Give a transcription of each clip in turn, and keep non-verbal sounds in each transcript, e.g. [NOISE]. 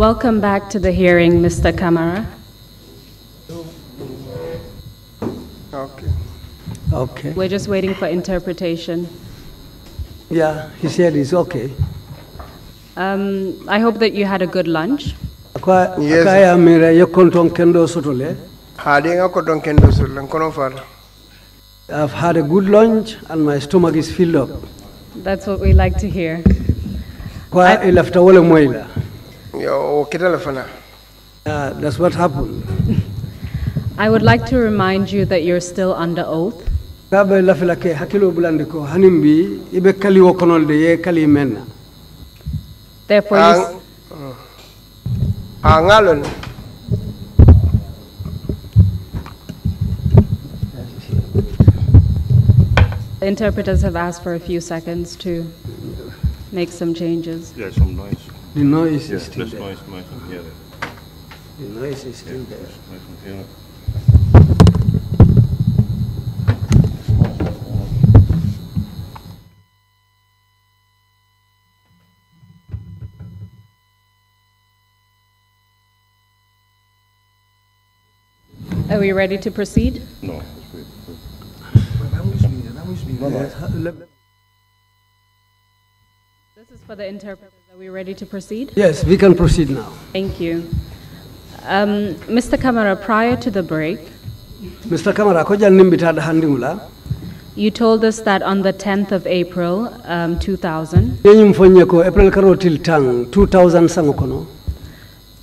Welcome back to the hearing, Mr. Kamara. Okay. Okay. We're just waiting for interpretation. Yeah, he said it's okay. Um, I hope that you had a good lunch. Yes. I've had a good lunch and my stomach is filled up. That's what we like to hear. I, uh, that's what happened. [LAUGHS] I would like to remind you that you're still under oath. Therefore you... The interpreters have asked for a few seconds to make some changes. some noise. The noise yeah, is still there. Noise, noise from here. The noise is still yeah, there. Are we ready to proceed? No. This is for the interpreter. Are we ready to proceed? Yes, we can proceed now. Thank you. Um, Mr. Kamara, prior to the break, Mr. Kamara, handingula. You told us that on the 10th of April, um, 2000. April tang 2000 sangokono.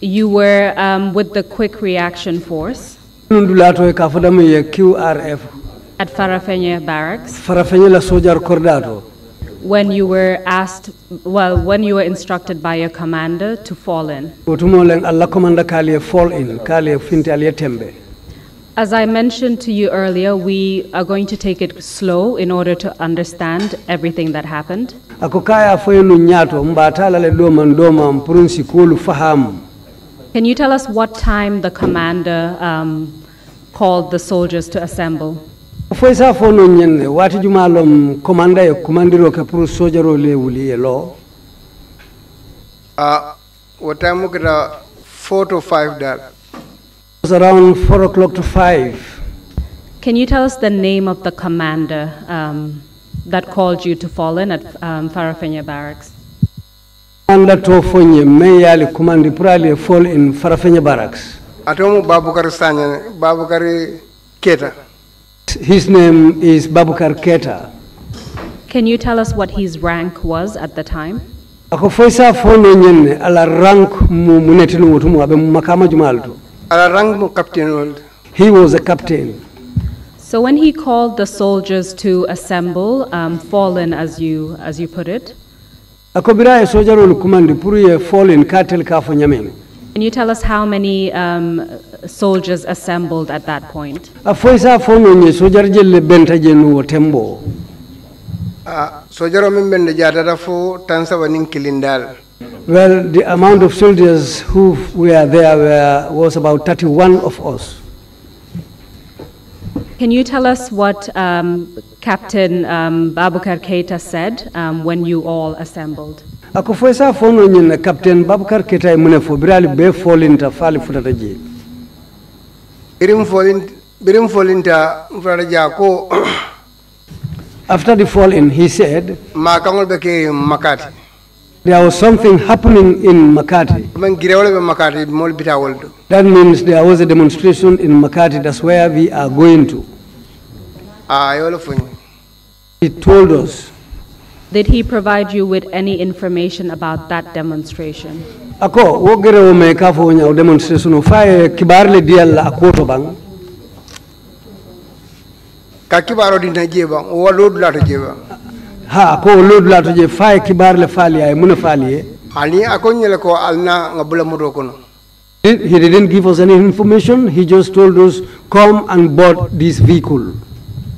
You were um, with the Quick Reaction Force. Nundulato e kafadamu ye QRF. At Farafenye Barracks. la when you were asked, well, when you were instructed by your commander to fall in? As I mentioned to you earlier, we are going to take it slow in order to understand everything that happened. Can you tell us what time the commander um, called the soldiers to assemble? foy sa fo noon ñande waati jumalom commanda commandiro ka pour sojaro le wuli e loo uh, ah, what time we get four to five that was around four o'clock to five can you tell us the name of the commander um, that called you to fall in at um, Farafenya barracks commander to fonye mayali commandi prali fall in Farafenya barracks atomu babukar sanya babukar keta his name is Babukar Keta. Can you tell us what his rank was at the time? akofoisa fono ñenne ala rank mu mu netinu wotu mu abe makama jumalto ala rank mo captain old he was a captain so when he called the soldiers to assemble um, fallen as you as you put it akobira e sojarol kumandi pour ye fallen katel ka fo ñamen can you tell us how many um, soldiers assembled at that point? Uh, tembo. Uh, tansa kilindal. Well, the amount of soldiers who were there were, was about 31 of us. Can you tell us what um, Captain um, Babukar Keita said um, when you all assembled? ako fo sa ketay mune fo birali be folinta fali futata je irim folint birim folinta futata ja ko after the fall in he said ma be ke makati there was something happening in makati man girewol be makati mol that means there was a demonstration in makati that's where we are going to fo ah, he told us did he provide you with any information about that demonstration? Ako wo gerewo me ka fo nyaw demonstration fa e kibar le di Allah ko to bang. Ka kibaro di na jeba o lod la to jeba. Ha ko lod la to je fa e kibar le fali ay mun fali e. Eh. Ani ako nyele ko alna ngabula mudo kono. He didn't give us any information. He just told us come and board this vehicle.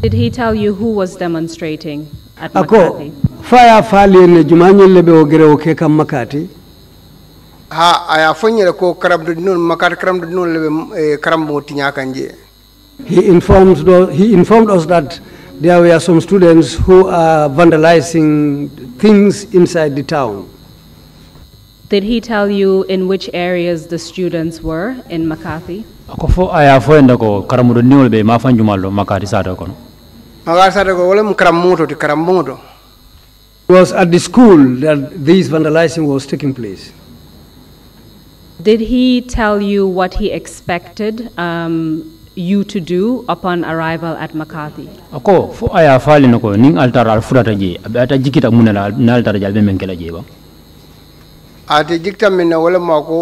Did he tell you who was demonstrating at Makati? Ako faya o gere o ke kam makati ha aya ko he informed, he informed us that there were some students who are vandalizing things inside the town Did he tell you in which areas the students were in Makati? ako fo aya fo enda ko karamudo niwol ɓe ma fanjumallo makati kono karam ti karam it was at the school that this vandalizing was taking place. Did he tell you what he expected um, you to do upon arrival at McCarthy? Ako fo aya fali nako ning altar alfurata je ata jikita munala na altar jalbe menkela kala je ba. Ate jikta men wala mako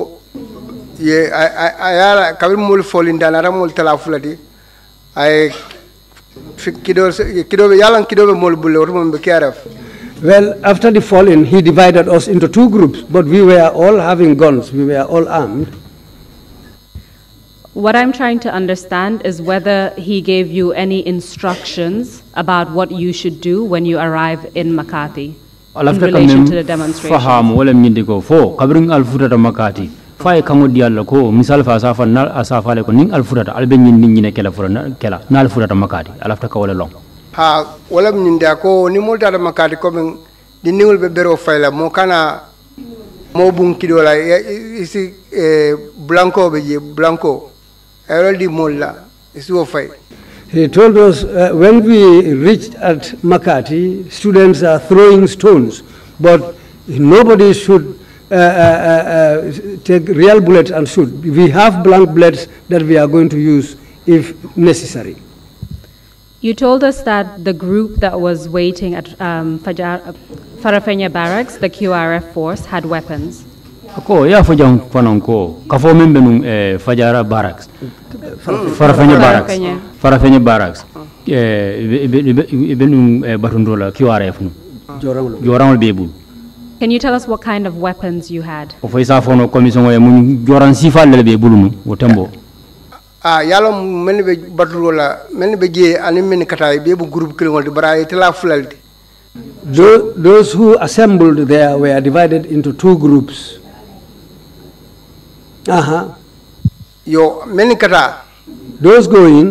ye aya kabir mul folin dana ra mul tala fulati ay kido kido yalan kido mul bulle wor mum be well, after the fall-in, he divided us into two groups, but we were all having guns. We were all armed. What I'm trying to understand is whether he gave you any instructions about what you should do when you arrive in Makati in relation to the demonstration. misal fa Makati long ha wala ko ni mo ko min be bero mo kana mo la eh, blanco be blanco di la wo fay He told us uh, when we reached at Makati, students are throwing stones, but nobody should uh, uh, uh, uh, take real bullets and shoot. We have blank bullets that we are going to use if necessary. You told us that the group that was waiting at um, Fajar, uh, Farafenya barracks, the QRF force, had weapons. Ko ya fajan fanan ko kafo min benum eh, fajara barracks farafenya barracks farafenya barracks eh, benum eh, batundola QRF nu jorawol bebul Can you tell us what kind of weapons you had? Ofisa fono commission mun joran sifal lele bebul mu wotembo a ah, yalo men be batul wala men be je ani men katay be bu group kilingol di bara tela fulaldi those who assembled there were divided into two groups aha yo men kata those going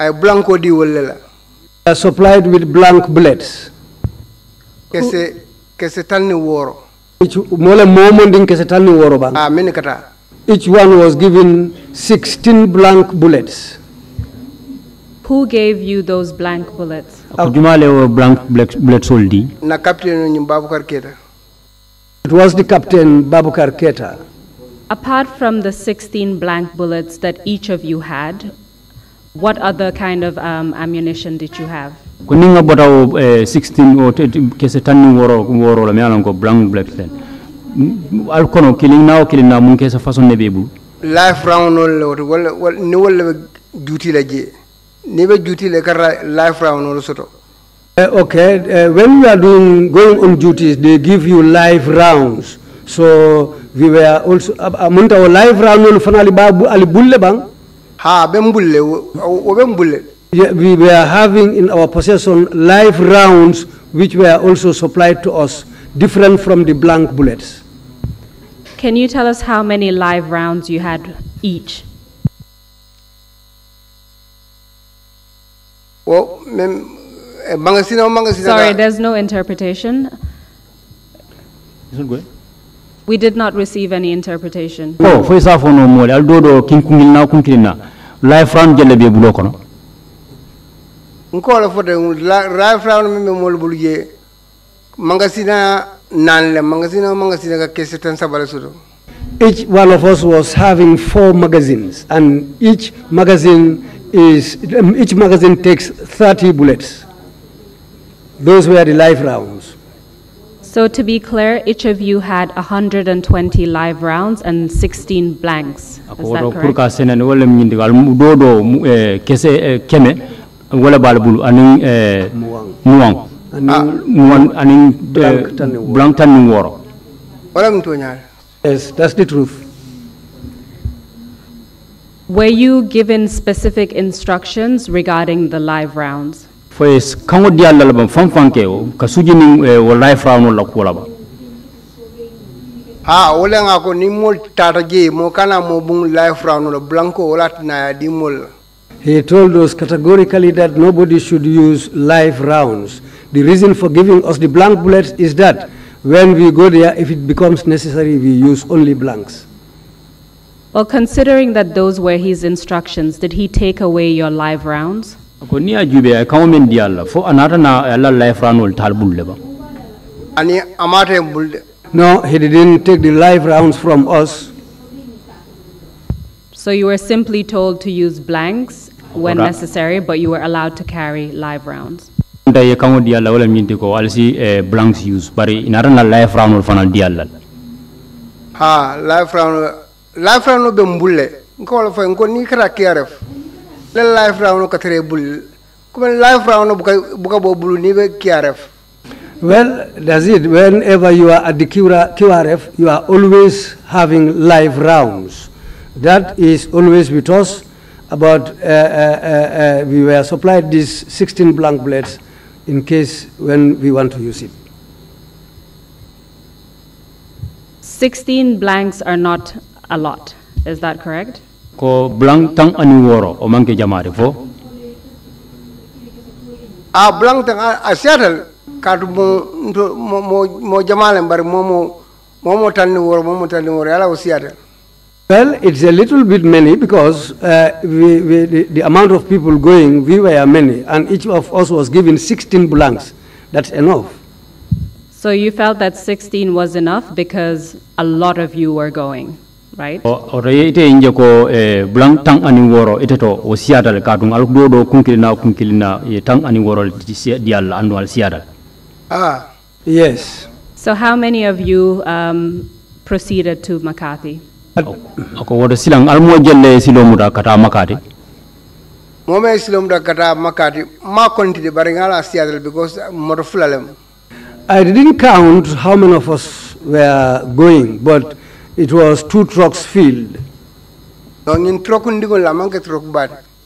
ay blanco di wala are supplied with blank bullets kese kese tanni woro mola momondin kese tanni woro ba a ah, men kata Each one was given 16 blank bullets. Who gave you those blank bullets? It was the captain Babukar Keta. Apart from the 16 blank bullets that each of you had, what other kind of um, ammunition did you have? ko ninga botaw eh, 16 o kese woro woro la mialango blank bullets kono kilinnawo kilinna mum kesa façon ne ɓe life round noon le woto walla ni wolle duty juutila jee ni ɓe juutile kata life round noon soto eh, okay, uh, when we are doing going on duties, they give you life rounds. So we were also among our live round on fanali babu ali bulle bang. Ha, ben bulle, o ben bulle. We were having in our possession live rounds, which were also supplied to us, different from the blank bullets. Can you tell us how many live rounds you had each? Well, eh, Sorry, there's no interpretation. We did not receive any interpretation. Oh, fo isa fo no mole al dodo kin kungilna kunkilna life round jelle be bulo kono nko call for the life round me mol bulje mangasina each one of us was having four magazines, and each magazine is each magazine takes 30 bullets. Those were the live rounds. So to be clear, each of you had 120 live rounds and 16 blanks. Is that correct? Ah. Uh, Blankton Ningworo. Yes, that's the truth. Were you given specific instructions regarding the live rounds? Fes kango dia lalaba fam fanke o kasuji ni eh, wo live round la kulaba. Ha ah, wala nga ko ni mo tataje mo kana mo bung live round la blanco wala na di mol. He told us categorically that nobody should use live rounds. The reason for giving us the blank bullets is that when we go there, if it becomes necessary, we use only blanks. Well, considering that those were his instructions, did he take away your live rounds? No, he didn't take the live rounds from us. So you were simply told to use blanks when necessary, but you were allowed to carry live rounds? ntaye kaŋo di alla wo le miŋ ti ko alisi eh, blanks use bari inata na life roundol fanaŋ di alla le ha life round life round be mbulle nko wala fay nko ni kata krf le life round ka tere bul kuma life round buka buka bo bulu ni be krf well that's it whenever you are at the qrf you are always having live rounds that is always with us about uh, uh, uh, we were supplied these 16 blank blades in case when we want to use it. 16 blanks are not a lot, is that correct? Ko blank tang anuworo o mangke jamare fo. A blank tang a settle kadu mo mo mo jamale mbar mo mo mo tan woro mo mo tan woro ala o settle. Well, it's a little bit many because uh, we, we, the, the, amount of people going, we were many, and each of us was given 16 blanks. That's enough. So you felt that 16 was enough because a lot of you were going, right? Eh, blank tang aniworo iteto kunkilina kunkilina tang aniworo dial annual Ah, yes. So how many of you um, proceeded to Makati? ako almo jelle kata makati kata makati ma ngala siadal because I didn't count how many of us were going, but it was two trucks filled.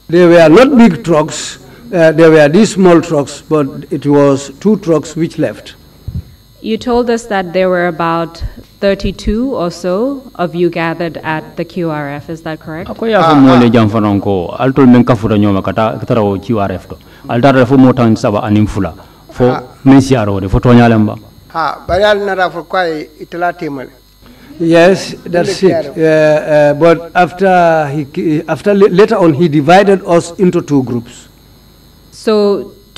They were not big trucks, uh, they were these small trucks, but it was two trucks which left. You told us that there were about 32 or so of you gathered at the QRF, is that correct? Ako mo le alto kata QRF to. Ha ah. ah, Yes, that's it. Uh, uh, but after he after later on he divided us into two groups. So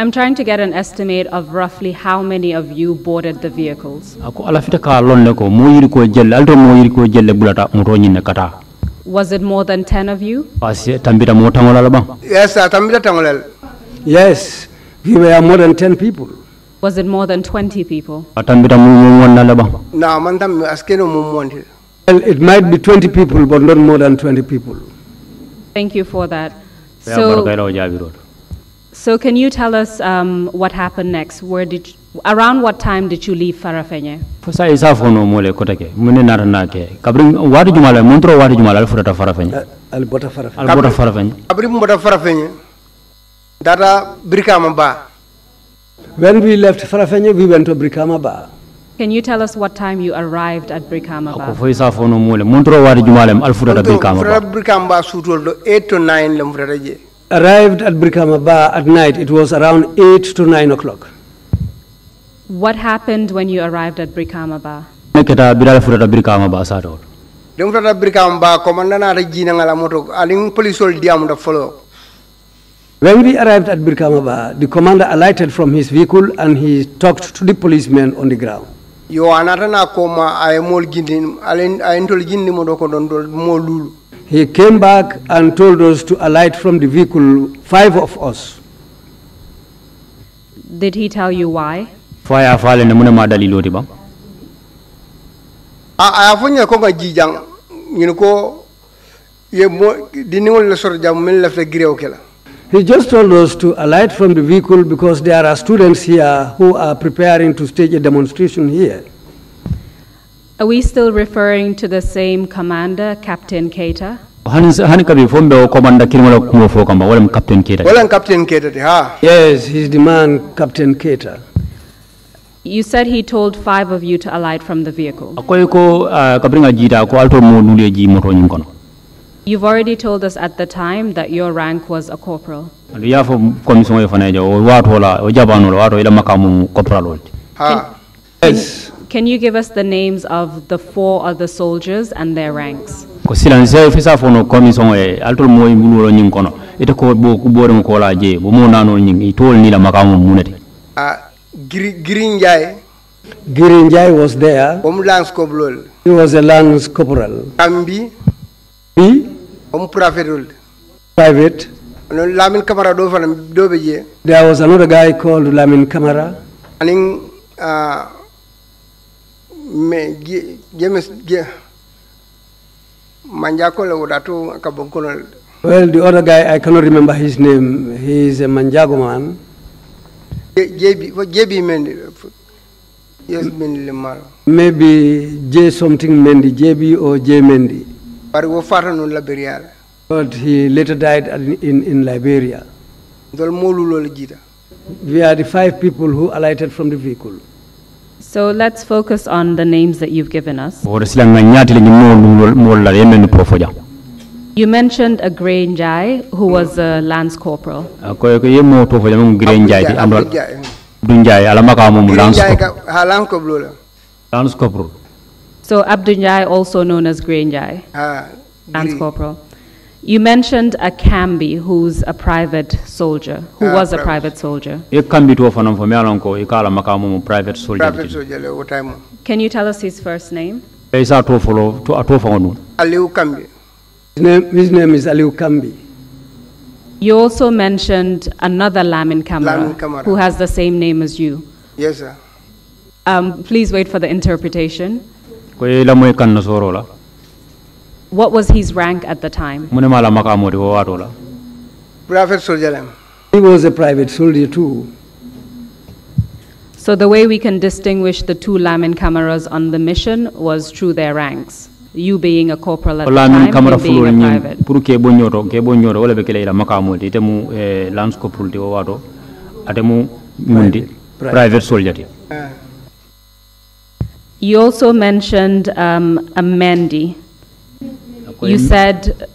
I'm trying to get an estimate of roughly how many of you boarded the vehicles. Was it more than 10 of you? Yes, Yes, we were more than 10 people. Was it more than 20 people? Well, it might be 20 people, but not more than 20 people. Thank you for that. So, so can you tell us um, what happened next? Where did you, around what time did you leave Farafenye? Fosa isa fono mole mune ke kabri jumala jumala Farafenye. Albota Farafenye. Albota Farafenye. Kabri mbota Farafenye. Brikama Ba. When we left Farafenye, we went to Brikama Ba. Can you tell us what time you arrived at Brikama Ba? isa fono mole jumala Brikama Ba. Brikama Ba arrived at Brikama Bar at night. It was around 8 to 9 o'clock. What happened when you arrived at Brikama Bar? Kita bila furata Brikama Bar saror. Dem furata Brikama Bar komanda na regina ngala moto aling polisol diam da follow. When we arrived at Brikama Bar, the commander alighted from his vehicle and he talked to the policemen on the ground. Yo anata na koma ay mol gindin alen ay intol gindi mo do ko don do mo lulu he came back and told us to alight from the vehicle, five of us. Did he tell you why? a funya ko ga jijang ñin ko ye mo diningol la sor jam min la fe girew kala he just told us to alight from the vehicle because there are students here who are preparing to stage a demonstration here are we still referring to the same commander, Captain Keita? captain captain Yes, he's the man captain Keita. You said he told five of you to alight from the vehicle. Ah, You've already told us at the time that your rank was a corporal. Aliyafo corporal. Yes. Can you give us the names of the four other soldiers and their ranks? ko silanse fisa fono commission e altol moy minulo nyin kono ite ko bo ko bo dem ko la je bo mo nano nyin i tol ni la makamu munete a giri girin jay girin jay was there om lance corporal he was a lance corporal ambi bi om private private no lamin Kamara do fanam do be je there was another guy called lamin Kamara. Aning. uh, mais well the other guy i cannot remember his name he is a manjago man maybe j something mendi jb or j mendi but he later died in, in liberia we are the five people who alighted from the vehicle so let's focus on the names that you've given us. You mentioned a Granjai who was a lance corporal. Lance corporal. So Abdunjai also known as Granjai. Ah, lance corporal. You mentioned a Kambi who's a private soldier, who ah, was a private. soldier. kambi private soldier Can you tell us his first name? kambi His name, his name is Aliu Kambi. You also mentioned another Lamin Kamara, Lamin Kamara. who has the same name as you. yes sir Um, please wait for the interpretation. What was his rank at the time? Prophet Surjalam. He was a private soldier too. So the way we can distinguish the two Lamin cameras on the mission was through their ranks. You being a corporal at the time, you being a private. Pour ke eh, atemu mundi private soldier. You also mentioned um, a Mandy. You said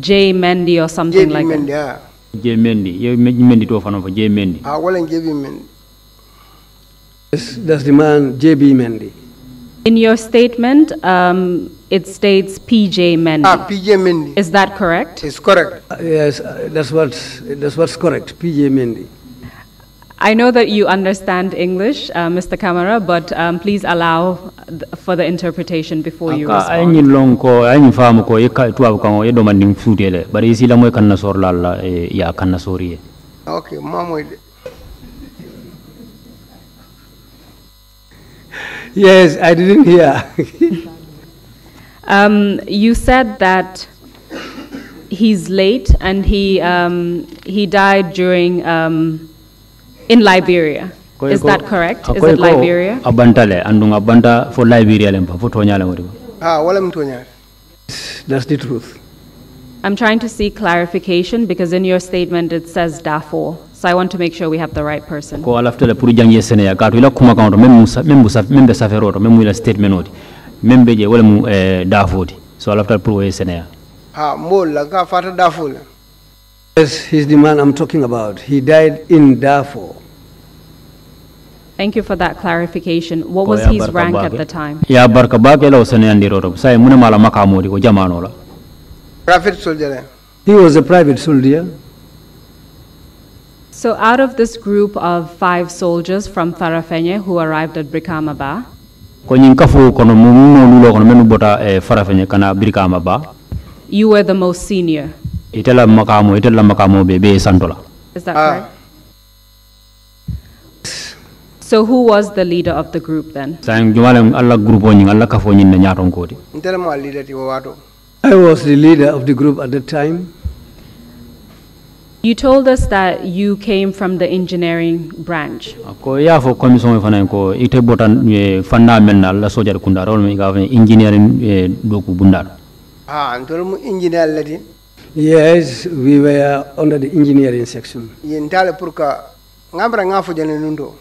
J. Mendy or something J. like Mendy, that. Yeah. J. Mendy. J. Mendy to Ofanofa. J. Mendy. Ah, well, and Mendy. Yes, that's the man, J. B. Mendy. In your statement, um, it states P.J. Mendy. Ah, P.J. Mendy. Is that correct? It's correct. Uh, yes, uh, that's, what, that's what's correct, P.J. Mendy. I know that you understand English, uh, Mr. Kamara, but um, please allow for the interpretation before you respond. Eh, okay, Mahmoud. yes, I didn't hear. [LAUGHS] um, you said that he's late and he, um, he died during um, in Liberia. Is that correct? Is it Liberia? Abantale, andung abanta for Liberia lempa, for Tonya lemuriba. Ah, wala mtonya. That's the truth. I'm trying to seek clarification because in your statement it says Darfur. So I want to make sure we have the right person. Ko alaftele puru jangie sene ya katu ila kuma kaunto membusa membusa membe saferoto memu ila statement odi membe je wala mu eh, Darfur So alaftele puru yesene ya. Ha, mo la ka fata Darfur la. Yes, he's the man I'm talking about. He died in Darfur. Thank you for that clarification. What was his rank at the time? Ya barka bake la usane andiro Sai mune mala makamuri ko jamano la. Private soldier. He was a private soldier. So out of this group of five soldiers from Farafenye who arrived at Brikamaba, you were the most senior itela makamo itela makamo be santola is that ah. correct so who was the leader of the group then sang alla alla kafo leader ti i was the leader of the group at the time You told us that you came from the engineering branch. Ko ya fo commission ko ite botan fanna men na la mi ga engineering do Ah, ndol engineer Yes, we were under the engineering section. Yentale purka ngambra ngafuja nundo.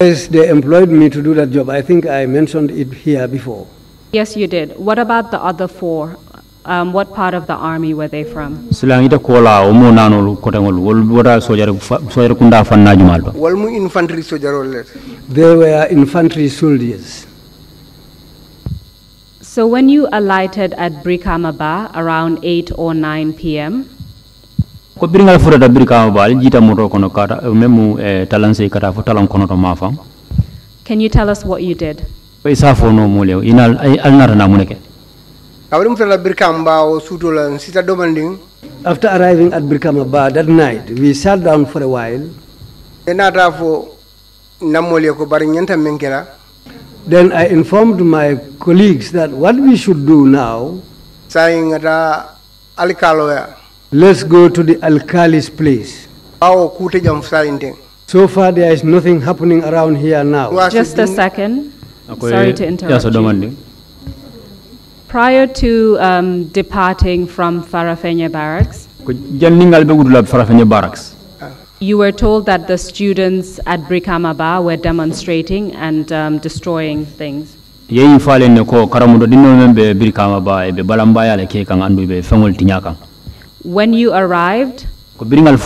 Yes, they employed me to do that job. I think I mentioned it here before. Yes, you did. What about the other four? Um, what part of the army were they from? Silangita kola omo nanolu kotangolu wolbora sojare sojare kunda fanna jumalba. Wolmu infantry sojarole. They were infantry soldiers. So when you alighted at Brikamaba around 8 or 9 p.m., ko biringal furata birikama bal jita moto kono kata memu e talanse kata fo talan kono to mafam can you tell us what you did e safo no mole ina alnara na muneke kawrim furata birikama ba o sutolan sita domanding after arriving at birikama ba that night we sat down for a while e nata fo namole ko bari nyanta men then I informed my colleagues that what we should do now, ah, let's go to the alkali's place. So far, there is nothing happening around here now. Just a second. Sorry to interrupt. You. Prior to um, departing from Farafenya Barracks, you were told that the students at Brikama Ba were demonstrating and um, destroying things. ne ko karamudo dinno e be balambaya le ke kan andu be fengol when you arrived ko biringal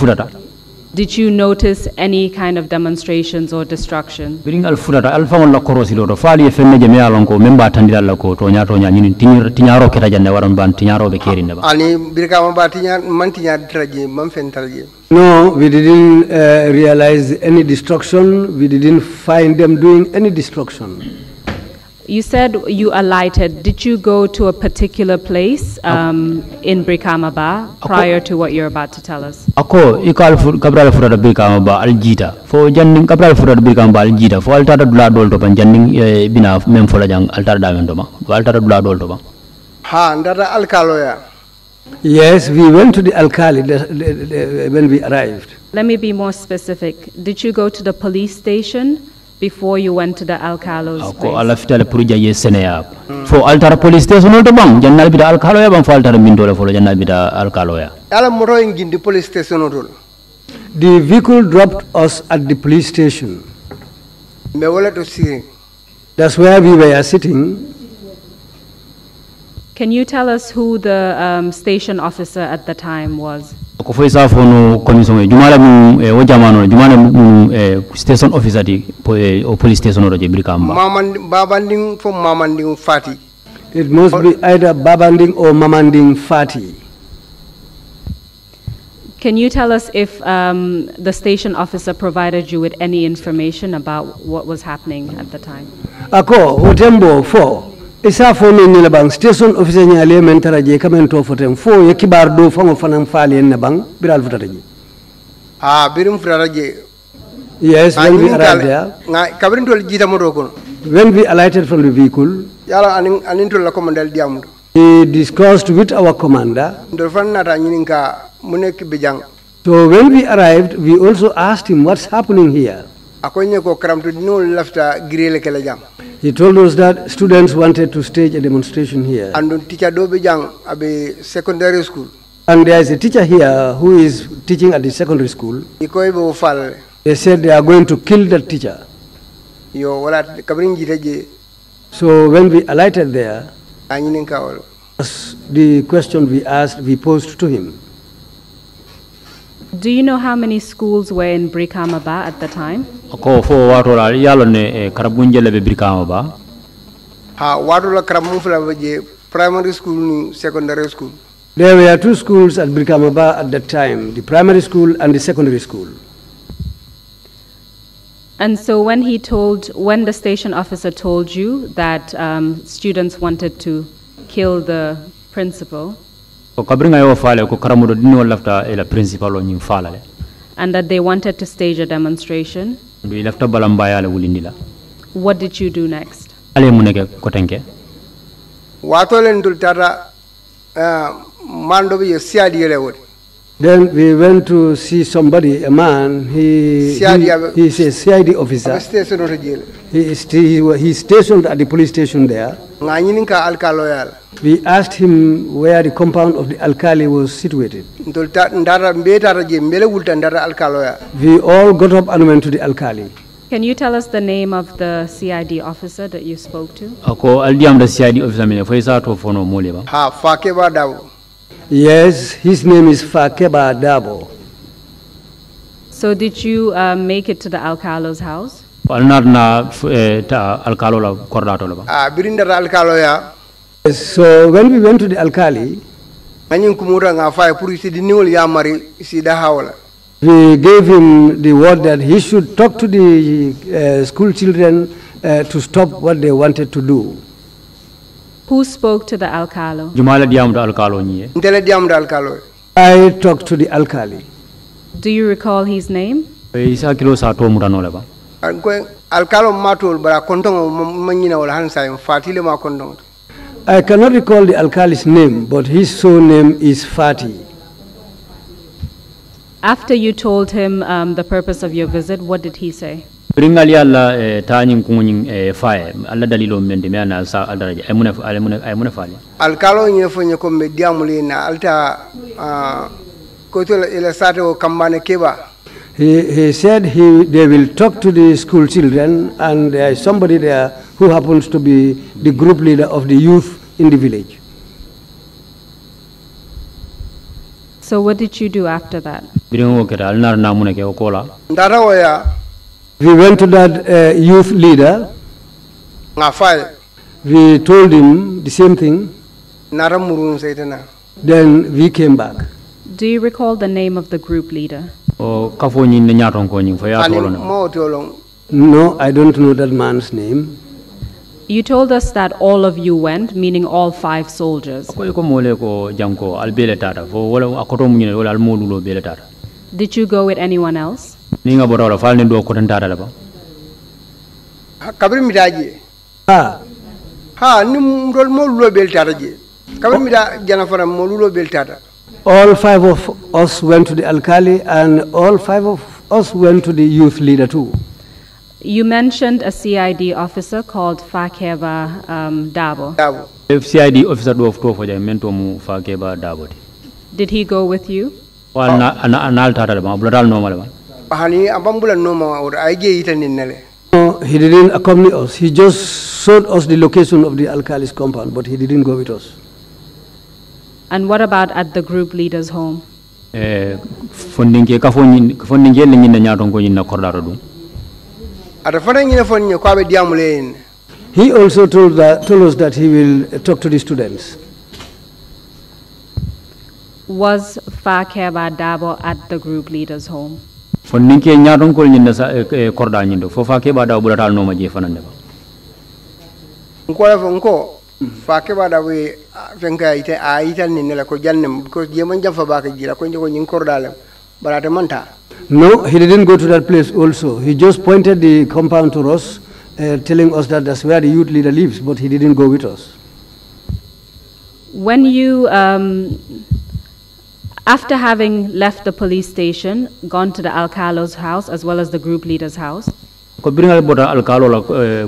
did you notice any kind of demonstrations or destruction? Biring al al la korosi ko memba tandira la ko to nyato nya tinir tinyaro keta ban tinyaro be kerin ba ani birka ba man man fen No, we didn't uh, realize any destruction. We didn't find them doing any destruction. You said you alighted. Did you go to a particular place um, in Brikama prior to what you're about to tell us? Ako ikal kabral furad Brikama Ba aljita. Fo janning kabral furad Brikama Ba aljita. Fo altara dula dol to janning eh, bina mem fola jang altara damen to ma. Altara dula dol to ba. Ha ndara alkaloya. Yes, we went to the alkali when we arrived. Let me be more specific. Did you go to the police station? before you went to the alkalos place. ala fitala pour jaye seneyab fo altara police station to bang jannal bida alkalo ya bang fo altara mindo le fo jannal bida alkalo ya ala moto ngindi police station to the vehicle dropped us at the police station me wala to see that's where we were sitting can you tell us who the um, station officer at the time was jumala jumala e station officer di eh, police station fo fati it must be either babanding or mamanding fati Can you tell us if um, the station officer provided you with any information about what was happening at the time? Ako, utembo 4. isa fo men ni bang station officer nyale men taraje kamen to foten fo ye kibar do fango fanan faali en bang biral futaraje ah birum futaraje yes when we arrived there nga kabrin tol jita mo do when we alighted from the vehicle yala anin anin tol la commandal diamudo he discussed with our commander ndol fan nata nyininka munek bijang so when we arrived we also asked him what's happening here He told us that students wanted to stage a demonstration here. And teacher abe secondary school. And there is a teacher here who is teaching at the secondary school. They said they are going to kill that teacher. So when we alighted there, the question we asked, we posed to him. Do you know how many schools were in Brikamaba at the time? Ko fo wato la yalo ne eh, karabunje lebe Brikamaba. Ha wato la primary school ni secondary school. There were two schools at Brikamaba at that time, the primary school and the secondary school. And so when he told, when the station officer told you that um, students wanted to kill the principal, ko kabringa yo faale ko karamudo dinno lafta e la principal o nyim faala le and that they wanted to stage a demonstration ndu lafta balamba yala wulindila what did you do next ale muneke ko tenke wato len dul tata eh, mandobe yo siadi yele wode then we went to see somebody, a man. He, he, he's a CID officer. He is, he, he's stationed at the police station there. We asked him where the compound of the alkali was situated. We all got up and went to the alkali. Can you tell us the name of the CID officer that you spoke to? Ha, Yes, his name is Fakeba Adabo. So did you uh, make it to the Alcalo's house? Uh, ah, So when we went to the Alcali, We gave him the word that he should talk to the uh, school children uh, to stop what they wanted to do. Who spoke to the alcalo? Jumala diamdo alcalo niye. Eh. Ntele diamdo alcalo. I talked to the alcali. Do you recall his name? Eh, isa kilo sato murano leba. Alcalo matul bara kontongo manyina wala hansa yom fatile ma kondongo. I cannot recall the alcali's name, but his surname is Fati. After you told him um, the purpose of your visit, what did he say? biriŋ ali ye la eh, taa ñiŋ kuŋoñiŋ eh, fa ye alla dalilo meŋ dimi a naa sa aldaraja ay mune faali alkaaloo ñine fo ñe comme diyaamulu ye na alta ah, koto ila saate o kambaane keba He, he said he, they will talk to the school children and there is somebody there who happens to be the group leader of the youth in the village. So what did you do after that? We went to that uh, youth leader. We told him the same thing. Then we came back. Do you recall the name of the group leader? No, I don't know that man's name. You told us that all of you went, meaning all five soldiers. Did you go with anyone else? ninga borora fal ni do ko tan tara ba kabri mi daji ha ha ni mdol mo lo bel tata je kabri mi jana fara mo bel tata all five of us went to the alkali and all five of us went to the youth leader too You mentioned a CID officer called Fakeba um, Dabo. Dabo. If CID officer do of for the mento mu Fakeba Dabo. Did he go with you? Well, an altar, normal. He didn't accompany us. He just showed us the location of the alkalis compound, but he didn't go with us. And what about at the group leader's home? He also told, that, told us that he will talk to the students. Was Fakeba Dabo at the group leader's home? fonninke ñaaton kol ñinde sa korda ñinde fo fa keɓa daw ɓuratal nooma je fanande ba nkola fo nko fa keɓa daw fenka ite a yital ni nela ko jannem because jeman jamfa baka jira ko jogo ñin kordalem barate manta no he didn't go to that place also he just pointed the compound to us uh, telling us that that's where the youth leader lives but he didn't go with us when you um, after having left the police station, gone to the Alcalo's house as well as the group leader's house, ko bota alkalo la eh,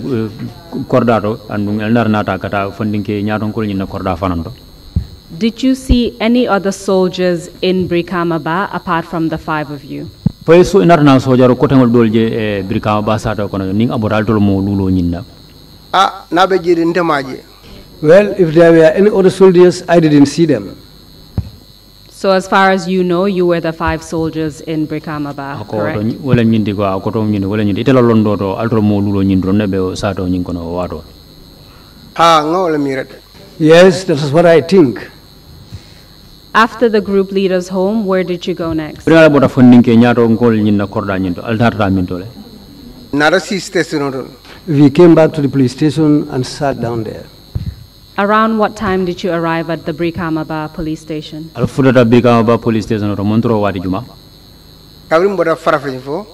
eh, nar nata kata Did you see any other soldiers in Brikamaba apart from the five of you? Pay na je e eh, Brikamaba sato kono mo lulo na ah, Well, if there were any other soldiers, I didn't see them. So as far as you know, you were the five soldiers in Brikama, correct? Yes, this is what I think. After the group leader's home, where did you go next? We came back to the police station and sat down there. Around what time did you arrive at the Brikamaba police station? Al Brikamaba police station or Wadijuma. Kabrim Boda Farafenfo.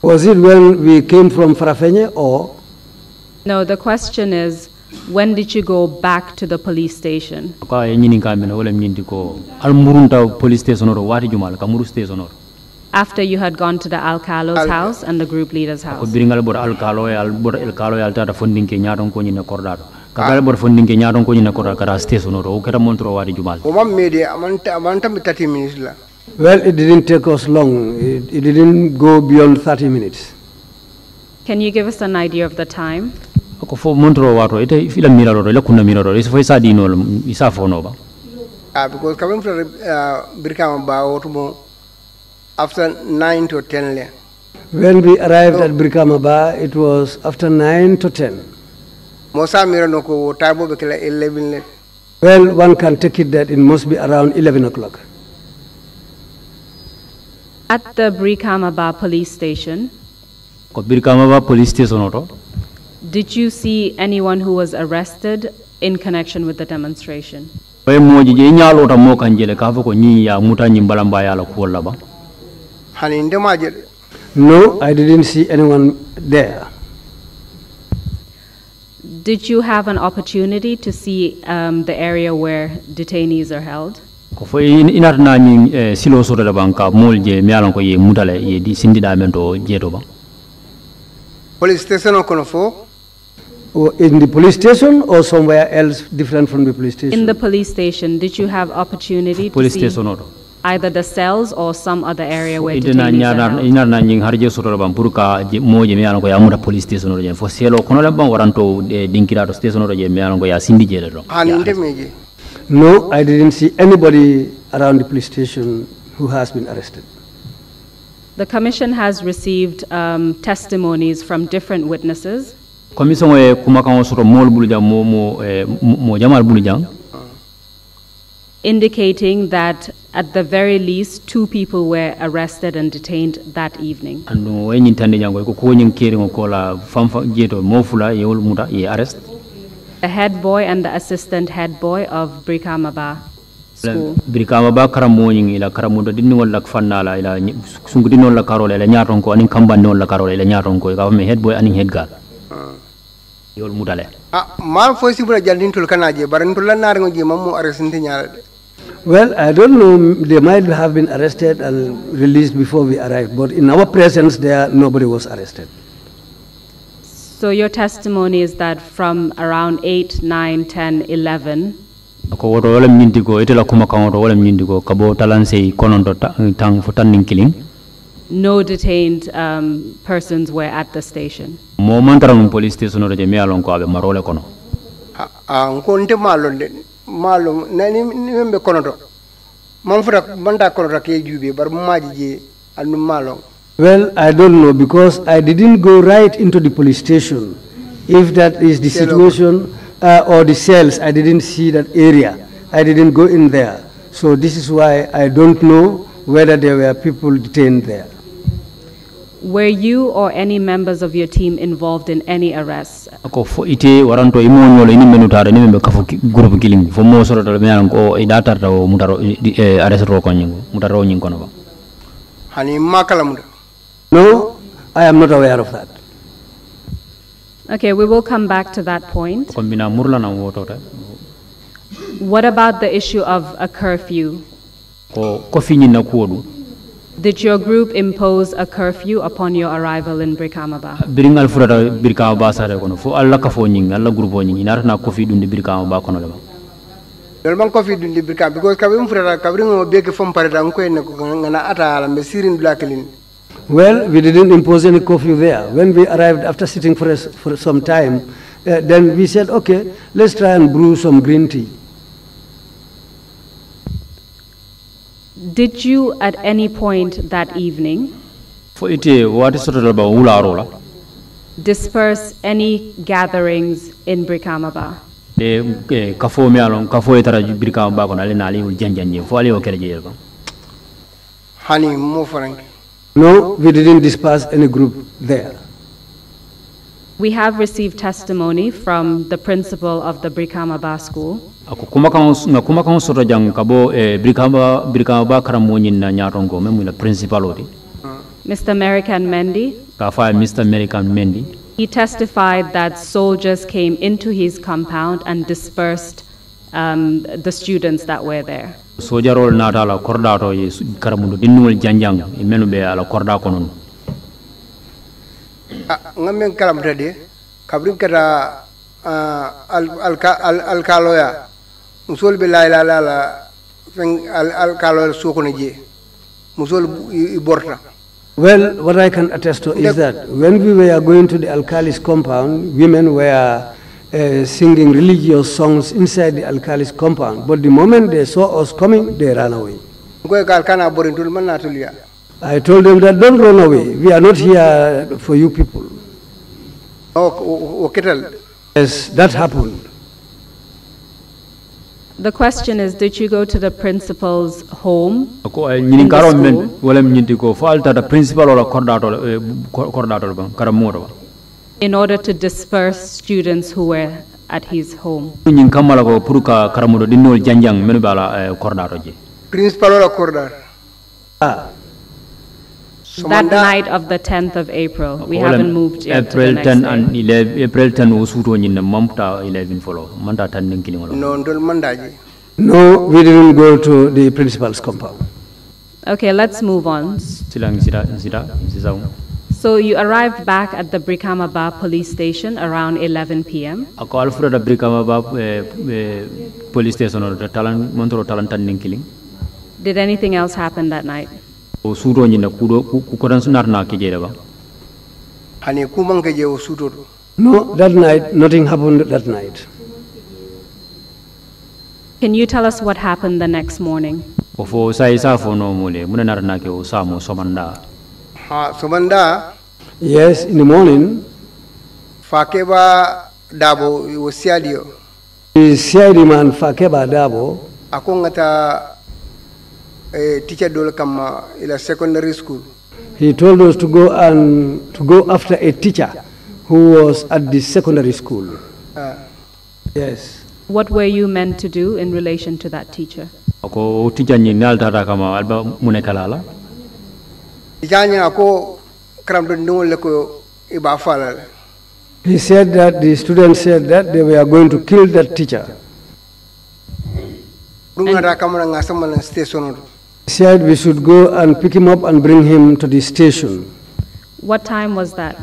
Was it when we came from Farafenye or? No, the question is when did you go back to the police station? al murunta police station After you had gone to the Alcalo's house and the group leader's house. al kakare bor fo ninge nyaron ko nyina ko kara ste sonoro o oh, kera montro wadi jumal o mam mede amanta amanta mi tati minutes la well it didn't take us long it, it didn't go beyond 30 minutes can you give us an idea of the time ko fo montro wato ite fila miraro la kunna do isa fo isa no isa fo no ba ah because coming from ah, birkama ba wotumo after 9 to 10 le when we arrived at birkama ba it was after 9 to 10 Well, one can take it that it must be around 11 o'clock. At the Brikamaba police station, Brikamaba police station did you see anyone who was arrested in connection with the demonstration? No, I didn't see anyone there. Did you have an opportunity to see um, the area where detainees are held? ko foye inatana min e eh, silo sotode ban ka mool je mi ko ye mutale ye di sindiɗa men to jeeto ban police station o kono fo in the police station or somewhere else different from the police station in the police station did you have opportunity police to see station oɗo either the cells or some other area where to take ina na nying no i didn't see anybody around the police station who has been arrested The Commission has received um, testimonies from different witnesses indicating that at the very least two people were arrested and detained that evening. The head boy and the assistant head boy of Brikamaba school. Brikamaba karamo nyin ila karamo do dinni wala fanna la ila sungu dinno la karole ila nyarongo aning kamba non la karole ila nyarongo ikawa ka me head boy aning head girl. Ah. Yol le. Ah man fo sibura jandintul kanaje barantul lanare ngo je mammo arrest ntinyala de. Well, I don't know. They might have been arrested and released before we arrived, but in our presence there, nobody was arrested. So your testimony is that from around 8, 9, 10, 11, ko woto itela ka bo tan fo tan nin no detained um, persons were at the station mo police station je mi ko marole kono a malum nani man ke bar malong well i don't know because i didn't go right into the police station if that is the situation uh, or the cells i didn't see that area i didn't go in there so this is why i don't know whether there were people detained there Were you or any members of your team involved in any arrests? Ako fo ite waranto imo nyolo ini menutare ni membe kafu group killing fo mo soro dal meyan ko idatar e taw mutaro e, e, arrest ro ko mutaro nyin kono ba. Hani makala muda. No, I am not aware of that. Okay, we will come back to that point. Kombina murla na woto ta. What about the issue of a curfew? Ko ko na kuodu. Did your group impose a curfew upon your arrival in Brikama Biring al furata Brikama Ba sare kono fo Allah ka fo nying alla group nying inara na kofi dundi Brikama Ba kono leba. Dol man kofi dundi Brikama because kabrim furata kabrim o beke fom pare da ngoy ne ko ngana ata ala be blacklin. Well, we didn't impose any curfew there. When we arrived after sitting for, a, for some time, uh, then we said, okay, let's try and brew some green tea. Did you at any point that evening eh, disperse any gatherings in Brikama? Eh, eh, hani No, we didn't disperse any group there. We have received testimony from the principal of the Brikamaba school. nga na Mr. American Mendy. Mr. American Mendy. He testified that soldiers came into his compound and dispersed um, the students that were there. la be la korda Ah, nga men kalamta de kabrim kata ah, alkaloya musol be la la la fen alkaloya sokona je musol borta Well, what I can attest to is that when we were going to the Alkali's compound, women were uh, singing religious songs inside the Alkali's compound. But the moment they saw us coming, they ran away. I told them that don't run away. We are not here for you people. Oh, okay. Yes, that happened. The question is, did you go to the principal's home? Eh, the eh, In order to disperse students who were at his home. Eh, principal or Ah. That night of the 10th of April, we haven't moved yet. April 10 and 11, April 10 usuro nyinna mamta 11 follow. Manda 10 ngili ngolo. No, ndol manda No, we didn't go to the principal's compound. Okay, let's move on. So you arrived back at the Brikamaba police station around 11 p.m. Ako alfura da Brikamaba eh, eh, police station or talan talent talan killing. Did anything else happen that night? kudo osuutoñinna kukotan natana kejeele ba hani kumankeje o suutoto no that night nothing happened that night Can you tell us what happened the next morning? Ofo sai sa fo fono mule muna narna ke usamo somanda. Ha somanda? Yes, in the morning. Fakeba dabo wosiadio. si CID man Fakeba dabo. Akongata a teacher dole kama ila secondary school. He told us to go and to go after a teacher who was at the secondary school. Uh, yes. What were you meant to do in relation to that teacher? Ako teacher ni naltara kama alba munekalala. Teacher ni ako kramdo ndungole ko falal He said that the students said that they were going to kill that teacher. And, said we should go and pick him up and bring him to the station. What time was that?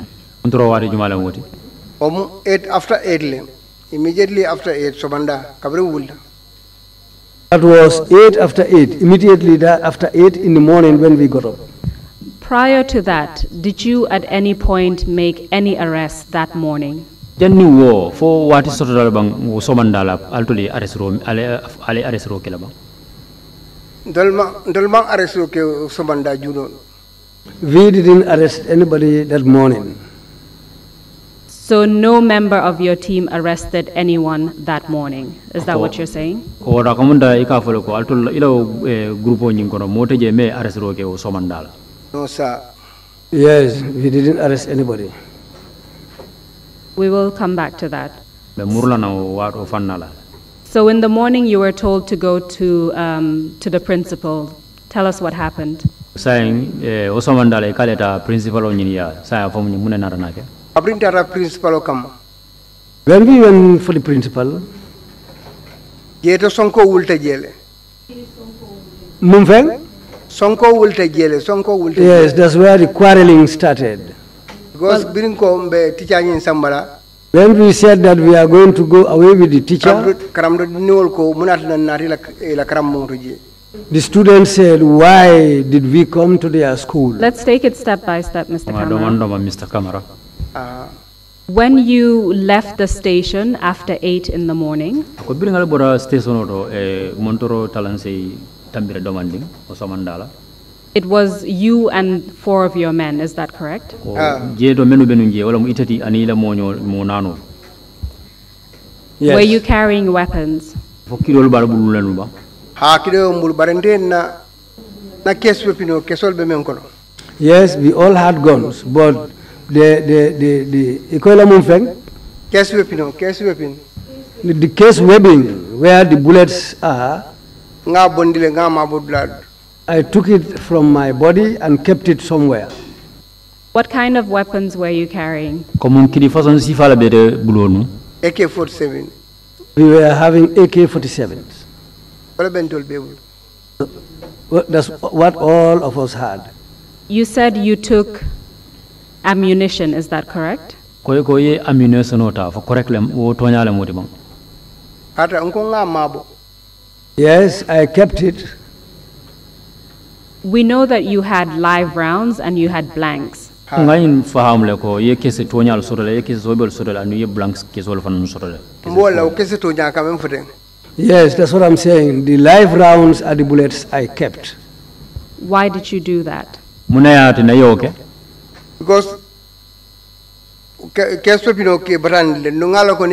eight after eight, immediately after eight, Sobanda, Kabri Wulda. That was eight after eight, immediately after eight in the morning when we got up. Prior to that, did you at any point make any arrests that morning? janni wo fo wati sotodal bang wo somandala altuli aresro ale ale kelabang Dolma, Dolma arrested Somanda Juno. We didn't arrest anybody that morning. So no member of your team arrested anyone that morning. Is that what you're saying? Ko rakamunda ikafolo ko altul ilo eh, grupo nyingono mote je me arrest roke o Somandala. No sir. Yes, we didn't arrest anybody. We will come back to that. Be murla na wa o fannala. So in the morning, you were told to go to, um, to the principal. Tell us what happened. Sain eh, osomandale kaleta principal onyinia sain afomu mune naranake. Abrintara principal okam. When we went for the principal, yeto sonko ulte jele. Mumfeng? Sonko ulte jele, sonko ulte. Yes, that's where the quarreling started. Because birinko mbe teacher nyin sambala. When we said that we are going to go away with the teacher, the students said, why did we come to their school? Let's take it step by step, Mr. Kamara. Ah. when you left the station after 8 in the morning, station it was you and four of your men, is that correct? Uh, Were you carrying weapons? Yes, we all had guns, but the the the the ikola mumfeng. Case The, the case weapon where the bullets are. I took it from my body and kept it somewhere. What kind of weapons were you carrying? AK-47. Euh, we were having AK-47s. That's what all of us had. You said you took ammunition, is that correct? Yes, I kept it. We know that you had live rounds and you had blanks. anu blanks tonya yes that's what i'm saying the live rounds are the bullets i kept why did you do that muna yoke because keso pino ke brand le nungalo ko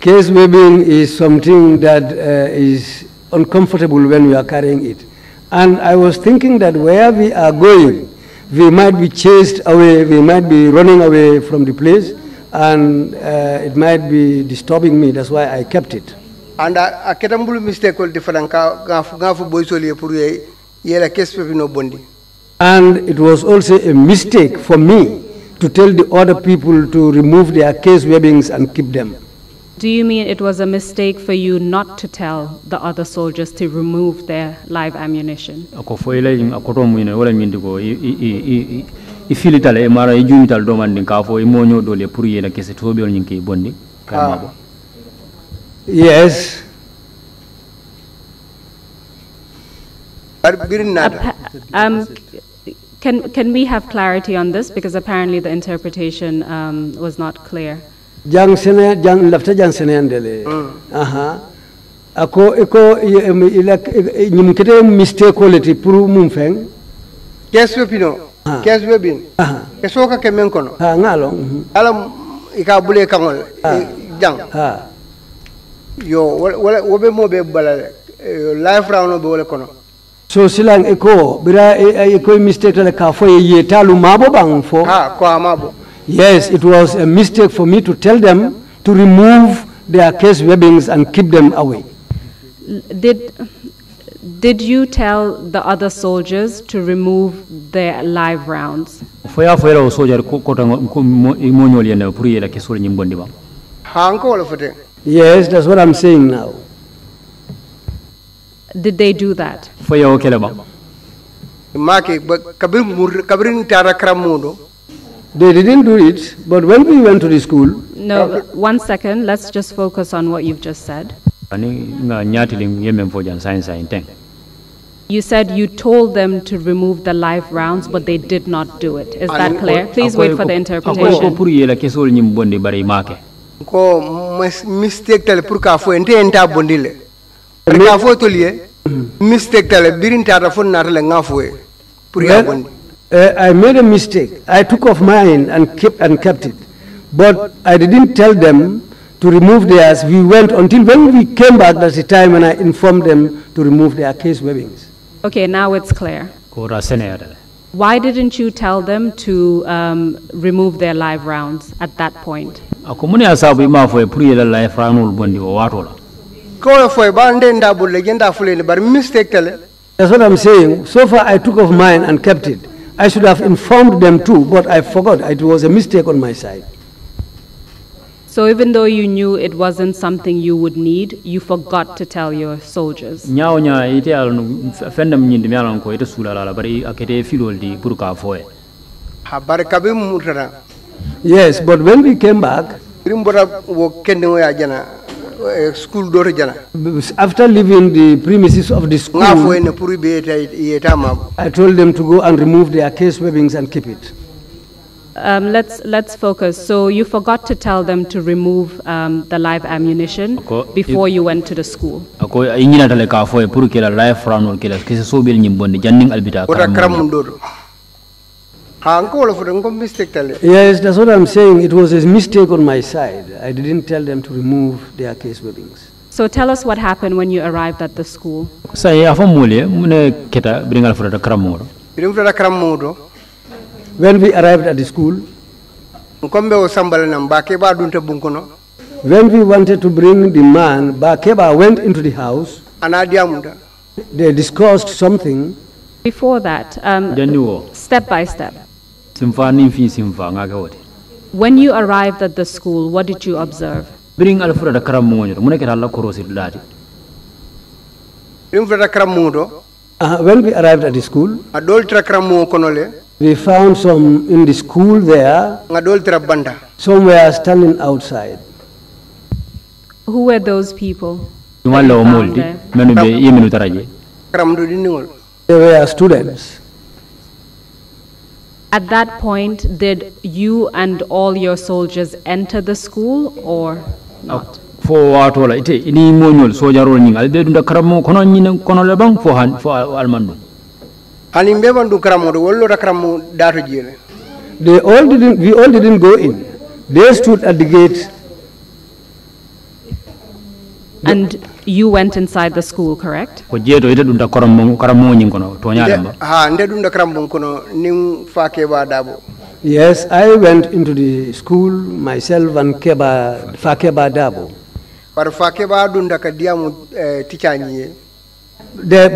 Case webbing is something that uh, is uncomfortable when we are carrying it. And I was thinking that where we are going, we might be chased away, we might be running away from the place, and uh, it might be disturbing me. That's why I kept it. And a mistake will different ngafu boysoli case no bondi. And it was also a mistake for me to tell the other people to remove their case webbings and keep them. Do you mean it was a mistake for you not to tell the other soldiers to remove their live ammunition? Ah. Yes. Um, can, can we have clarity on this? Because apparently the interpretation um, was not clear. jang sene jang lafta jang sene andele mm. aha ako iko ila nyum kete mistake quality pour mum feng kes we pino kes we bin aha keso ka kemen kono ha ngalo mhm. ala ika bule kangol jang ha yo wala wobe mo be balale eh, life round be wala kono so silang iko bira iko eh, eh, mistake la ka fo ye talu mabo bang fo ha ko amabo Yes, it was a mistake for me to tell them to remove their case webbings and keep them away. Did, did you tell the other soldiers to remove their live rounds? Yes, that's what I'm saying now. Did they do that? They didn't do it, but when we went to the school. No, one second. Let's just focus on what you've just said. You said you told them to remove the live rounds, but they did not do it. Is that clear? Please wait for the interpretation. ko mistake tale pour ka fo nte enta bondile ka fo tolie mistake tale birin tata fo natale nga fo pour ya bondi uh, I made a mistake. I took off mine and kept, and kept it. But I didn't tell them to remove theirs. We went until when we came back, that's the time when I informed them to remove their case webbings. Okay, now it's clear. Why didn't you tell them to um, remove their live rounds at that point? That's what I'm saying. So far, I took off mine and kept it. I should have informed them too, but I forgot. It was a mistake on my side. So even though you knew it wasn't something you would need, you forgot to tell your soldiers. Nyao nya ite fenda mnyindi ko ite sulala la bari akete filol di buruka foe. mutara. Yes, but when we came back, rimbora wo Eh, school jana after leaving the premises of the school i told them to go and remove their case webbings and keep it um, let's let's focus. So you forgot to tell them to remove um, the live ammunition before you went to the school. Yes, that's what I'm saying. It was a mistake on my side. I didn't tell them to remove their case webbings. So tell us what happened when you arrived at the school. Say afa mune keta bringal fura kramoro. Bringal kramoro. When we arrived at the school, nkombe osambala nam bakeba dunte bunkono. When we wanted to bring the man, Bakeba went into the house. Anadiamunda. They discussed something. Before that, um, step by step. When you arrived at the school, what did you observe? Bring alfura da karam mungo nyoto, muneke Allah korosi dulati. Biring da karam mungo uh, When we arrived at the school, adol tra karam mungo konole. We found some in the school there. Adol tra banda. Some were standing outside. Who were those people? Jumala omuldi, menu be yemenu taraje. Karam do diningol. They were students. At that point, did you and all your soldiers enter the school or not? Uh, fo wato la ite ini moñol sojaro ni ngal de dunda karamo kono ni kono le bang fo han fo almandu ani be bandu karamo do wollo da karamo dato jele they all didn't we all didn't go in they stood at the gate and you went inside the school, correct? yes i went into the school myself and keɓa fa dabo par eh,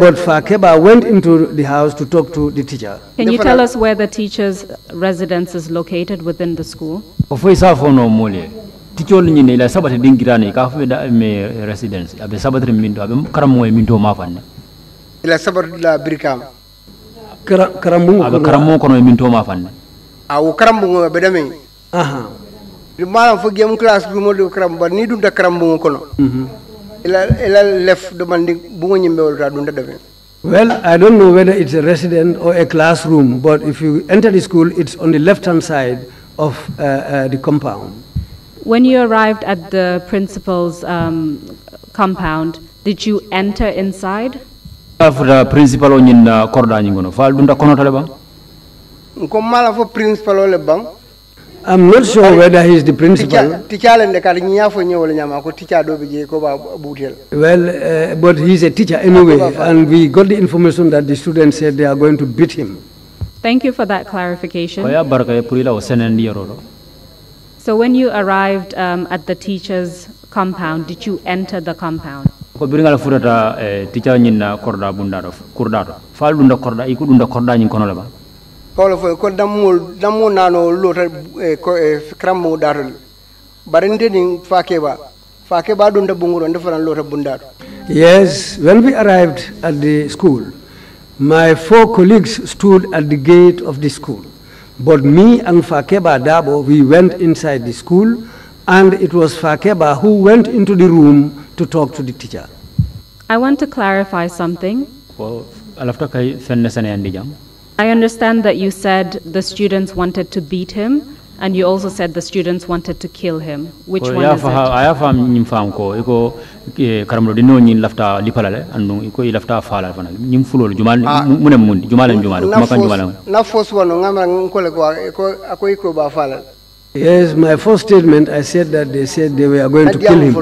but Fakeba went into the house to talk to the teacher. Can you tell us where the teacher's residence is located within the school? ticcol ñinne ila sabata dingirane ka fu da me residence abe sabata min do abe karam e min do ma fanne ila sabata la brikam karam mo abe karam mo kono min do ma fanne awo karam mo be dame aha malam fo gem class bi mo do karam ba ni dum da karam mo kono mhm. ila ila lef do man bu mo ñimbe wol ta dum da dame Well, I don't know whether it's a resident or a classroom, but if you enter the school, it's on the left-hand side of uh, uh, the compound. When you arrived at the principal's um, compound, did you enter inside? After principal onyin korda uh, nyingono. Fal dunda kono taleba. Nkomala fo principal ole bang. I'm not sure whether he's the principal. Teacher, teacher, teacher and the Well, uh, but he's a teacher anyway, and we got the information that the students said they are going to beat him. Thank you for that clarification. So when you arrived um, at the teacher's compound, did you enter the compound? ko biringal futata e eh, tica ñinna korda bundaɗo kurɗato faal ɗum da korda iku ɗum da korda ñin kono leba kawla fo ko dammol dammo nano lota eh, ko e eh, krammo ɗatol barinte ɗin fa keɓa fa keɓa ɗum da bunguɗo nde fanan lota bundaɗo yes when we arrived at the school my four colleagues stood at the gate of the school but me and Fakeba Dabo, we went inside the school, and it was Fakeba who went into the room to talk to the teacher. I want to clarify something. I understand that you said the students wanted to beat him, and you also said the students wanted to kill him. Which one is it? Aya fam nyim fam ko iko eh, karamlo dino nyin lafta lipalale andu iko lafta fala fana nyim jumal ah, munem mundi jumalan jumalu kuma kan jumalan. Na force wono ngamra ngkole ko iko ako iko ba fala. Yes, my first statement I said that they said they were going to kill him.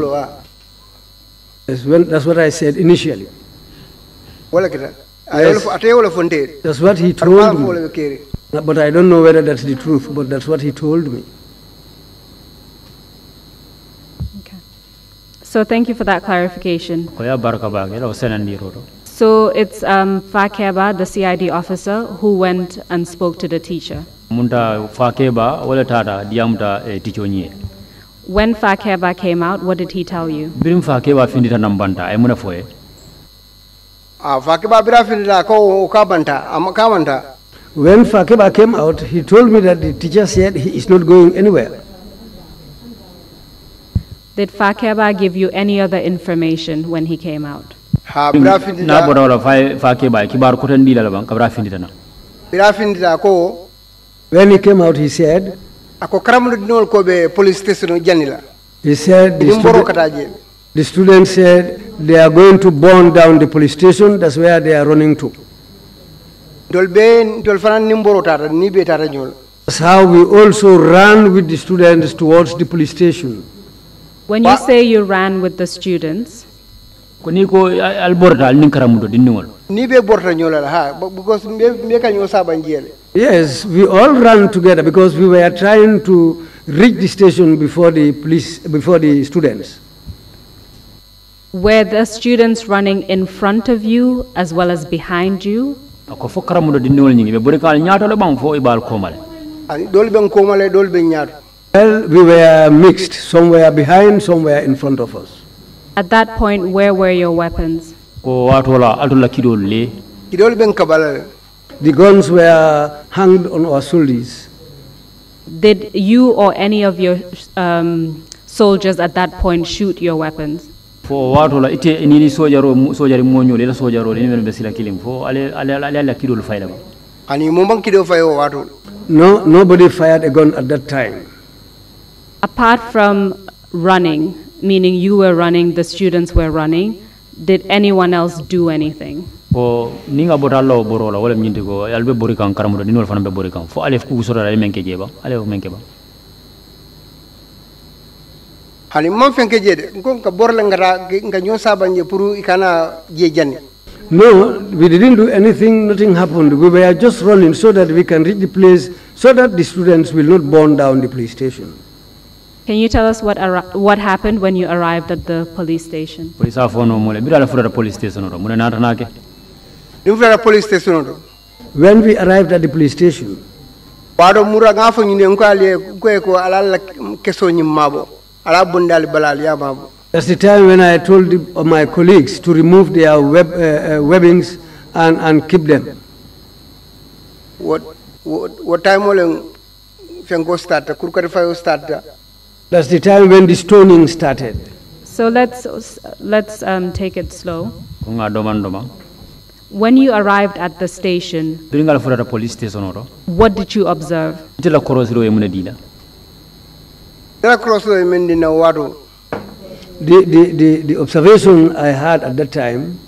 That's, ah. when, that's what I said initially. Wala kita. Yes. That's what he told me. But I don't know whether that's the truth, but that's what he told me. Okay. So thank you for that clarification. So it's um, Fakeba, the CID officer, who went and spoke to the teacher. Eh, when Fakeba came out, what did he tell you? Fakiba ko Kabanta, Kabanta. When Fakiba came out, he told me that the teacher said he is not going anywhere. Did Fakiba give you any other information when he came out? Ha Na wala Fakiba kibar ko. When he came out, he said. Ako karamudinol ko be police station janila. He said. Imboro the students said they are going to burn down the police station. That's where they are running to. That's how we also ran with the students towards the police station. When you say you ran with the students, Yes, we all ran together because we were trying to reach the station before the police, before the students. Were the students running in front of you as well as behind you? Well, we were mixed. Some were behind, some were in front of us. At that point, where were your weapons? The guns were hanged on our shoulders. Did you or any of your um, soldiers at that point shoot your weapons? fo la! ite enini sojaro sojari moñol ela sojarole ni men be sila kilim fo ale ale ale ala kidol fayda ba ani mo ban kidol fayo wato no nobody fired a gun at that time apart from running meaning you were running the students were running did anyone else do anything fo ni nga bota law borola wala nyinte ko albe bori kan karamudo dinol fana be bori fo ale ku sodara men ke ba. ale men ke ba hani man fenke jede ko ka borla ngara nga nyon saban ye pour ikana je janni no we didn't do anything nothing happened we were just running so that we can reach the place so that the students will not burn down the police station Can you tell us what what happened when you arrived at the police station? Police afono bi dala fura police station ro mule nata nake. fura police station ro. When we arrived at the police station. Bado mura ngafo nyine ko kweko alala keso nyimabo. That's the time when I told uh, my colleagues to remove their web, uh, uh, webbings and, and keep them. What, what, what time will Fengo start? start? That's the time when the stoning started. So let's, let's um, take it slow. When you arrived at the station, what did you observe? across the Mendina Wadu. The, the, the, the observation I had at that time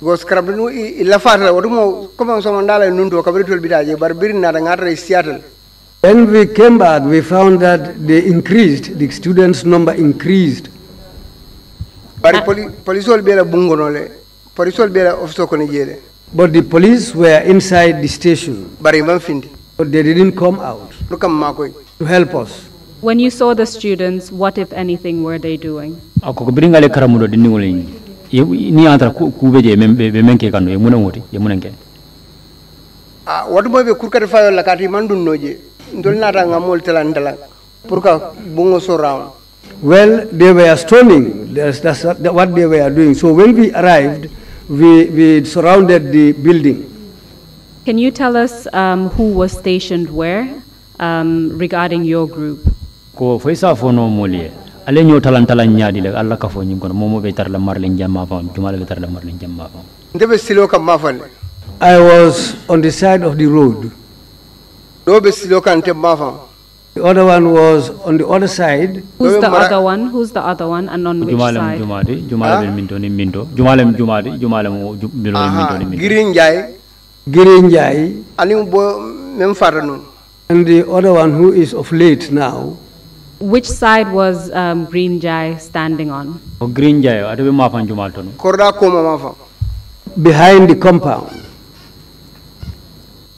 was karabinu ilafata wadumo kama somandala nundu kabritul bidaje barbiri na ngatra Seattle. When we came back, we found that they increased, the students' number increased. But the police were inside the station. But they didn't come out to help us. When you saw the students, what, if anything, were they doing? well they were storming that's, that's what they were doing so when we arrived we, we surrounded the building can you tell us um, who was stationed where um, regarding your group ko fo isa fono no moliye ale ñoo talantalan ñaadi le alla kafo ñing kono momo be tarla marlen jamma fa juma be tarla marlen jamma fa ndebe silo kam ma fa i was on the side of the road do be silo kan te ma fa the other one was on the other side who's the other one who's the other one and on which jumalem side jumalem jumade jumale ah. ben minto ni minto jumalem jumade jumale mo bilo minto ni minto girin jay girin jay ani bo mem farano and the other one who is of late now which side was um, Green Jai standing on? Oh, Green Jai, atabi mafan jumalton. Korda kuma mafan. Behind the compound.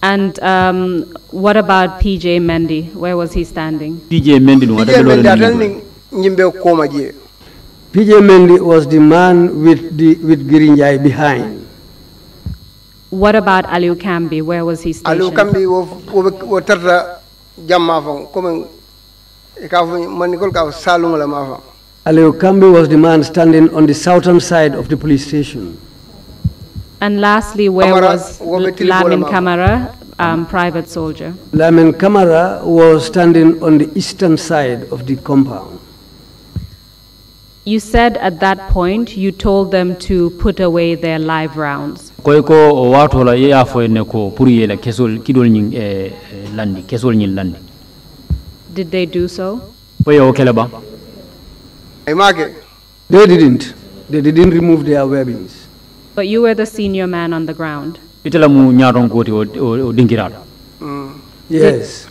And um, what about PJ Mendy? Where was he standing? PJ Mendy, no, PJ Mendy, nyimbe koma PJ Mendy was the man with the with Green Jai behind. What about Aliu Kambi? Where was he stationed? Aliu Kambi was wo tarta jamma Aliu Kambi was the man standing on the southern side of the police station. And lastly, where was Lamin Kamara, um, private soldier? Lamin Kamara was standing on the eastern side of the compound. You said at that point you told them to put away their live rounds. watola ko kesol kidol eh, eh, landi kesol landi did they do so? They didn't. They didn't remove their weapons. But you were the senior man on the ground. Mm. Yes.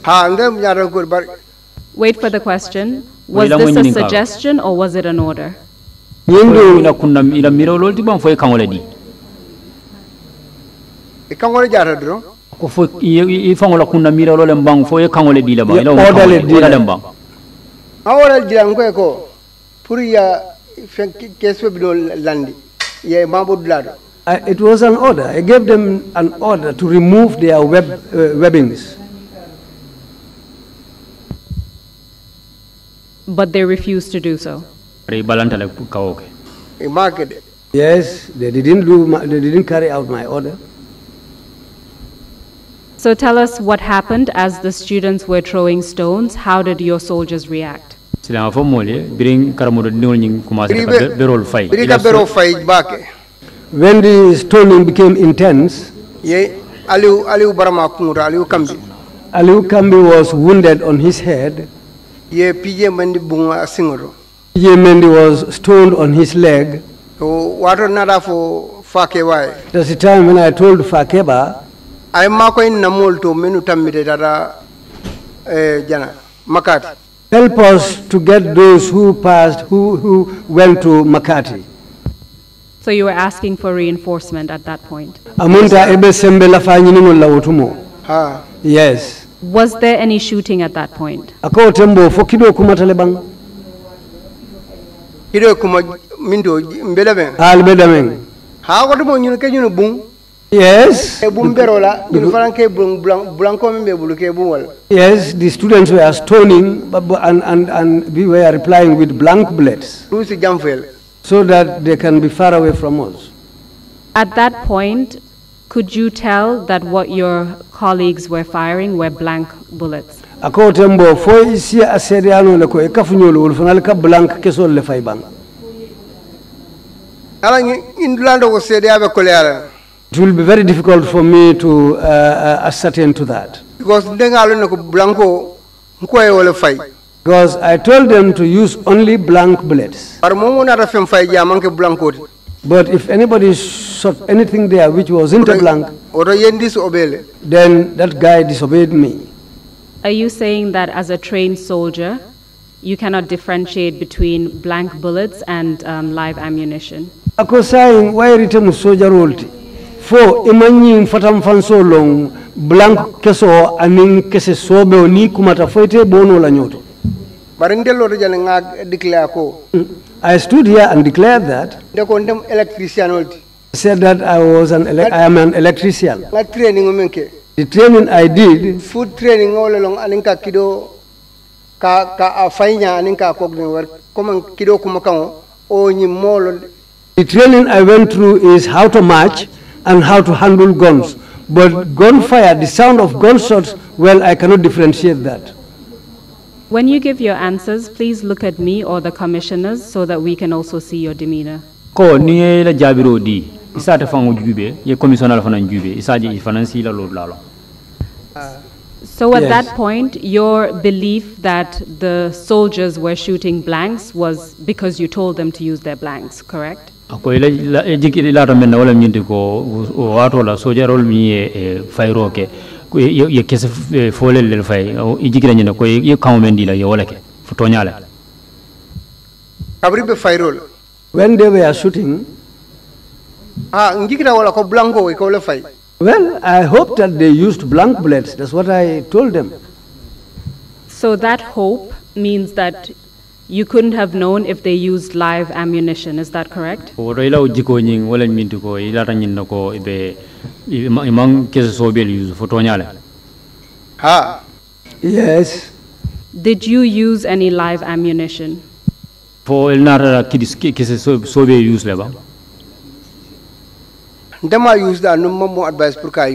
Wait for the question. Was this a suggestion or was it an order? ko fo i faŋo la kunna miira lo lem baŋ fo ye kaŋo le dii le baŋ oda lem baŋ a wo la dila ko pour ya fen kespe bi do landi ye mambo dula it was an order i gave them an order to remove their web, uh, webbings but they refused to do so yes they didn't do they didn't carry out my order so tell us what happened as the students were throwing stones. How did your soldiers react? When the stoning became intense, Aliu Kambi. was wounded on his head. Ye PJ Mendi was stoned on his leg. So what That's the time when I told Fakeba ay makoyin namol to menu tammide tata eh, jana makati help us to get those who passed who, who went to makati so you were asking for reinforcement at that point amunta ebe sembe la fanyi ni ñiningol lawtumo ha yes was there any shooting at that point ako tembo fokido kido kumatale bang kido kuma mindo mbele hal be ha ko to mo ñun ke ñun bung Yes. Eh, yes, the students were stoning and, and, and we were replying with blank bullets so that they can be far away from us. At that point, could you tell that what your colleagues were firing were blank bullets? ako tembo fo isi asede ano le ko e kafunyolo wol fanal ka blank kesol le fay bang ala ngi indulando ko sede abe ko le it will be very difficult for me to uh, uh ascertain to that. Because I told them to use only blank bullets. But if anybody shot anything there which wasn't a blank, then that guy disobeyed me. Are you saying that as a trained soldier, you cannot differentiate between blank bullets and um, live ammunition? fo imanyin oh. e fatan fanso long blank keso anin kese sobe ni kumata foite bono la nyoto barindelo de jale nga declare ko mm. i stood here and declared that de ko ndem electrician olti said that i was an i am an electrician la training menke the training i did food training all along anin kido ka ka a fainya anin ka war Koman kido kuma kan o nyi molo the training i went through is how to march and how to handle guns. But gunfire, the sound of gunshots, well, I cannot differentiate that. When you give your answers, please look at me or the commissioners so that we can also see your demeanor. ko la di ye commissioner la So at yes. that point, your belief that the soldiers were shooting blanks was because you told them to use their blanks, correct? akoy la jikkiɗi laata men wala ñinde ko o waatola sojarol mi e fayro ke ye kese folel lel fay i jikkiɗa ñinde koye ye kaŋo men ɗila ye wala ke fo toñale kabri be fayrol when they were shooting ah jikkiɗa wala ko blanco e ko wala fay well i hope that they used blank bullets that's what i told them so that hope means that you couldn't have known if they used live ammunition, is that correct? Yes. Did you use any live ammunition? no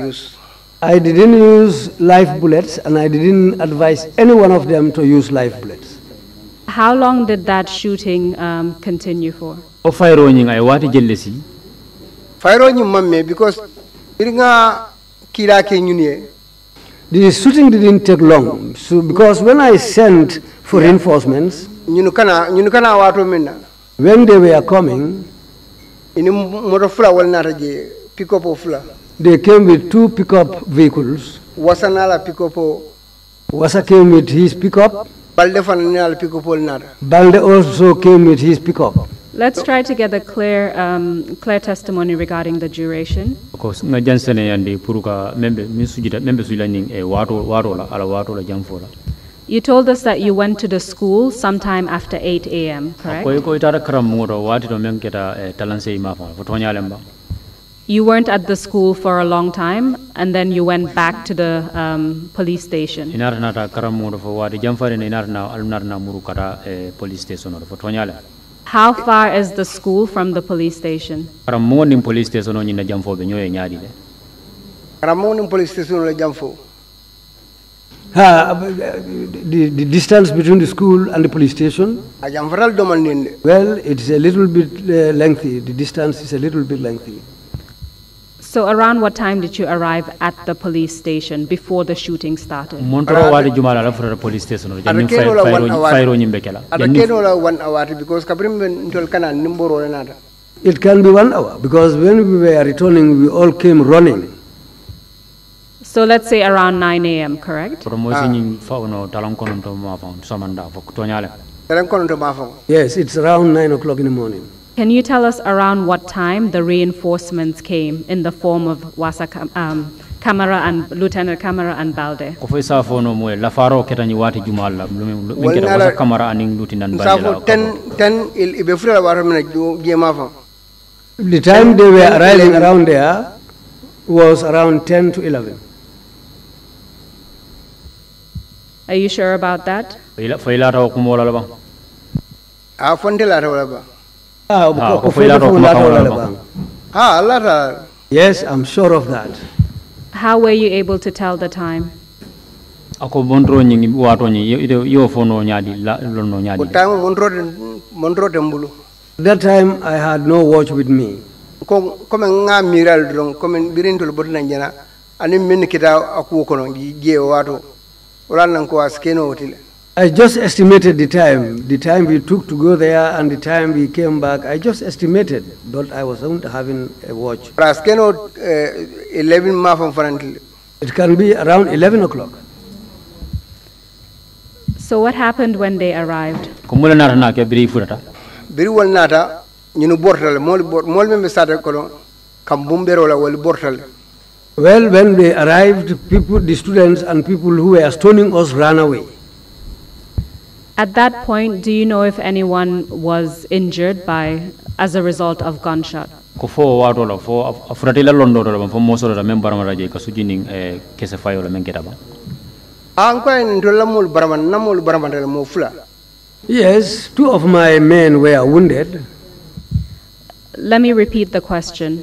use. I didn't use live bullets and I didn't advise any one of them to use live bullets. How long did that shooting um, continue for? O fayro wati jelle si. Fayro mamme because kila ke ñun The shooting didn't take long so because when I sent for reinforcements ñun kana ñun kana wato minna. When they were coming ini moto fula wal nata je pick up fula. They came with two pickup vehicles. Wasanala pick up Wasa came with his pickup. Balde also came with his pickup. Let's try to get a clear, um, clear testimony regarding the duration. Of course, jansene yandi membe membe ning e eh, wato wato la ala wato la You told us that you went to the school sometime after 8 a.m., correct? you weren't at the school for a long time and then you went back to the um, police station how far is the school from the police station police station the, the distance between the school and the police station well it's a little bit uh, lengthy the distance is a little bit lengthy so around what time did you arrive at the police station before the shooting started? Montoro la fura police station no jamin la one hour because kabrim ntol kana nimboro na It can be one hour because when we were returning, we all came running. So let's say around 9 a.m., correct? Yes, it's around 9 o'clock in the morning. Can you tell us around what time the reinforcements came in the form of Wasa um, Camara and Lieutenant Camara and Balde? Ko la faro wati Lieutenant Balde ten ten The time they were arriving around there was around 10 to 11. Are you sure about that? Ah, la Ah, ah, ah, yes, I'm sure of that. How were you able to tell the time? ako bontro ñingi wato yo fo no ñaadi lonno ñaadi ko time bontro bontro tembulu that time i had no watch with me ko comme nga miral don comme birintol bodna ñana ani min kita akuwo kono je wato wala nan ko askeno wotile I just estimated the time, the time we took to go there and the time we came back. I just estimated, but I wasn't having a watch. Uh, it can be around 11 o'clock. So what happened when they arrived? well when they arrived people the students and people who were stoning us ran away at that point, do you know if anyone was injured by as a result of gunshot? Eh, kese keta ba yes two of my men were wounded let me repeat the question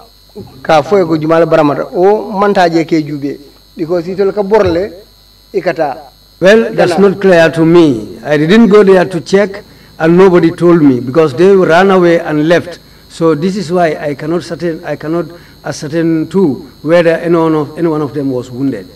baramata o mantaje ke because itol ka borle ikata well that's not clear to me i didn't go there to check and nobody told me because they ran away and left so this is why i cannot certain i cannot ascertain too whether any one of, any one of them was wounded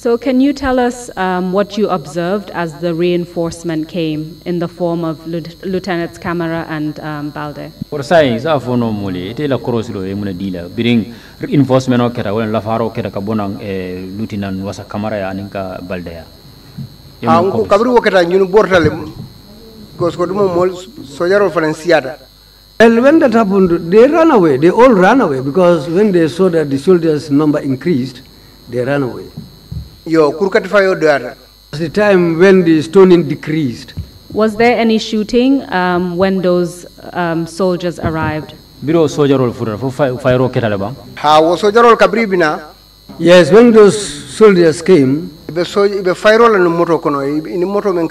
so, can you tell us um, what you observed as the reinforcement came in the form of Lieutenants camera, and um, Balde? Orsai za fono mule te la korosilo e muna dila biring reinforcement o kera wala lafaro kera kabonang e eh, Lieutenant Wasa camera ya aninka Balde ya. Angu kabru o kera nyunu bortale gosko dumo mol sojaro franciata. And when that happened, they ran away. They all ran away because when they saw that the soldiers' number increased, they ran away yo kurkati the time when the stoning decreased was there any shooting um, when those um, soldiers arrived yes when those soldiers came be so be fayrola the moto kono ni moto men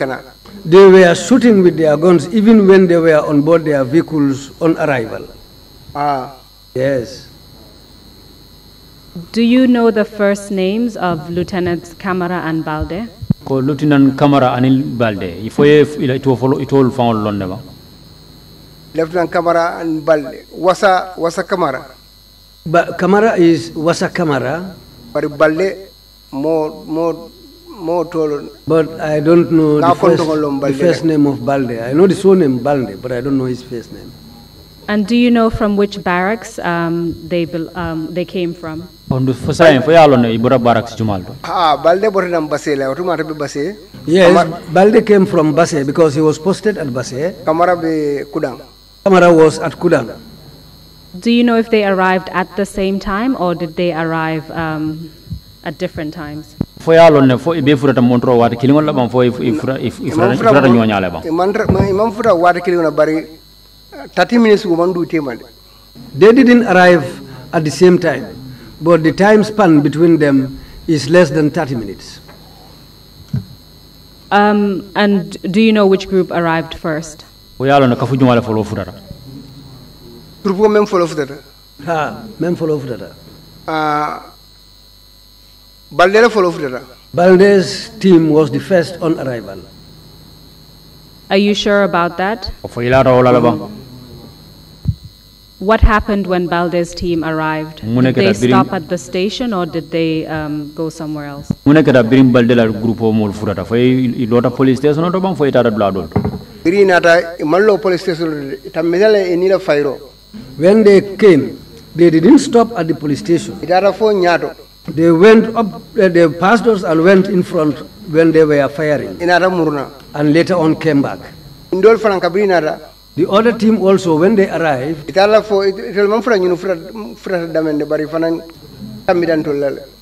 they were shooting with their guns even when they were on board their vehicles on arrival ah yes do you know the first names of Lieutenants Kamara and Balde? ko lieutenant Kamara and Balde. If we it will follow it all found never. Lieutenant Kamara and Balde. Wasa Wasa Kamara. Ba Kamara is Wasa Kamara. But Balde more more more tall. But I don't know the first, the first name of Balde. I know the surname Balde, but I don't know his first name. And do you know from which barracks um, they, um, they came from? ondu fasayen fo yalone ibura barracks jumal do ha balde botanam basse la otuma to be basse yes balde came from basse because he was posted at basse kamara be kudang kamara was at kudang do you know if they arrived at the same time or did they arrive um, at different times fo yalone fo ibe furata montro wata kilingol la ban fo ifura ifura nyonyale ban imam fura wata kilingol bari 30 minutes Umandu Timad. They didn't arrive at the same time, but the time span between them is less than 30 minutes. Um, and do you know which group arrived first? oyalo na kafuju wala folo futata group ko mem folo futata ha mem folo futata ah uh, baldere folo futata baldere's team was the first on arrival are you sure about that ofo ilaro wala laba what happened when Balde's team arrived? Did they stop at the station or did they um, go somewhere else? Balde la furata. ilota police station bladol. ata police station When they came, they didn't stop at the police station. fo nyato. They went up, uh, they passed us and went in front when they were firing. Inara murna. And later on came back. Indol ata the other team also, when they arrived,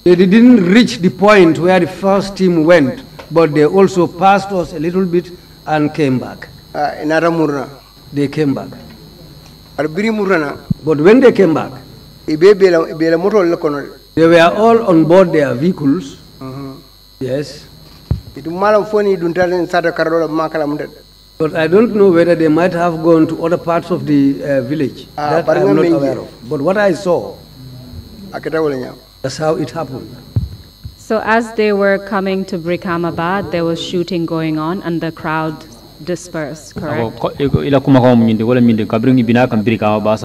they didn't reach the point where the first team went, but they also passed us a little bit and came back. Ah, they came back. But when they came back, they were all on board their vehicles. Mm -hmm. Yes. But I don't know whether they might have gone to other parts of the uh, village. Ah, that I'm not aware of. But what I saw, that's how it happened. So as they were coming to Brikamabad, there was shooting going on and the crowd dispersed, correct? brikama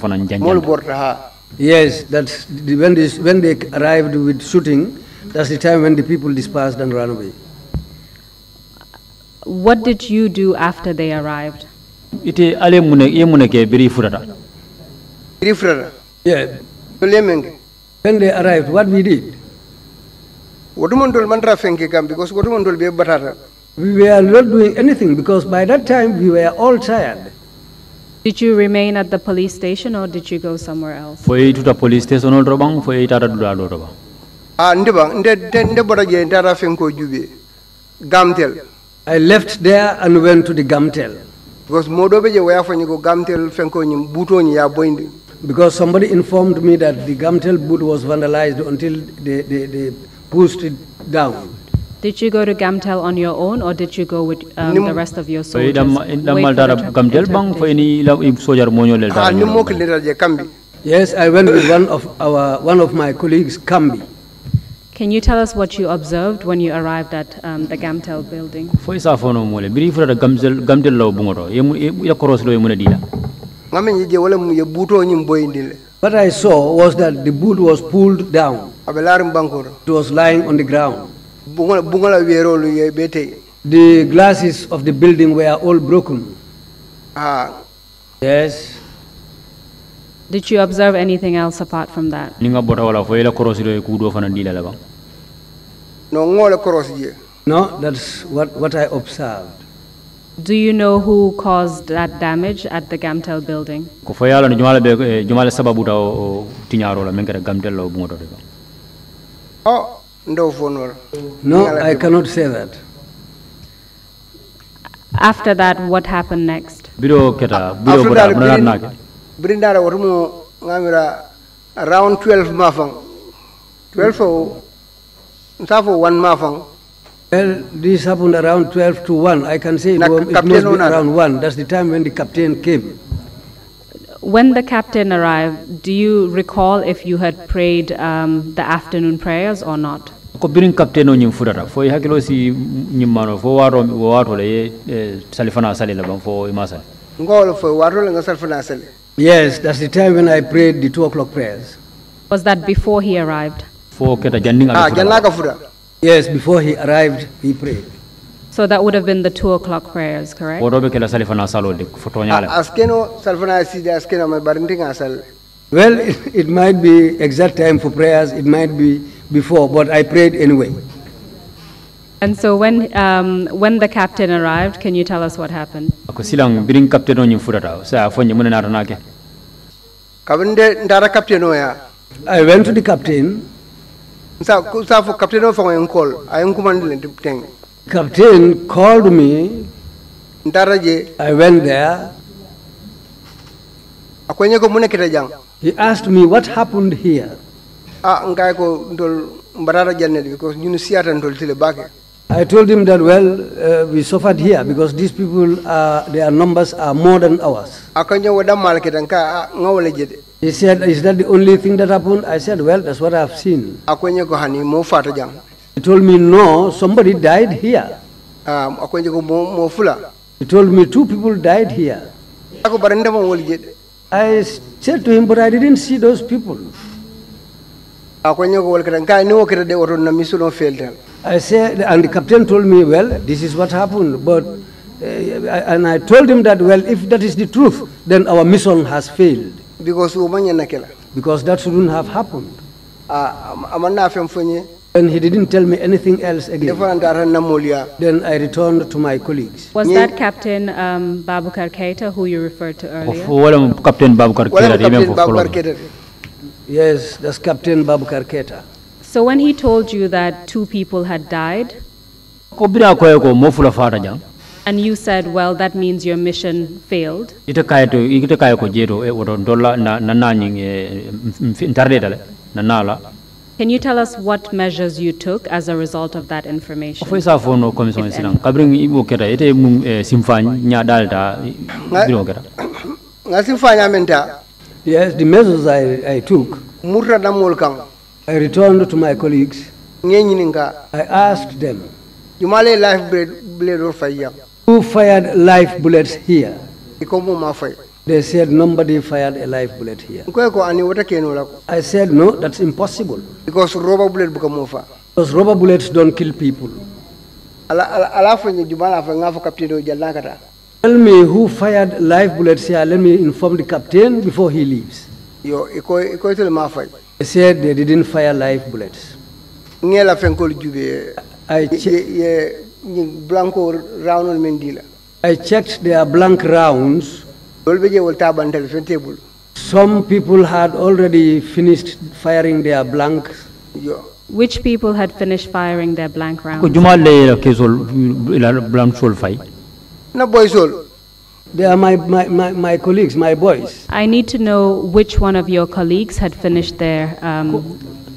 sa be ha yes that's when they when they arrived with shooting that's the time when the people dispersed and ran away what did you do after they arrived? Iti ale mune ye mune ke biri furada. Biri furada. Yeah. Tulemenge. When they arrived, what we did? Wodumondol mandra fenge kam because wodumondol be batara. We were not doing anything because by that time we were all tired. Did you remain at the police station or did you go somewhere else? Foi to the police station ol robang, foi tara dula lo robang. Ah, ndebang, nde nde bodaje ndara fenko jube. Gamtel. I left there and went to the Gamtel. Because somebody informed me that the Gamtel boot was vandalized until they, they, they pushed it down. Did you go to Gamtel on your own, or did you go with um, the rest of your soldiers? Ah, yes, I went with one of our one of my colleagues, Kambi. Can you tell us what you observed when you arrived at um, the Gamtel building? fono mole biri fura da Gamtel Gamtel law yemu ya law yemu dila. Ngamen yije wala mu ye buto nyim What I saw was that the boot was pulled down. Abelarim It was lying on the ground. Bungala bungala lu ye bete. The glasses of the building were all broken. Ah. Yes. Did you observe anything else apart from that? No, that's what, what I observed. Do you know who caused that damage at the Gamtel building? Oh, No, I cannot say that. After that, what happened next? After that, around 12 12 safo one mafang well, this happened around 12 to 1. I can say it, was, it must be around 1. That's the time when the captain came. When the captain arrived, do you recall if you had prayed um, the afternoon prayers or not? ko birin kapteno ñim futata fo hakkilo si ñimmano fo waro o wato le eh, salifana sale la ban fo imasa. sale ngolo fo wato le salifana sale yes that's the time when i prayed the 2 o'clock prayers was that before he arrived Ah, yes before he arrived he prayed so that would have been the two o'clock prayers, correct? Ah, well, it, it might be exact time for prayers, it might be before, but I prayed anyway. And so when, um, when the captain arrived, can you tell us what happened? I went to the captain. sa sa captain o fango en call ay en kumandi captain called me ndaraje i went there akwenye ko mune kita jang he asked me what happened here ah ngai ko ndol mbarara jannet because ñun siata ndol tile bake I told him that, well, uh, we suffered here because these people, are, their numbers are more than ours. He said, is that the only thing that happened? I said, well, that's what I've seen. He told me, no, somebody died here. Um, he told me two people died here. I said to him, but I didn't see those people. I said, and the captain told me, well, this is what happened, but, uh, and I told him that, well, if that is the truth, then our mission has failed because because that shouldn't have happened and he didn't tell me anything else again. Then I returned to my colleagues. Was that Captain um, Babu Keita who you referred to earlier? Captain Babukar Keita. Yes, that's Captain Babu Keita. So when he told you that two people had died? And you said, well, that means your mission failed. ko e, dola na na e, Can you tell us what measures you took as a result of that information? mum e, biro Nga Yes, the measures I, I took. I returned to my colleagues. I asked them. Jumale life Who fired live bullets here? They said nobody fired a live bullet here. I said no, that's impossible. Because rubber Because rubber bullets don't kill people. Tell me who fired live bullets here. Let me inform the captain before he leaves. They said they didn't fire live bullets. I checked. I checked their blank rounds. Some people had already finished firing their blanks. Which people had finished firing their blank rounds? They are my, my, my, my, colleagues, my boys. I need to know which one of your colleagues had finished their um,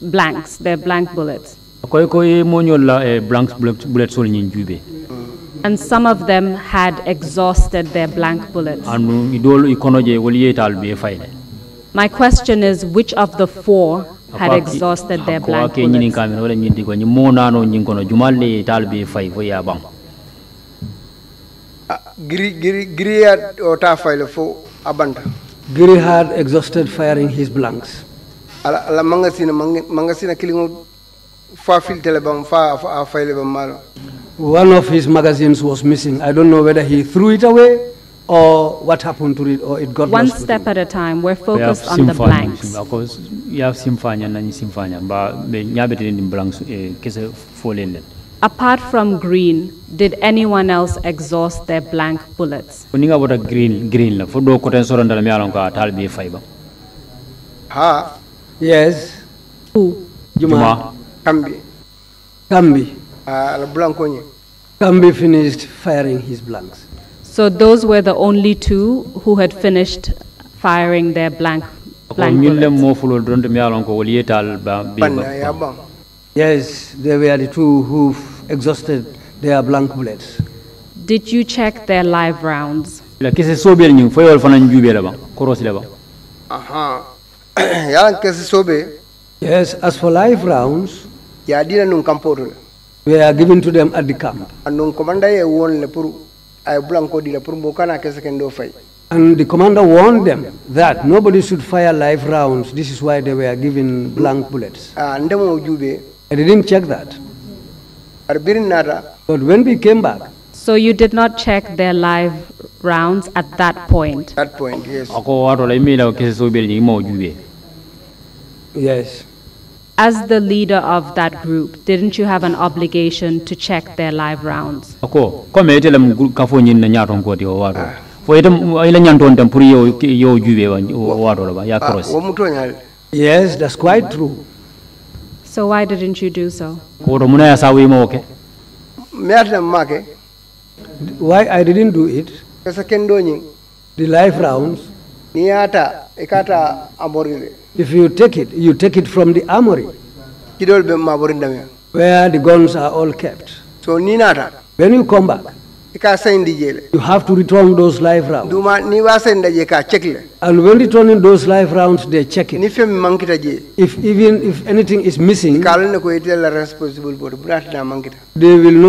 blanks, they're blank bullets. Eh, and some of them had exhausted their blank bullets. My question is which of the four had exhausted their blank bullets? Ah, giri, oh, giri had exhausted firing his blanks ala ala mangasina mangasina kilingo fa filtele bam fa bam malo one of his magazines was missing i don't know whether he threw it away or what happened to it or it got one step at a time we're focused on the blanks simfanya simfanya ba be nyabete ni blanks kese Apart from green, did anyone else exhaust their blank bullets? Kuninga bota green green la fodo koten sorondala mi alonka talbi fiber. Ha Yes. Who? Juma. Juma. Kambi. Kambi. Uh, Kambi finished firing his blanks. So those were the only two who had finished firing their blank. blank bullets. Yes, they were the two who exhausted their blank bullets. Did you check their live rounds? Uh-huh. [COUGHS] yalan kesi sobe. Yes, as for life rounds. Ya dina nun kampoto We are given to them at the camp. And nun komanda ye won le puru ay blanco di le puru kese ken kendo fay. And the commander warned them that nobody should fire live rounds. This is why they were given blank bullets. Ah, ndemo ujube. I didn't check that. Arbirin nada. But when we came back. So you did not check their live rounds at that point. That point, yes. Ako watu la imila kesi sobe ni mo ujube. Yes. As the leader of that group, didn't you have an obligation to check their live rounds? Ah, yes, that's quite true. So why didn't you do so? Why I didn't do it? The live rounds. Niata if you take it, you take it from the armory where the guns are all kept. So when you come back, you have to return those live rounds. And when returning those live rounds, they check it. If even if anything is missing, they will know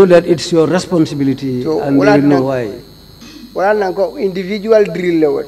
that it's your responsibility so, and they will know why. individual drill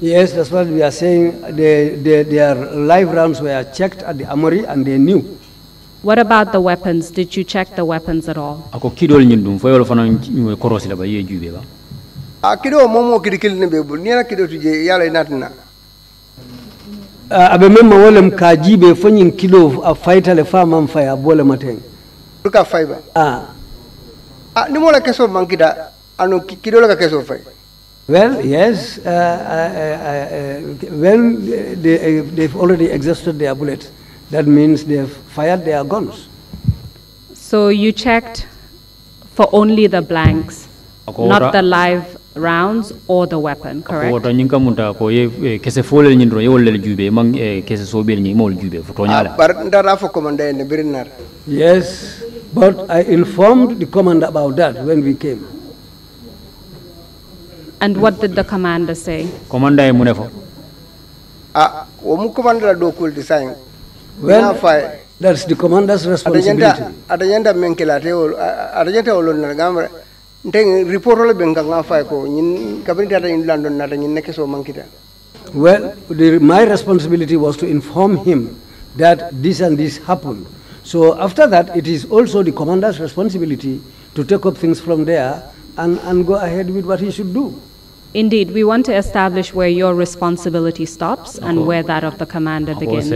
Yes, that's what we are saying. The the their live rounds were checked at the armory and they knew. What about the weapons? Did you check the weapons at all? Ako kidol nyin dum fo yolo fana korosi la ba ye jube ba. A ah, kido momo kidikil ne be bul ni na kido tuje yala natna. Ah, abe men ma wolem ka jibe fanyin kilo a faita le fa man faya bole maten duka faiba a ah. a ah, ni mola keso mankida ano kido la keso fai Well, yes, uh, uh, uh, uh when they, they've already exhausted their bullets, that means they've fired their guns. So you checked for only the blanks, not the live rounds or the weapon, correct? Yes, but I informed the commander about that when we came. And what did the commander say? Commander e munefo. Ah, omu commander do kul design. Well, eh? That's the commander's responsibility. Atajenda menkelate ol atajenda olon na gamra. report ole benga ngafai eh, ko nyin kabinete ata in London na nyin neke so mankita. Well, the, my responsibility was to inform him that this and this happened. So after that, it is also the commander's responsibility to take up things from there and, and go ahead with what he should do. Indeed, we want to establish where your responsibility stops and where that of the commander begins.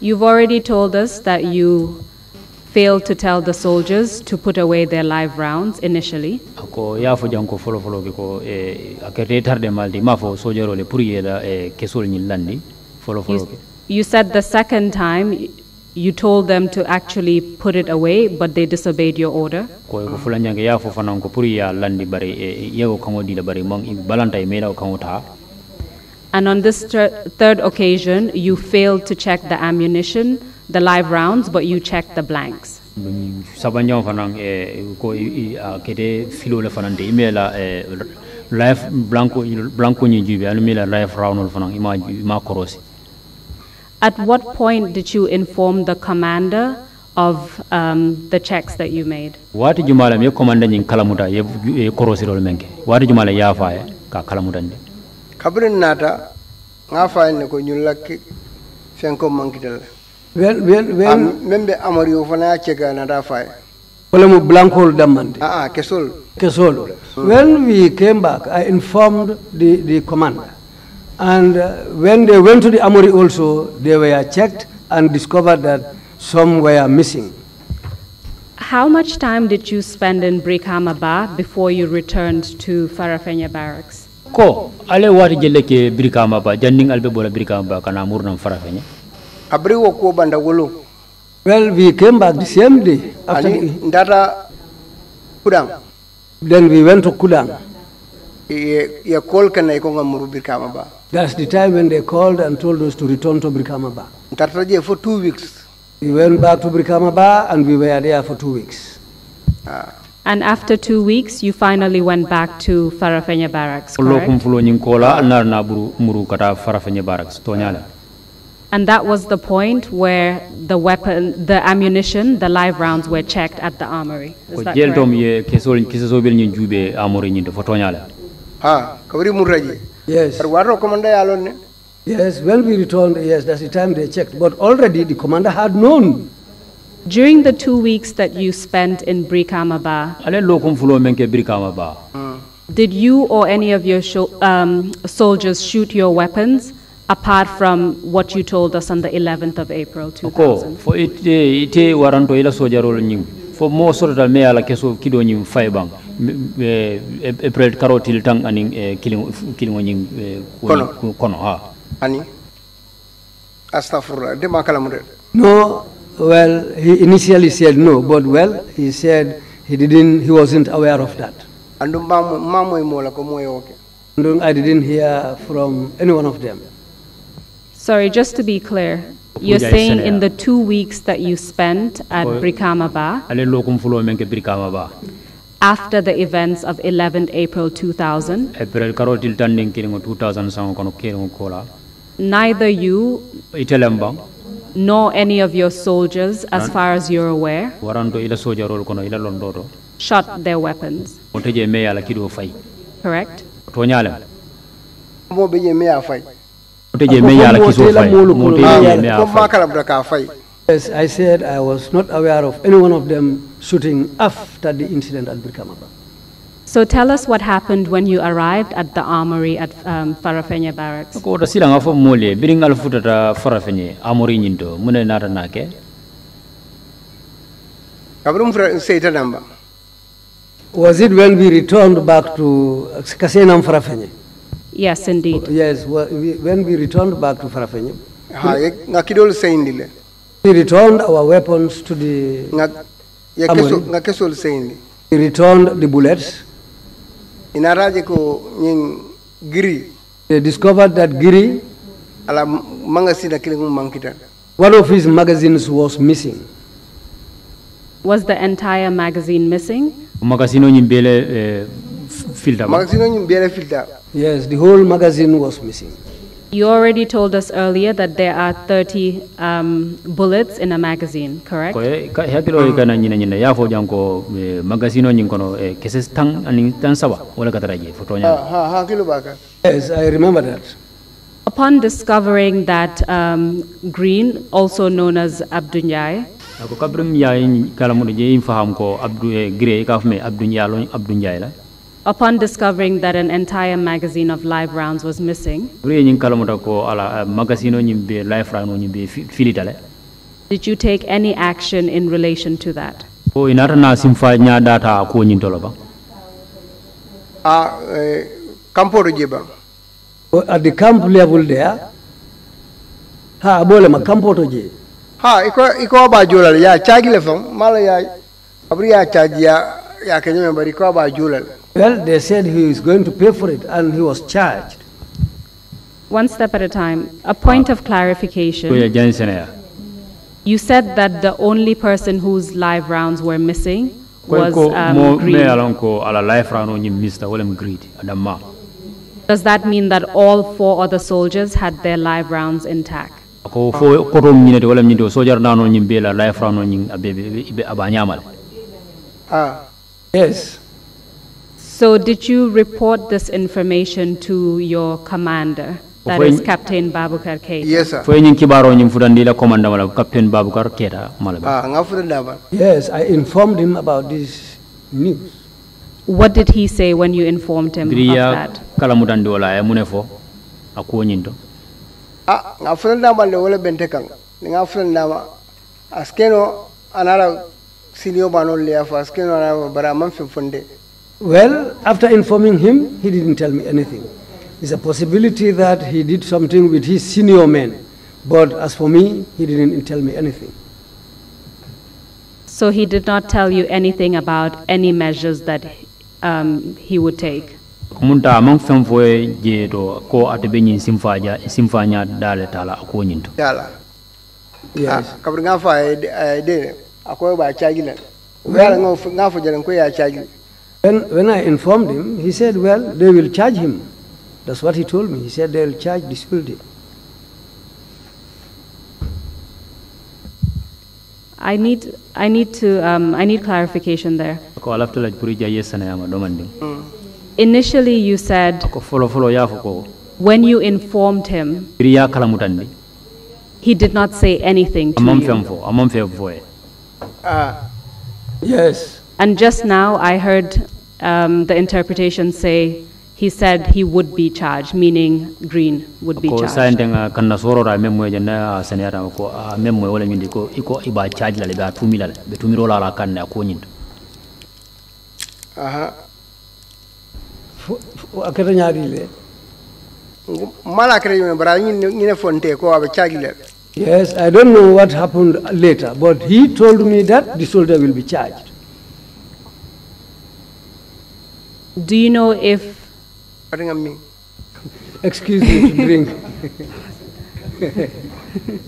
You've already told us that you failed to tell the soldiers to put away their live rounds initially. Ko Follow, follow. You, you said the second time you told them to actually put it away but they disobeyed your order and on this third occasion you failed to check the ammunition the live rounds but you checked the blanks at what point did you inform the commander of um, the checks that you made? What did you mean, mi commander nyin kalamuta ye korosirol menke. Wati jumala ya faye ka kalamutande. Kabrin nata nga faye ne ko nyulla fenko mankital. Well well well membe amari o fana chega nata faye. Wala mu blankol damande. Ah ah kesol. Kesol. When we came back I informed the the commander and uh, when they went to the armory also, they were checked and discovered that some were missing. How much time did you spend in Brikama Brikamaba before you returned to Farafenya barracks? Ko, ale wari jelle ke Brikamaba, janning albe bola Brikamaba kana murnam Farafenya. Abri wo ko banda wolo. Well, we came back the same day after Ali, the, Kudang. Then we went to Kudang. Ye ye kol kana ikonga muru Brikamaba. That's the time when they called and told us to return to Brikama Ntatarajia for two weeks. We went back to Brikama and we were there for two weeks. Ah. And after two weeks, you finally went back to Farafenya barracks, correct? And that was the point where the weapon, the ammunition, the live rounds were checked at the armory. Is that correct? Ah, Yes. But what commander alone? Yes, well, we returned, yes, that's the time they checked. But already the commander had known. During the two weeks that you spent in Brikamaba, did you or any of your um, soldiers shoot your weapons apart from what you told us on the 11th of April 2000? For more sort of me keso bang e peut-être karotil tan anin eh, kilingo kilingo nyin eh, kono kono ha ani astaghfirullah de makalam de no well he initially said no but well he said he didn't he wasn't aware of that andum mamoy mola ko moy oke andum i didn't hear from any one of them sorry just to be clear you're saying in the two weeks that you spent at Brikamaba after the events of 11 April 2000, neither you nor any of your soldiers, as far as you're aware, shot their weapons. Correct? Yes, I said I was not aware of any one of them shooting after the incident at Birkamaba. So tell us what happened when you arrived at the armory at um, Farafenya barracks. Ko ta silanga fo mole armory nyindo mune nara nake. Kabrum namba. Was it when we returned back to Kasenam Farafenye? Yes, indeed. Yes, when we returned back to Farafenye. Ha, We returned our weapons to the nga kesol seyndi he returned the bullets inaraje ko ñin giri they discovered that giri ala magazine akili ngum one of his magazines was missing was the entire magazine missing magazine bele eh, filda magazine bele filda yes the whole magazine was missing you already told us earlier that there are 30 um, bullets in a magazine, correct? Yes, I remember that. Upon discovering that um, green, also known as Abdunyai, ako upon discovering that an entire magazine of live rounds was missing. Eh, did you take any action in relation to that? Eh, at the camp level there, ha camp campoto je. Ha iko iko ba jolal ya chagi lefon mala ya abri ya chagi ya well, they said he is going to pay for it, and he was charged. One step at a time. A point of clarification. You said that the only person whose live rounds were missing was um, Greed. Does that mean that all four other soldiers had their live rounds intact? Ah. Yes. So did you report this information to your commander? That is Captain Babukar Keita. Yes, sir. Fo ñing kibaro ñing futandila commandant wala Captain Babukar Keita malabe. Ah, nga futandaba. Yes, I informed him about this news. What did he say when you informed him Diriya of that? kalamudandi wala ya eh, munefo akuwo ñinto. Ah, nga futandaba le wala bente kanga. Nga futandaba askeno anara Senior Well, after informing him, he didn't tell me anything. There's a possibility that he did something with his senior men, but as for me, he didn't tell me anything. So he did not tell you anything about any measures that um, he would take? munta man fen fo je ko ate be nyin simfaja simfanya dale tala ko nyinto yala yes ah, kabri nga fa de akwai ba ya when when i informed him he said well they will charge him that's what he told me he said they will charge this building I need, I need to, um, I need clarification there. Mm. Initially, you said when you informed him, he did not say anything to you yes. And just now I heard um, the interpretation say he said he would be charged, meaning Green would be charged. Uh-huh. akata ñaadi le mala akata yime bara ñine fonte ko aɓe Yes, I don't know what happened later, but he told me that the soldier will be charged. Do you know if... Excuse me to drink. [LAUGHS]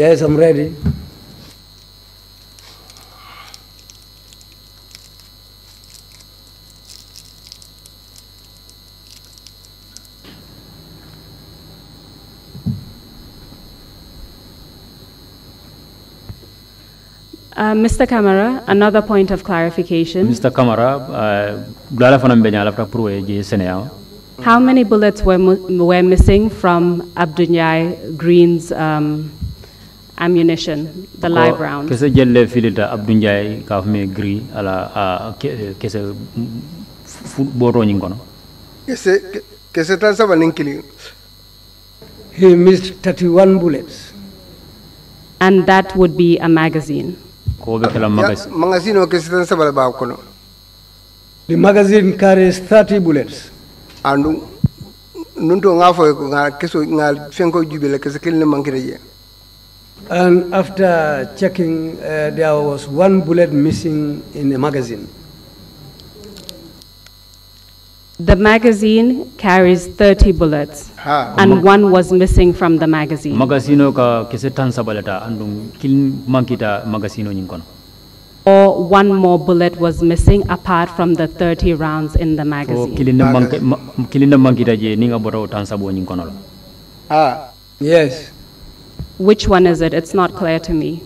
Yes, I'm ready. Uh, Mr. Kamara, another point of clarification. Mr. Kamara, uh, how many bullets were, were missing from Abdunyai Green's um, ammunition, the live round. Kese jelle filita Abdou Ndiaye ka fme gri ala kese boro no. Kese kese tansa baninkili. He missed 31 bullets. And that would be a magazine. Ko be kala magazine. Magazine o kese tansa bala ba kono. The magazine carries 30 bullets. Andu nunto ngafo ko ngal keso ngal fenko jubile kese kelne mankire je. And after checking, uh, there was one bullet missing in the magazine. The magazine carries 30 bullets, ha. and one was missing from the magazine. Magazine ka kese andung magazine Or one more bullet was missing apart from the 30 rounds in the magazine. Kilin je ninga boro Ah, yes which one is it? It's not clear to me.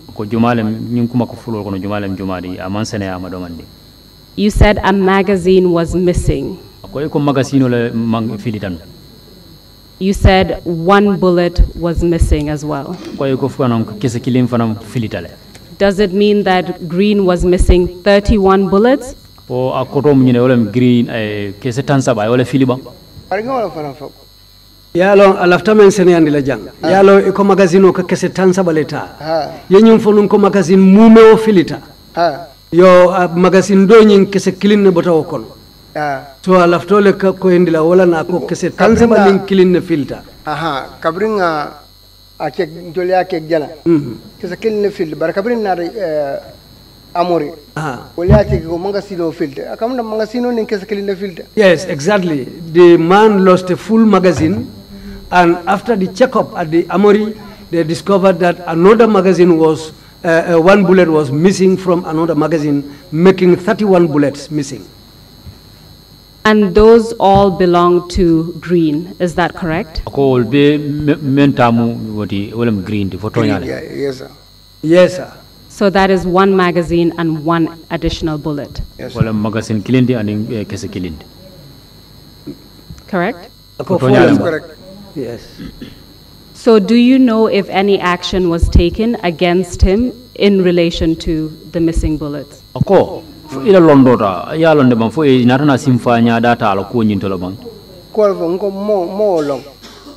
You said a magazine was missing. You said one bullet was missing as well. Does it mean that green was missing 31 bullets? yalo alafta men seneyandi la jang ya ah. yalo iko magazine o ko kese tan sabaleta ah. yeñum fo nun ko magazine mume o filita ha. Ah. yo uh, magazine do ñin kese kilinne kon kono so alaftole ka ko la wala na ko kese tan sabalin kilinne filta aha kabringa a ke ndolya ke jala mm -hmm. kese kilinne filta bar kabrin na uh, amori waliache ko magazine o filta akamna magazine o nin kese kilinne filta yes exactly the man lost a full magazine And after the checkup at the Amori, they discovered that another magazine was, uh, uh, one bullet was missing from another magazine, making 31 bullets missing. And those all belong to green, is that correct? Green, yes, sir. Yes, sir. So that is one magazine and one additional bullet. Yes. Eh, correct? correct. Yes. So, do you know if any action was taken against him in relation to the missing bullets? Ako, ila londora, ya londe bang, foi narana simfanya data ala kunyin tolo bang.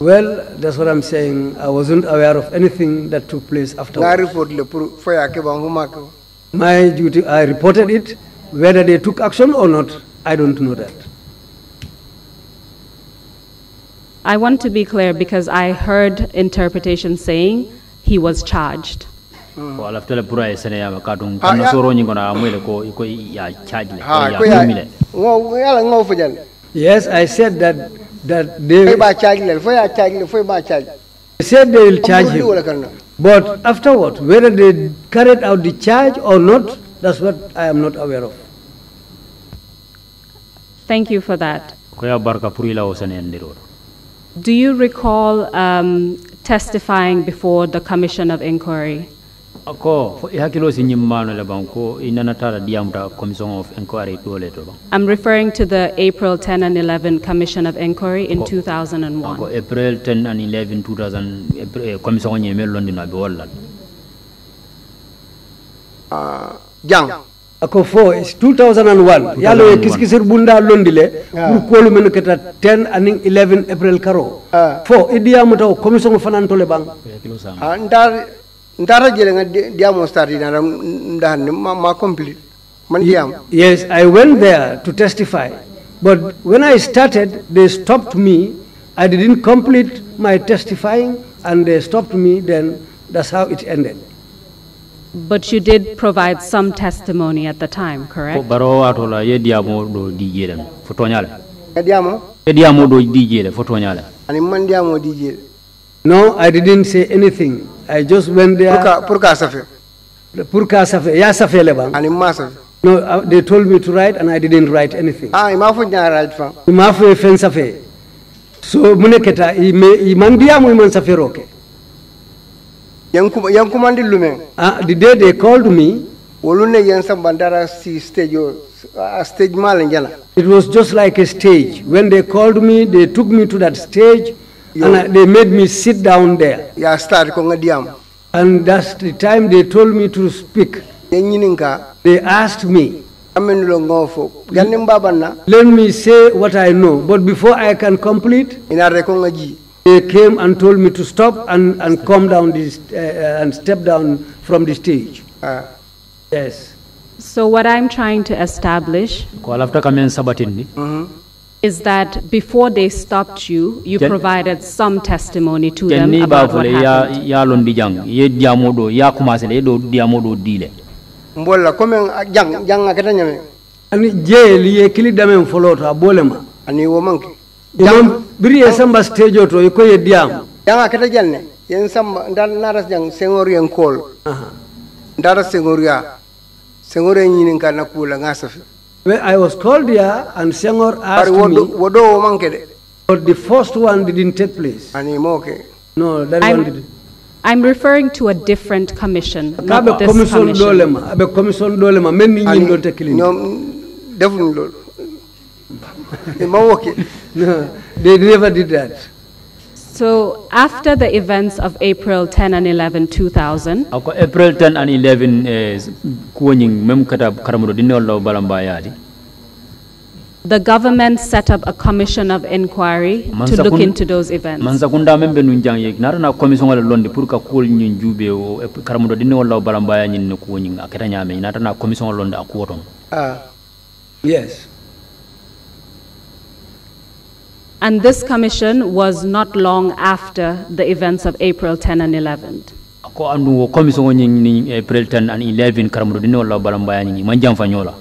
Well, that's what I'm saying. I wasn't aware of anything that took place afterwards. My duty, I reported it. Whether they took action or not, I don't know that. I want to be clear because I heard interpretation saying he was charged. yes i said that that they will charge they said they will charge him but afterward whether they carried out the charge or not that's what i am not aware of thank you for that do you recall um, testifying before the Commission of Inquiry? I'm referring to the April 10 and 11 Commission of Inquiry in 2001. April 10 and 11, 2000, eh, Commission of Inquiry. Uh, yeah ako fo is 2001 yalo e eh, kis kisir bunda londile pour kolu men keta 10 aning 11 april karo fo idiya eh, muta commission fanan tole bang ah, ndar ndara jele nga diamo star dina ram ndar ma complete man diam yes i went there to testify but when i started they stopped me i didn't complete my testifying and they stopped me then that's how it ended but you did provide some testimony at the time, correct? No, I didn't say anything. I just went there. No, uh, they told me to write and I didn't write anything. Ah, so muneketa i man safe roke. Uh, the day they called me, ah, it was just like a stage. When they called me, they took me to that stage and ah, they made me sit down there. And that's the time they told me to speak. They asked me, let me say what I know, but before I can complete, they came and told me to stop and, and come down this, uh, uh and step down from the stage. Uh, yes. So what I'm trying to establish mm-hmm. is that before they stopped you, you provided some testimony to them about what happened. ani jeli ye kili damen folota bolema ani wo manke inon biriye samba stage to ko yeddiyam yawa kata janne yen samba ndal naras jang sengor yang kol ndara sengor ya sengor yen nyinin kana kula ngasafi when i was called here and sengor asked wodo, me wodo wo manke de but the first one didn't take place ani moke no that I'm, one didn't I'm referring to a different commission, not this commission. commission. Dolema, commission dolema, men ni nyindon tekilini. Nyom defun lolo. [LAUGHS] they never did that. So after the events of April 10 and 11, 2000, April 10 and 11 eh, the government set up a commission of inquiry to look into those events. Mansakunda membe nunjang yek narana commission wala londi pour ka kol jube o eh, karamudo dinne wala balambaya ñin ko ñing akata ñame commission wala londi akoton. Ah. Yes. And this commission was not long after the events of April 10 and 11. ko andu wo commission ni April 10 and 11 dino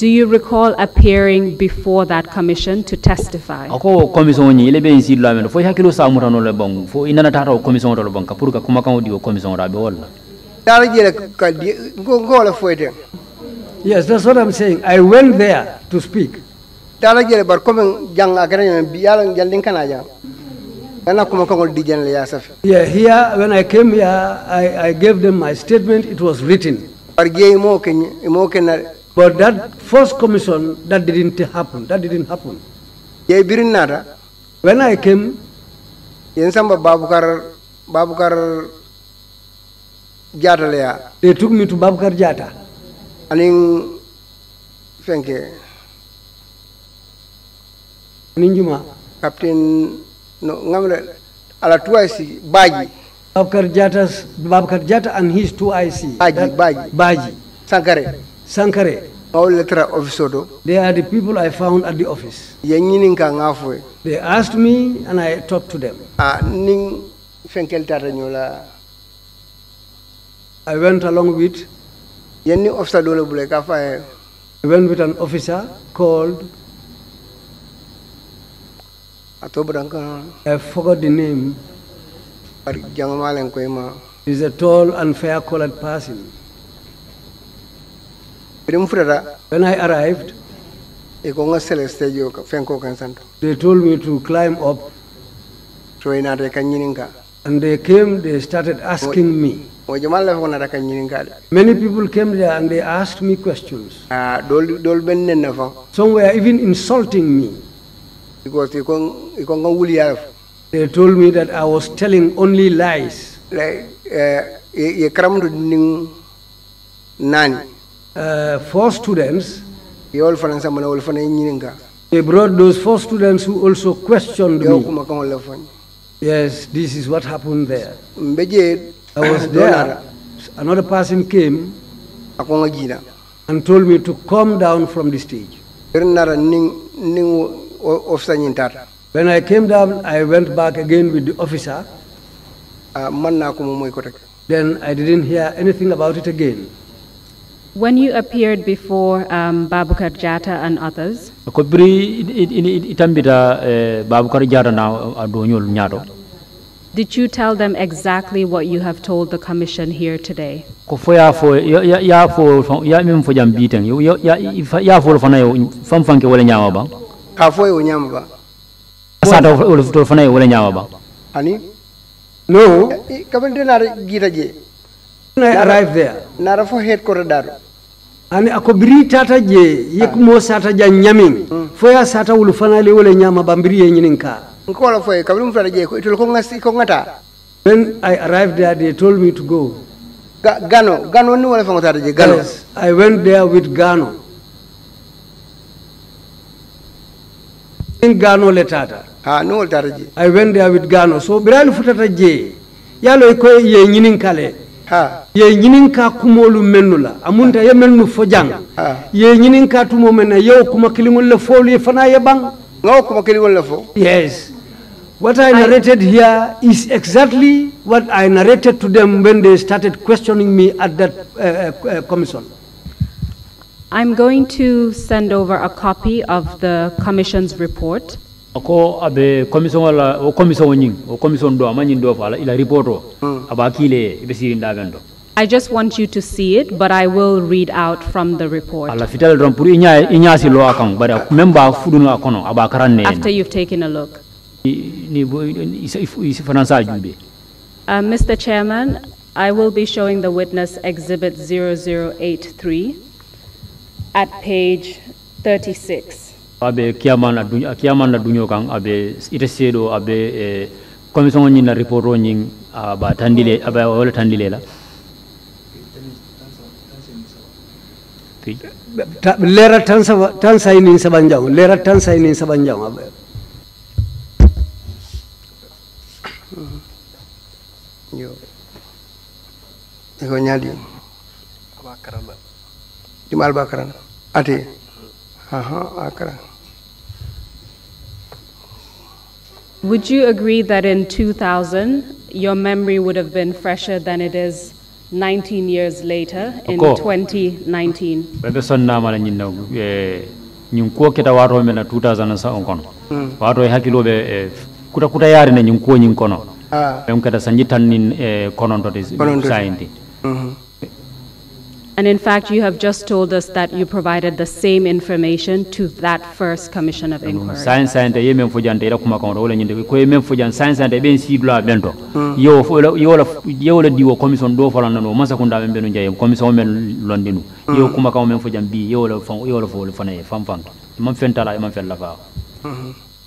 Do you recall appearing before that commission to testify? commission men fo hakilo sa le bang fo inana tata commission to le bang pour ka kuma kan commission rabe wala Dara jere la fo Yes that's what I'm saying I went there to speak tala jere bar komen jang agana bi yalla jallin kana jang Nana kuma kongol dijan le yasaf. Yeah, here when I came here, I, I gave them my statement. It was written. But that first commission, that didn't happen. That didn't happen. birin nada. When I came, Babukar Babukar Jata ya. They took me to Babukar Jata. Aning Fenke ninjuma captain no ngamre ala two e IC Baji babkar Jata's babkar Jata and his two IC Baji Baji Baji Sankare Sankare all letter officer do they are the people I found at the office kang ngafwe they asked me and I talked to them ah ning fenkel ñola I went along with yenni officer dole bule ka fa e. I went with an officer called I forgot the name. He's a tall and fair colored person. When I arrived, eh, they told me to climb up. And they came, they started asking me. Oh, Many people came there and they asked me questions. Ah, Some were even insulting me. Because can, can They told me that I was telling only lies. Like, uh, uh, four students. They brought those four students who also questioned me. Yes, this is what happened there. I was [COUGHS] there. Another person came and told me to come down from the stage when i came down i went back again with the officer man na then i didn't hear anything about it again when you appeared before um, Babukar Jata and others, did you tell them exactly what you have told the commission here today? kafo yo nyamba asata ulufana yo wala ba ani no eh, kabende na gira je na arrive there na rafu head daro ani akobiri tata je ah. mo sata ja nyamin mm. foya sata ulufana le wala nyama bambiri yenyininka nkola foya kabili mfana je ko itol ko ngasi ko ngata when i arrived there they told me to go Ga gano gano ni wala fangota je gano yes, i went there with gano in gano le tata ha no tata je i went there with gano so biran futata je yalo ko ye nyinin kale ha ye nyinin ka kumolu menula amunta ye mennu fojang ha ye nyinin ka tumo mena yow kuma kilimul le folu ye fana ye bang ngaw kuma kilimul le fo yes What I narrated here is exactly what I narrated to them when they started questioning me at that uh, uh, commission. I'm going to send over a copy of the commission's report. I just want you to see it, but I will read out from the report. After you've taken a look. Uh, Mr. Chairman, I will be showing the witness Exhibit 0083. at page 36. abe kiyamana dunya kiyamana dunyo kan abe ite sedo abe eh, commission nyin na report nyin aba tandile aba wala tandile la lera tan sa tan sa lera tan sa ni sabanjang abe hmm. yo ego nyadi aba karamba dimal bakarana అటు ఆహా అక్కడ Would you agree that in 2000 your memory would have been fresher than it is 19 years later in 2019? Bebe eh, kono. Hmm. e eh, kuta kuta ne nyun nyin kono. Ah. Be on nin konon to de And in fact, you have just told us that you provided the same information to that first commission of inquiry. Science science science commission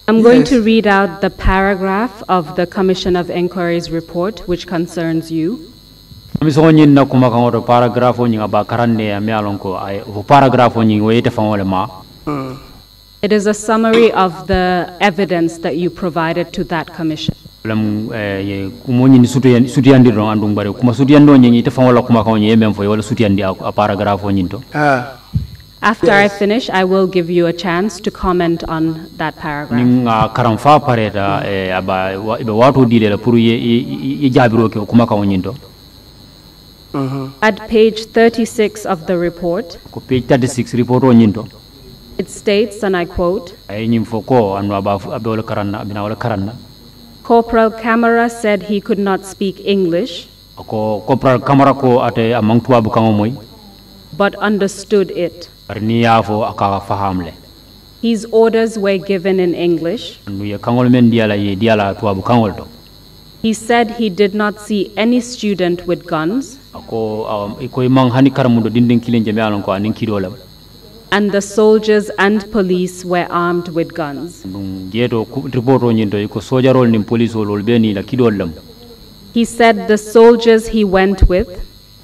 I'm going yes. to read out the paragraph of the Commission of Inquiry's report which concerns you. misoxo ñiŋ na kumakaŋo to paragraphe o ñiŋ a ba karandeya me ye a loŋ ko aye fo paragraphe ñiŋ wo yete faŋo le ma hmm. It is a summary of the evidence that you provided to that commission. lam eh, ye kumo ñini sutuyandi ɗon andum bare kuma sutuyandi o ñiŋ ite faŋo la kumakaŋo ñiŋ ye meŋ fo ye walla sutuyandi a paragraphe o ñiŋ to ah. After yes. I finish, I will give you a chance to comment on that paragraph. Ninga ah, karamfa pareta eh, aba ibe watu dile la puru ye jabiro ke kumakaŋo ñiŋ to Mm-hmm. At page 36 of the report, page 36 report it states, and I quote, Corporal Camera said he could not speak English, but understood it. His orders were given in English. He said he did not see any student with guns. ko um, ko man hani karamundo dindin kilin jami alon ko anin kidolam and the soldiers and police were armed with guns dum jeeto ripoto nyindo ko sojarol nim police olol beni la kidolam he said the soldiers he went with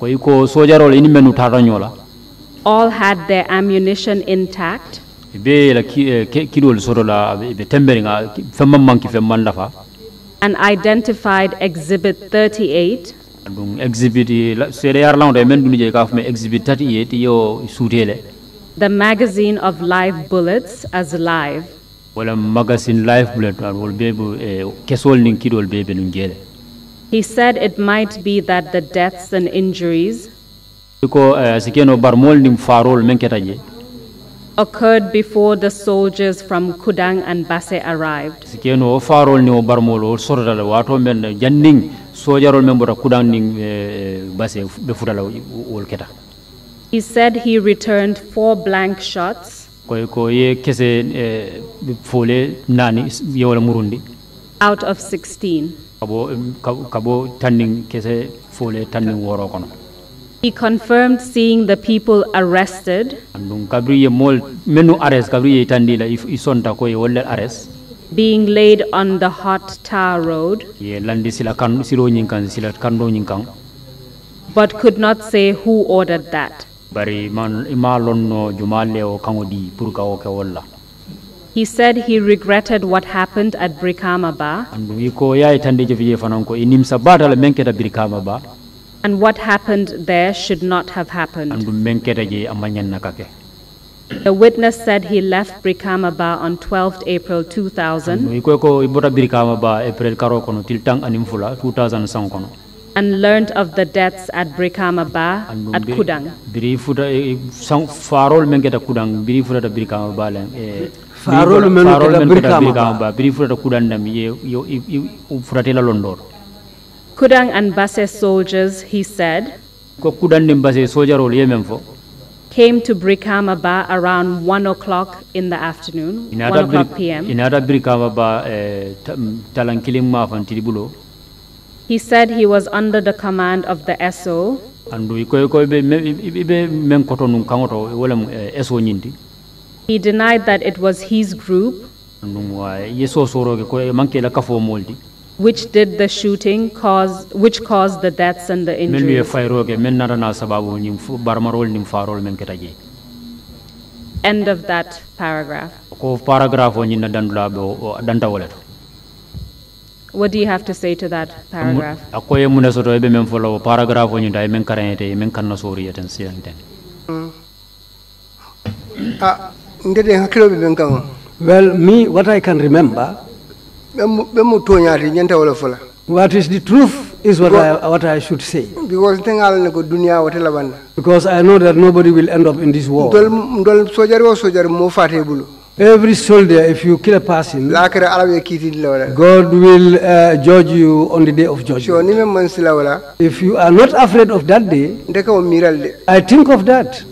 ko ko sojarol ini menu taranyola all had their ammunition intact be la kidol eh, sorola be tembere nga femman manki femman lafa and identified exhibit 38 exhibit men ka exhibit tati yo the magazine of live bullets as live wala magazine live bullet wol e kesol nin he said it might be that the deaths and injuries ko sikeno barmol nim farol men occurred before the soldiers from Kudang and Basse arrived. sojarol men bota kudan ning eh, eh, base be futala wol keta he said he returned four blank shots koy ko ye kese eh, fole nani yewol murundi out of 16 kabo kabo tanning kese fole tanning woro kono He confirmed seeing the people arrested. Andun kabri ye mol menu arrest kabri ye tandila i sonta ko ye wolle arrest. being laid on the hot tar road. But could not say who ordered that. He said he regretted what happened at Brikamaba. And what happened there should not have happened. The witness said he left Brikama on 12 April 2000. Ikweko ibota Brikama Bar April karo kono tiltang animfula 2000 kono. And learned of the deaths at Brikama Bar at Kudang. Biri futa eh, farol mengeta Kudang biri futa Brikama Bar lem. Eh, farol mengeta Brikama Bar biri futa Kudang dam ye yo furatela londor. Kudang and Basse soldiers, he said. Ko Kudang and Basse soldier ol yemem fo. came to Brikama around 1 o'clock in the afternoon, inata 1 o'clock p.m. In Brikama Bar eh, talankiling mafan tilibulo. He said he was under the command of the SO. men koto nun kangoto wala eh, SO nyindi. He denied that it was his group. which did the shooting cause which caused the deaths and the injuries sababu men end of that paragraph ko paragraph danta what do you have to say to that paragraph men folo paragraph men men ah men well me what i can remember Bemu tonya ri nyanta wala fula. What is the truth is what because, I what I should say. Because tengal ne ko dunya wote labanda. Because I know that nobody will end up in this war. Dol dol sojar wo sojar mo fate bulu. Every soldier, if you kill a person, God will uh, judge you on the day of judgment. If you are not afraid of that day, I think of that.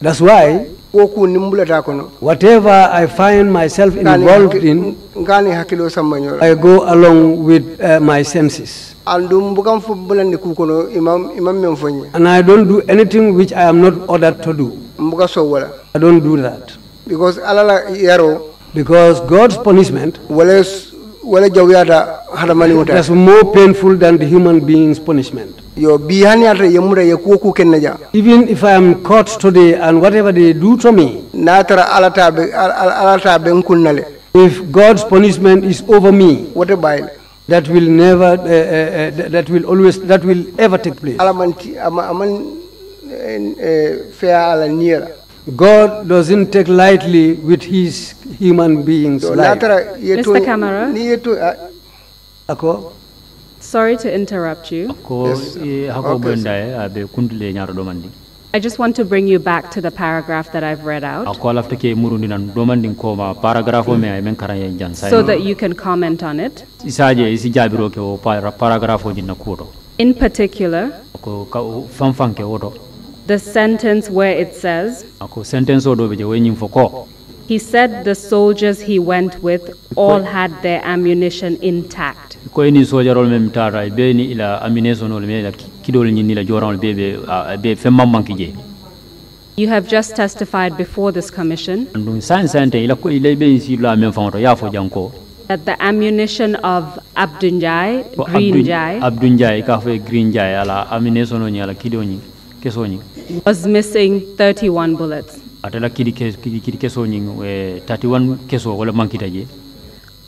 That's why Whatever I find myself involved in, I go along with uh, my senses. And I don't do anything which I am not ordered to do. I don't do that. Because Because God's punishment is more painful than the human being's punishment. Even if I am caught today and whatever they do to me, if God's punishment is over me, that will never, uh, uh, that will always, that will ever take place. God doesn't take lightly with his human beings' life. Mr. Camara. Ako? Sorry to interrupt you. Yes. Eh, I just want to bring you back to the paragraph that I've read out. So that you can comment on it. In particular, the sentence where it says, He said the soldiers he went with all had their ammunition intact. ko eni sojarol mem tata be ni ila amination ol me ila kidol ni la joran be be be fe femma manki je You have just testified before this commission san ila ila ko be si la fonto ya fo janko that the ammunition of abdunjay Abdunjai, Greenjai, Abdunjai, Greenjai, ala ammunition ni ala kidol keso kesoni was missing 31 bullets. Atala kidi kesoni 31 keso wala je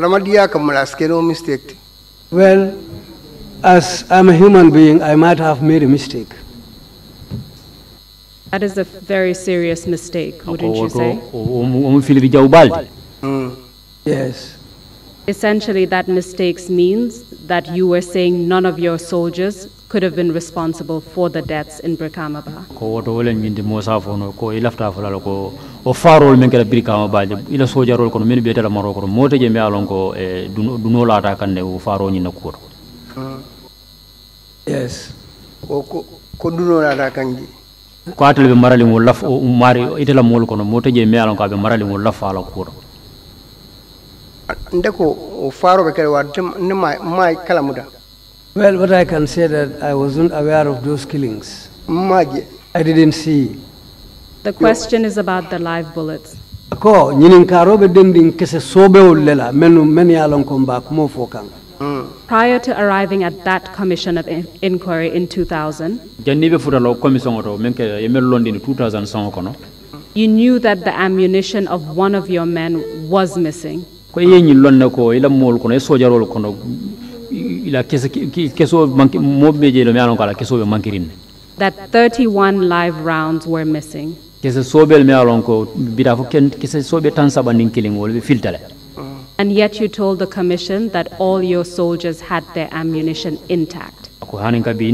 no mistake. Well, as I'm a human being, I might have made a mistake. That is a very serious mistake, wouldn't you say? Mm. Yes. Essentially, that mistakes means that you were saying none of your soldiers could have been responsible for the deaths in Brikama Ko woto wole nyindi Musa ko ilafta fulala ko o farol men kala Brikama Ba ila sojarol kono men bietala maro kono mota je mialon ko e duno lata o faro nyina ko Yes ko ko duno lata kangi ko atel be marali mo laf o mari itala mol kono mota je mialon ko be marali mo lafa la ko wadde kala muda well what i can say that i wasn't aware of those killings i didn't see the question is about the live bullets ko ñinin kese lela men men yalon ko hmm. Prior to arriving at that commission of inquiry in 2000, you knew that the ammunition of one of your men was missing ko ko ila sojarol ila keso manki je lo kala keso be mankirin that 31 live rounds were missing kese sobel ko bida ken kese sobe tan wol be filtale And yet you told the commission that all your soldiers had their ammunition intact. ko hanin kabi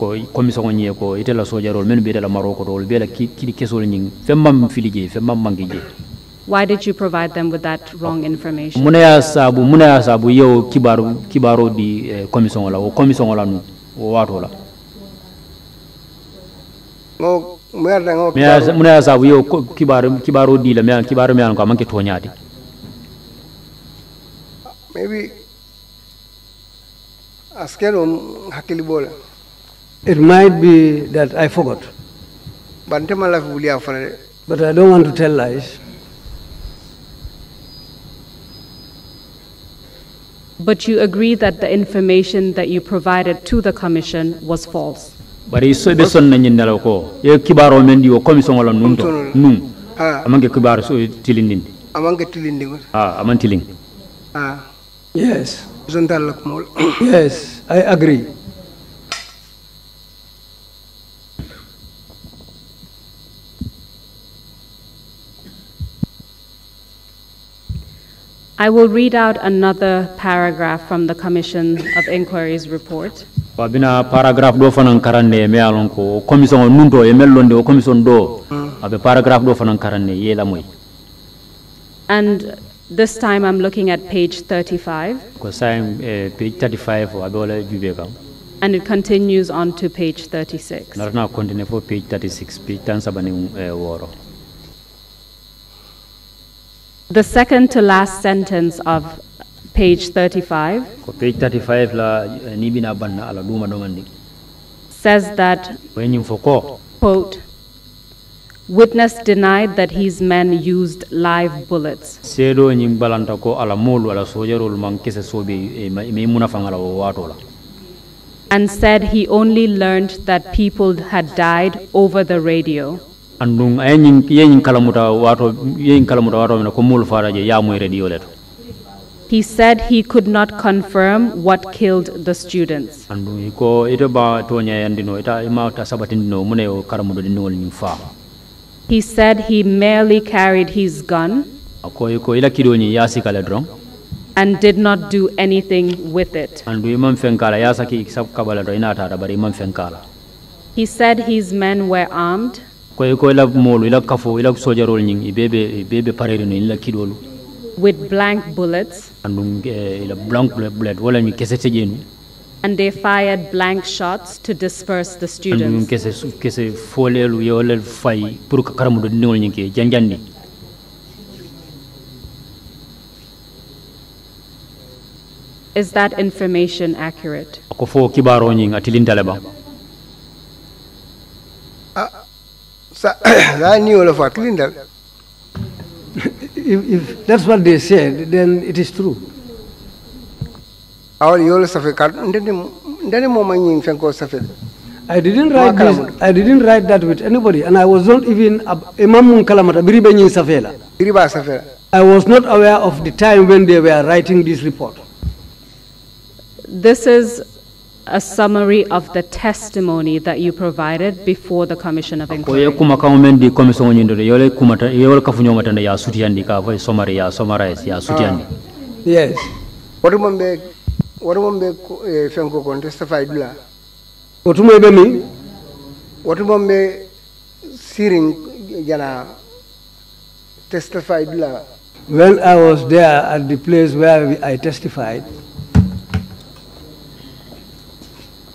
ko commission ko itela sojarol men dela maroko dol mangije why did you provide them with that wrong information? Muna ya sabu muna ya sabu yo kibaru kibaru di eh, wala o commission wala nu o wato la. Mo muna ngo kibaru. ya sabu yo kibaru kibaru di la mya kibaru mya ko manke tonya di. Maybe askero hakili bola. It might be that I forgot. But I don't want to tell lies. but you agree that the information that you provided to the commission was false bari sobe son na nyin nelaw ko ye kibaro men di wo commission wala nun to nun ah. amange kibaro so tilindindi amange tilindi ah aman tiling ah yes zontal yes i agree I will read out another paragraph from the Commission of Inquiry's report. paragraph do fanan me commission nundo e o commission do abe paragraph do fanan moy. And this time I'm looking at page 35. Ko eh, page 35 abe wala kam. And it continues on to page 36. Narna continue for page 36 page tan sabani eh, woro. The second to last sentence of page 35 eh, says that quote witness denied that his men used live bullets eh, and said he only learned that people had died over the radio ayin eh, kalamuta wato kalamuta wato ya di He said he could not confirm what killed the students. ko ito ba to nya yandino ita ima ta mune o ni fa. He said he merely carried his gun. Ko ko ila yasi kala and did not do anything with it. He said his men were armed. koy ko ila molu ila kafo ila sojarol ñing bebe bebe pareri no ila kidolu with blank bullets andum ila blank bullet wala mi and they fired blank shots to disperse the students kese kese folelu fay pour ka karamu do ke janjandi Is that information accurate? fo kibaro Rani of Atlindal. If that's what they said, then it is true. I didn't write this, I didn't write that with anybody, and I was not even Imam Kalamata, I was not aware of the time when they were writing this report. This is a summary of the testimony that you provided before the commission of inquiry kumakaŋo uh, yes What moŋ be woto moŋ be eh, fenko kon when i was there at the place where i testified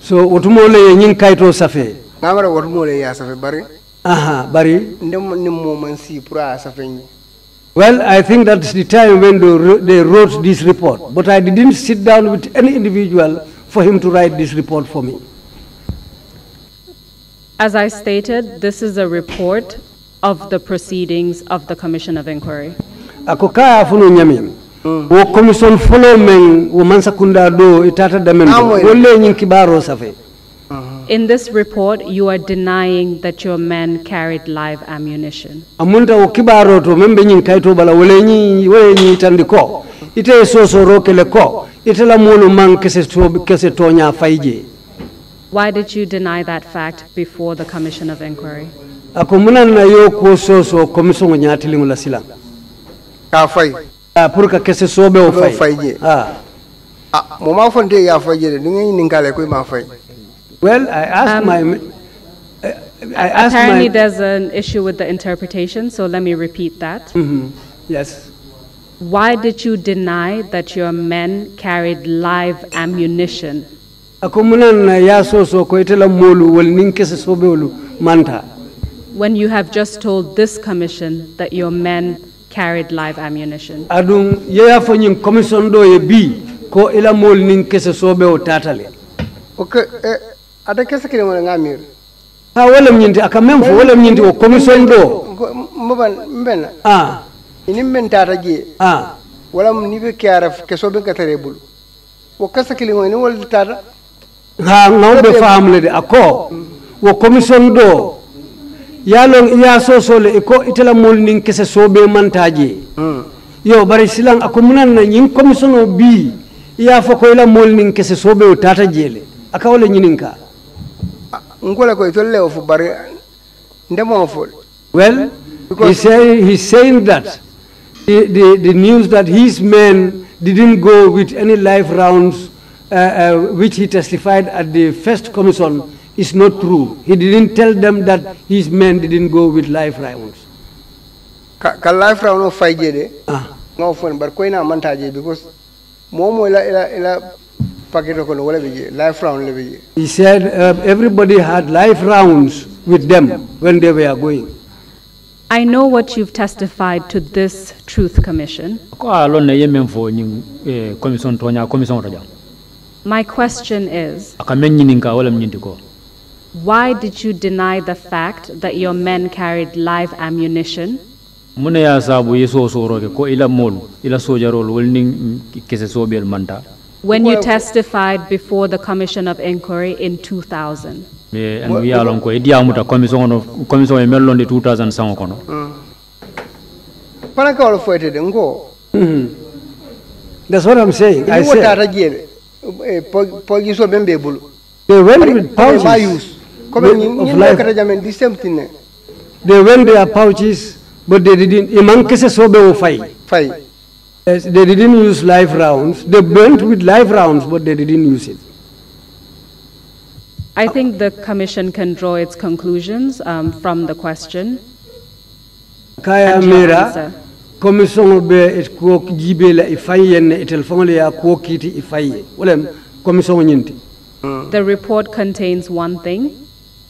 so wotumole ye ñing kayto safe safe aha safe Well, I think that's the time when they wrote this report. But I didn't sit down with any individual for him to write this report for me. As I stated, this is a report of the proceedings of the Commission of Inquiry wo commission folo men wo mansakunda do itata damen wolle nyin kibaro safe uh-huh. In this report, you are denying that your men carried live ammunition. Amunda wo kibaro to membe nyin kaito bala wole nyi wole nyi tandiko ite soso rokele ko ite la mulu man kese to kese tonya faije. Why did you deny that fact before the commission of inquiry? Akumuna na yo ko soso commission nyatilingu la sila. Kafai kese sobe ah, ya well i asked um, my I asked Apparently, my, there's an issue with the interpretation, so let me repeat that. Mm -hmm. Yes. Why did you deny that your men carried live ammunition? When you have just told this commission that your men carried live ammunition. Adun yeya fanyin commission do ye bi ko ila mol nin kese sobe o tatale. Oke eh, ada kese kire mo ngamir. Ha wala mnyindi akamem fo wala mnyindi o commission do. Mban mbena. Ah. Ini tata ji. Ah. Wala nibe kiaraf keso be katare bul. O kese kire mo ni wal tata. Ha ngawbe le de ako. Wo commission do. ya ya so so le ko itela mol nin kese sobe mantaji yo bari silan ako na nyin commission o bi ya fa ko ila mol kese sobe o tata jele aka nyininka ngola ko itolle o fu bari ndemo fo well Because he say, he's saying that the, the, the news that his men didn't go with any live rounds uh, uh, which he testified at the first commission is not true. He didn't tell them that his men didn't go with live rounds. Ka live round of five jede. Ah. no phone but koi na manta je because momo ila ila ila paketo kono wala bije live round le He said uh, everybody had live rounds with them when they were going. I know what you've testified to this Truth Commission. Eh, My question is why did you deny the fact that your men carried live ammunition? when you testified before the commission of inquiry in 2000 mm-hmm. that's what i'm saying i said eh, they went with of life. They went their pouches, but they didn't. they didn't use live rounds. They went with live rounds, but they didn't use it. I think the commission can draw its conclusions um, from the question. Kaya commission be jibe la ifaye ne ya ifaye. Wolem commission nyinti. The report contains one thing.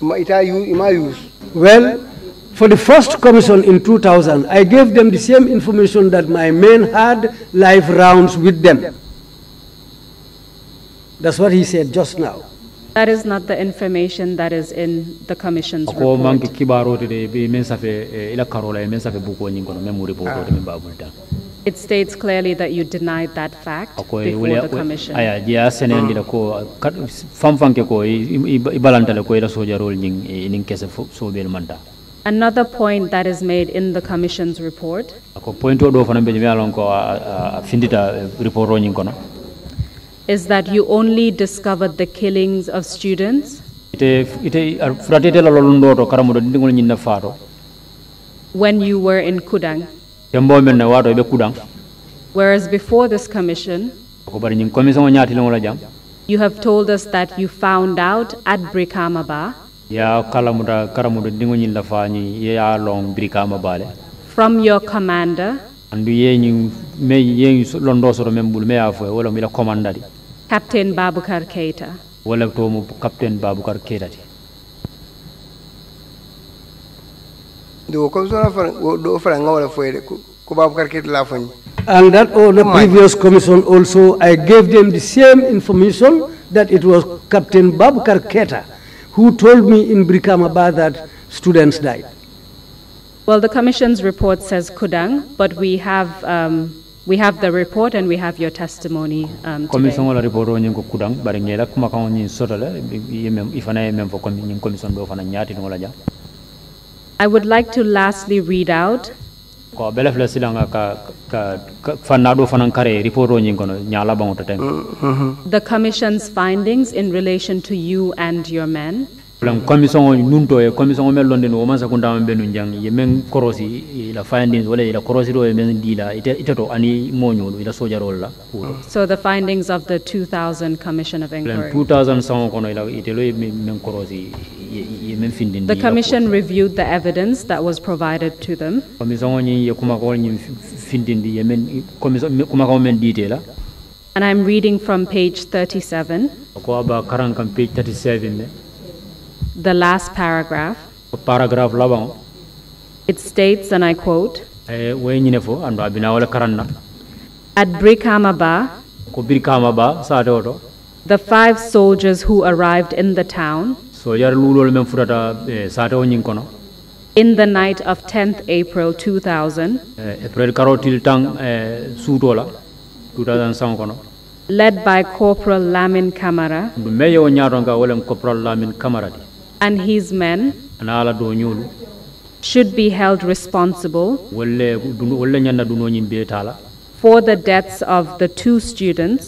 it, use, Well, for the first commission in 2000, I gave them the same information that my men had live rounds with them. That's what he said just now. That is not the information that is in the commission's report. It states clearly that you denied that fact eh, before the commission. Another point that is made in the commission's report is that you only discovered the killings of students when you were in Kudang. te mbo men na wato be kudang whereas before this commission ko bari ñing commission o ñaati la jam you have told us that you found out at Brikamaba ya kalamuda karamuda dingo ñin la fañi ya long Brikamaba le from your commander andu ye ñing me ye londo so mem bul me ya fo wala mi la commandari captain Babukar Keita wala to mo captain Babukar Keita do ko do fara ngawla foyde ko la and that all the previous commission also i gave them the same information that it was captain babakar keta who told me in brikamaba that students died well the commission's report says kudang but we have um, we have the report and we have your testimony um, commission wala report ko kudang kuma ifana yemem fo commission do fana ngola ja I would like to lastly read out the commission's findings in relation to you and your men so the findings of the 2000 commission of inquiry the Commission reviewed the evidence that was provided to them. And I'm reading from page 37, the last paragraph. It states, and I quote, At Brikamaba, the five soldiers who arrived in the town so yar lulol men furata eh, sata o nyin kono in the night of 10th April 2000 eh, april karotil tang eh, sutola 2000 kono led by corporal Lamin Kamara meyo wolem corporal Lamin Kamara and his men do nyulu should be held responsible for the deaths of the two students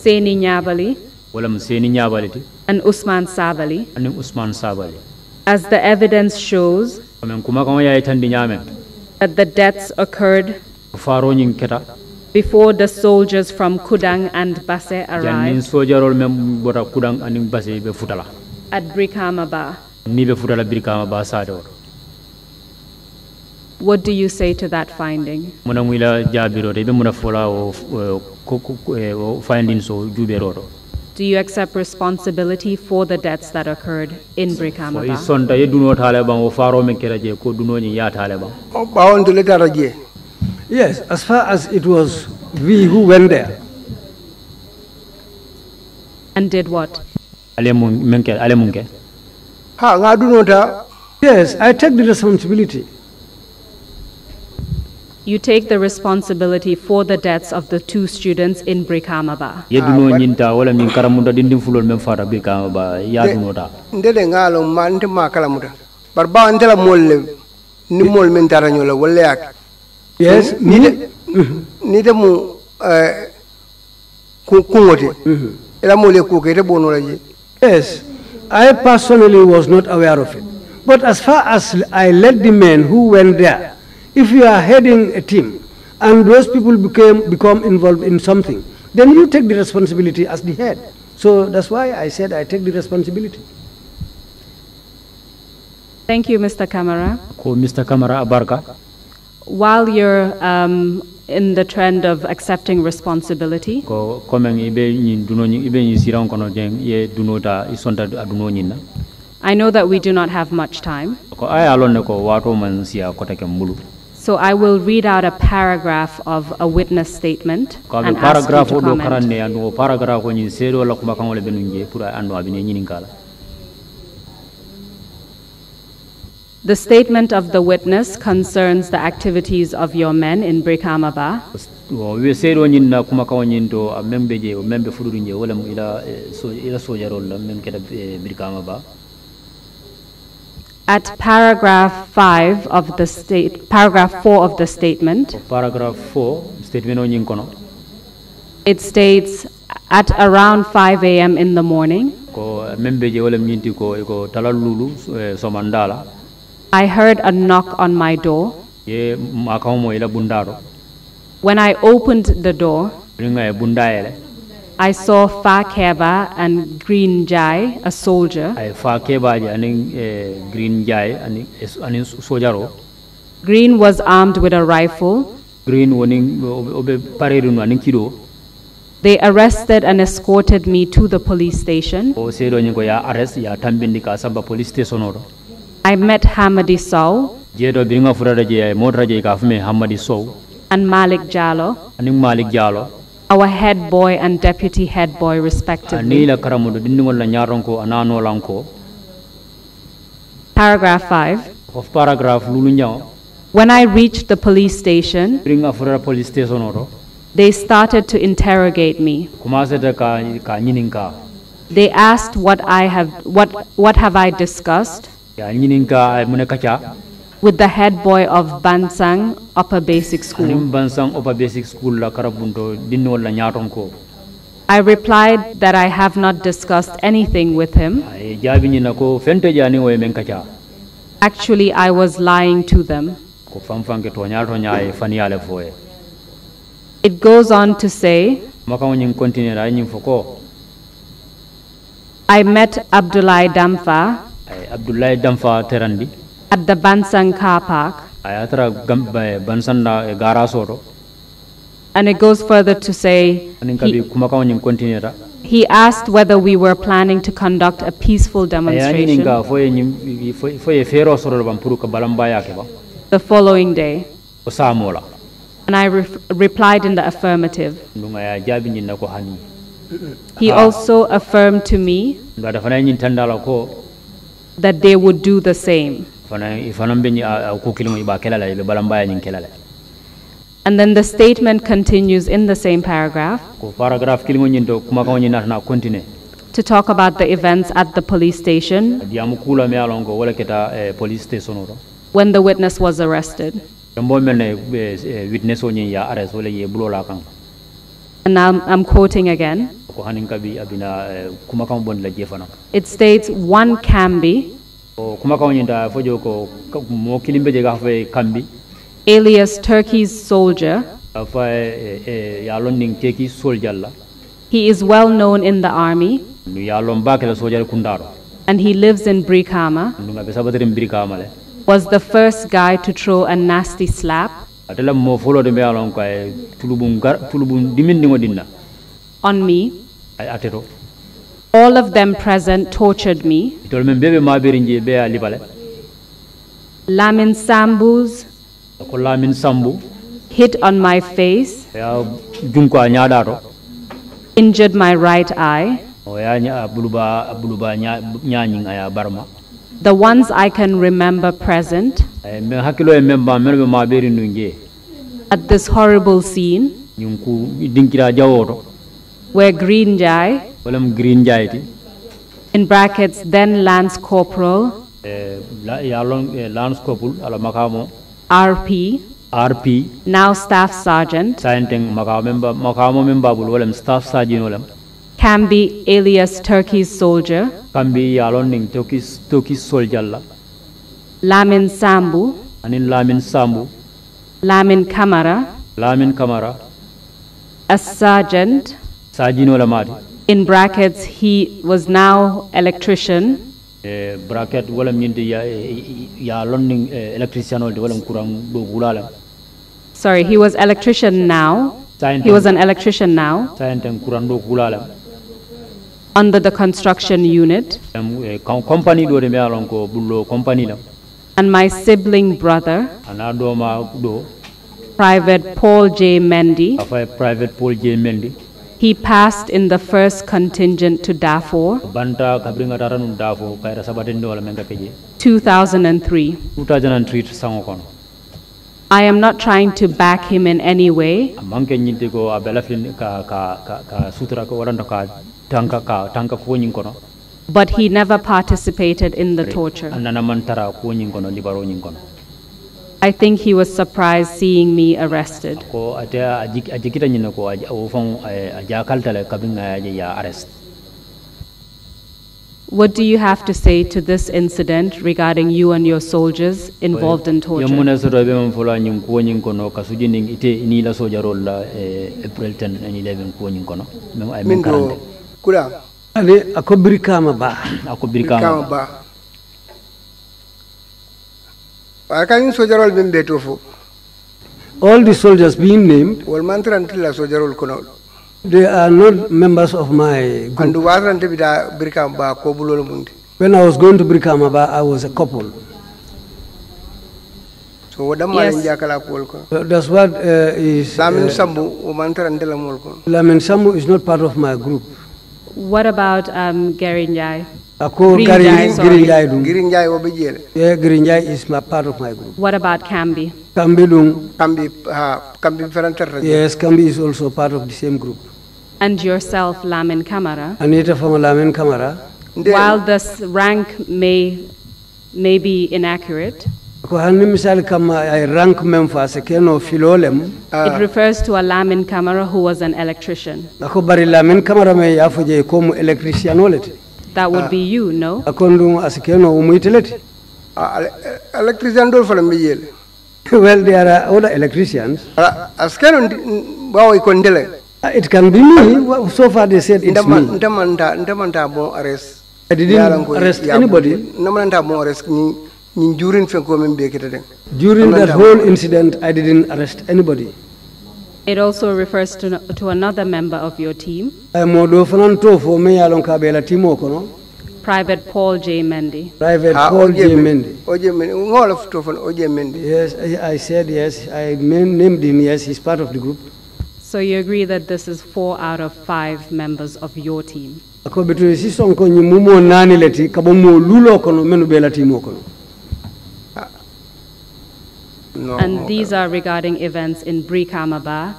Seni Nyabali and Usman Sabali. Usman Sabali. As the evidence shows that the deaths occurred before the soldiers from Kudang and Basse arrived at Brikamaba. What do you say to that finding? finding so do you accept responsibility for the deaths that occurred in Brikama? Yes, as far as it was we who went there. And did what? Yes, I take the responsibility you take the responsibility for the deaths of the two students in Brikamaba. Yes, mm-hmm. eh, mm-hmm. Yes, I personally was not aware of it. But as far as I led the men who went there, if you are heading a team and those people became, become involved in something, then you take the responsibility as the head. So that's why I said I take the responsibility. Thank you, Mr. Kamara. Mr. Kamara Abarka. While you're um, in the trend of accepting responsibility, I know that we do not have much time. So I will read out a paragraph of a witness statement and ask you to comment. The statement of the witness concerns the activities of your men in Brikamaba at paragraph 5 of the state paragraph 4 of the statement paragraph 4 statement it states at around 5 a.m. in the morning ko ko ko eh, somandala i heard a knock on my door ye bundaro when i opened the door ringa I saw Fakeba and Green Jai, a soldier. I Fakeba and uh, Green Jai uh, and a soldier. Green was armed with a rifle. Green They arrested and escorted me to the police station. Oh, I met Hamadi Sow. And Malik Jalo our head boy and deputy head boy respectively. Paragraph 5. Of paragraph When I reached the police station, police station they started to interrogate me. They asked what I have what what have I discussed? with the head boy of Bansang Upper Basic School. Bansang Upper Basic School la karabundo dinno la nyaton ko. I replied that I have not discussed anything with him. Actually I was lying to them. It goes on to say I met Abdullah Damfa at the Bansang car park. And it goes further to say he, he asked whether we were planning to conduct a peaceful demonstration the following day. And I replied in the affirmative. He also affirmed to me that they would do the same. And then the statement continues in the same paragraph to talk about the events at the police station eh, when the witness was arrested. Eh, eh, and I'm, I'm quoting again. It states one can be alias Turkey's soldier. He is well known in the army. And he lives in Brikama. Was the first guy to throw a nasty slap on me. All of them present tortured me. Lamin Sambus hit on my face, injured my right eye. The ones I can remember present at this horrible scene Where Green Jai green in brackets then lance corporal eh, eh, lance corporal ala makamo rp rp now staff sergeant sainteng makamo member makamo member bul staff sergeant alias Turkey's soldier. Kambi yaloning Turkish Turkish soldier la. Lamin Sambu. Anin Lamin Sambu. Lamin Kamara. Lamin Kamara. A sergeant. Sergeant Olamadi in brackets, he was now electrician. Eh, bracket walam nyinde eh, ya ya learning eh, electrician walam kurang gulala sorry he was electrician now he was an electrician now under the construction unit company do de ko bullo company la and my sibling brother private paul j mendy private paul j mendy he passed in the first contingent to Darfur. 2003. 2003 I am not trying to back him in any way. But he never participated in the torture. I think he was surprised seeing me arrested. Eh, What do you have to say to this incident regarding you and your soldiers involved in torture? Mindo, kula. Ale akobirikama ba. Akobirikama ba. can akanin sojarol min be to fo all the soldiers being named wol mantrantilla sojarol kono they are not members of my group andu warante bida birkam ba ko bulol munde when i was going to birkam ba i was a couple so what am I in ko wol that's what uh, is uh, lamin uh, sambu o mantrantilla mol ko lamin sambu is not part of my group what about um, Gary Njai? Ako Giri Njai, Giri Njai, Giri yeah, Giri Njai is my part of my group. What about Kambi? Kambi Lung. Kambi, uh, Kambi Ferenter. Yes, Kambi is also part of the same group. And yourself, Lamin Kamara. Anita from Lamin Kamara. While this rank may, may be inaccurate, ah. it refers to a lamin camera who was an electrician that would ah. be you, no? Akondung ah, asikeno umuiteleti. Ah, eh, electrician dol fana mbiyele. [LAUGHS] Well, there are other uh, electricians. Asikeno bawo ikondele. It can be me. So far they said it's me. Ndamanta ndamanta mo arrest. I didn't arrest anybody. Ndamanta mo arrest ni during during that whole incident, I didn't arrest anybody. It also refers to, to another member of your team, eh, Private Paul J. Mendy. private paul j Mendy. yes I, I said yes i named him yes he's part of the group So you agree that this is four out of five members of your team. And these are regarding events in Brikamaba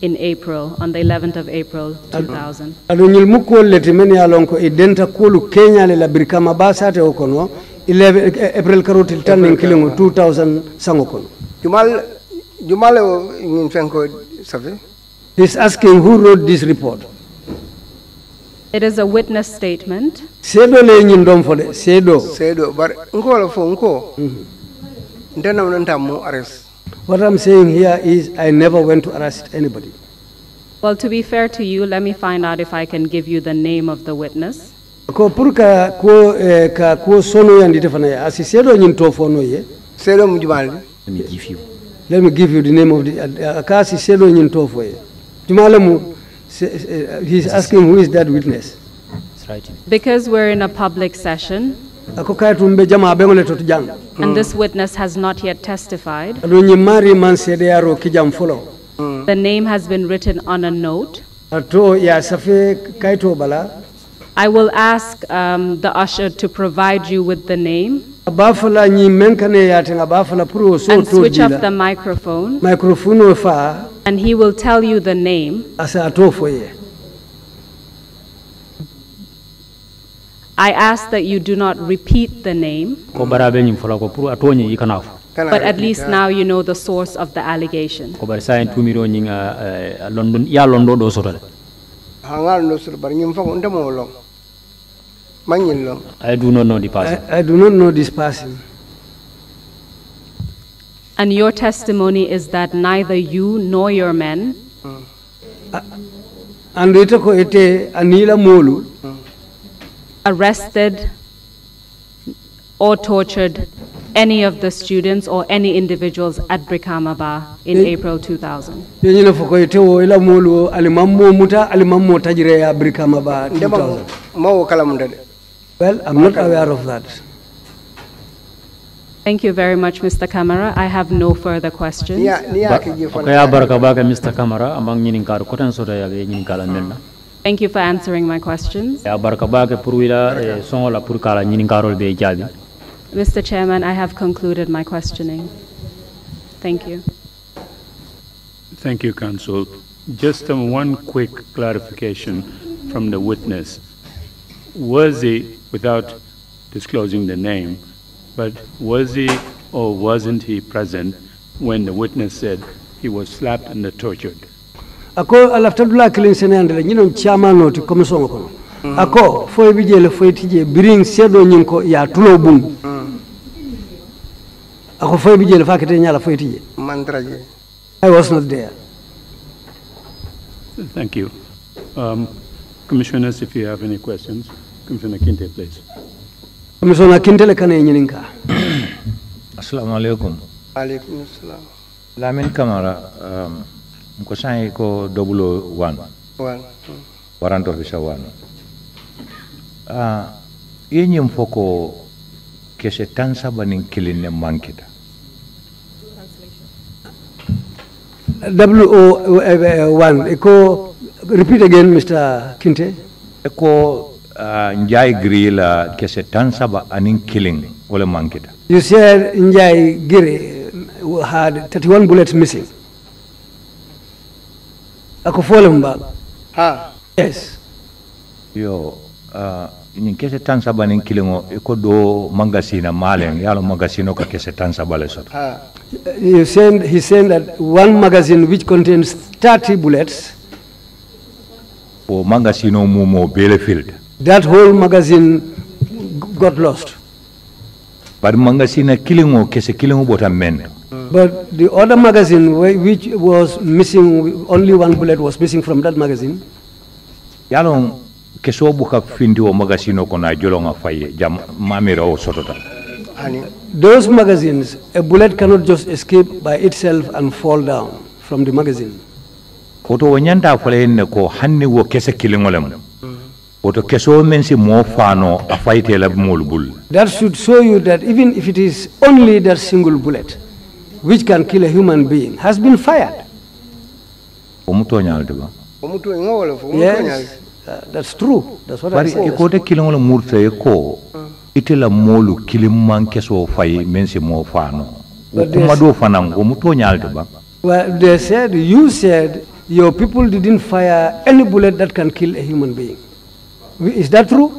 in April, on the 11th of April 2000. leti identa Kenya le la 11 eh, eh, April 2000 He's asking who wrote this report. It is a witness statement. Sedo le nyin fode. Sedo. Sedo bar ngolo fo ngo. Mm-hmm arrest. What I'm saying here is I never went to arrest anybody. Well, to be fair to you, let me find out if I can give you the name of the witness. ko pour eh, ka ko ka ko sono yandi defana ya asi sedo nyin to fono ye sedo mu jumal let me give you let me give you the name of the eh, ka asi sedo nyin to fo ye jumala mu eh, he's asking who is that witness because we're in a public session ako kayatumbe jama abeŋole totu jaŋ and hmm. this witness has not yet testified folo hmm. the name has been written on a note ato ya safe bala I will ask um, the usher to provide you with the name. And switch off the microphone. And he will tell you the name. I ask that you do not repeat the name. But at least now you know the source of the allegation. Eh, I do not know the person. I, I do not know this person. And your testimony is that neither you nor your men. Mm arrested or tortured any of the students or any individuals at Brikama in eh? April 2000. Well, I'm not aware of that. Thank you very much, Mr. Kamara. I have no further questions. Yeah, yeah. Okay, Mr. Kamara. Among you, nyininkar koten soda ya nyininkala melna. Thank you for answering my questions. Eh, Mr. Chairman, I have concluded my questioning. Thank you. Thank you, Counsel. Just um, one quick clarification from the witness. Was he, without disclosing the name, but was he or wasn't he present when the witness said he was slapped and tortured? ako alaftadula kilin senande le ñinon chamano ti commission ko mm. ako foy bi jele foy ti je biring sedo ñing ko ya tulo bum mm. ako foy bi jele fakete ñala foy ti je mantra je i was not there thank you um, commissioners if you have any questions commissioner kinte please commissioner kinte le kane ñininka [COUGHS] assalamu alaikum alaikum assalam lamin kamara um, mkosaye ko dobulo wano waranto bisa wano uh, ye ñiŋ fo ko kese tan saba niŋ kiliŋ w o wo1 eh, eh, ko repeat again mr kinte Eko, uh, njai giri la kese tansaba anin killing ole mankita you said njai giri uh, had 31 bullets missing akufolem ba ha yes yo uh, nin kese tan saba nin kilingo i ko do magasina maaleŋ yalo magasino ka kese tan saba le soto He saying, he saying that one magazine which contains 30 bullets o magasino mumo bele field that whole magazine got lost bari magasina kilingo kese kilingo botam men But the other magazine, which was missing, only one bullet was missing from that magazine. Yalong keso buka findi o magazine ko na jolonga faye jam mamira o sotota. Those magazines, a bullet cannot just escape by itself and fall down from the magazine. Oto wanyanta fale ko hanni wo kese kilingolem. Oto keso men si mo fano a fayte la mulbul. That should show you that even if it is only that single bullet, which can kill a human being has been fired. Yes, uh, that's true. That's what Bari I said. Bari kilimo la murte ko mm. itela molu kilimman keso fay mense mo fano. Kuma do fanan o muto nyalde ba. Well, they said you said your people didn't fire any bullet that can kill a human being. Is that true?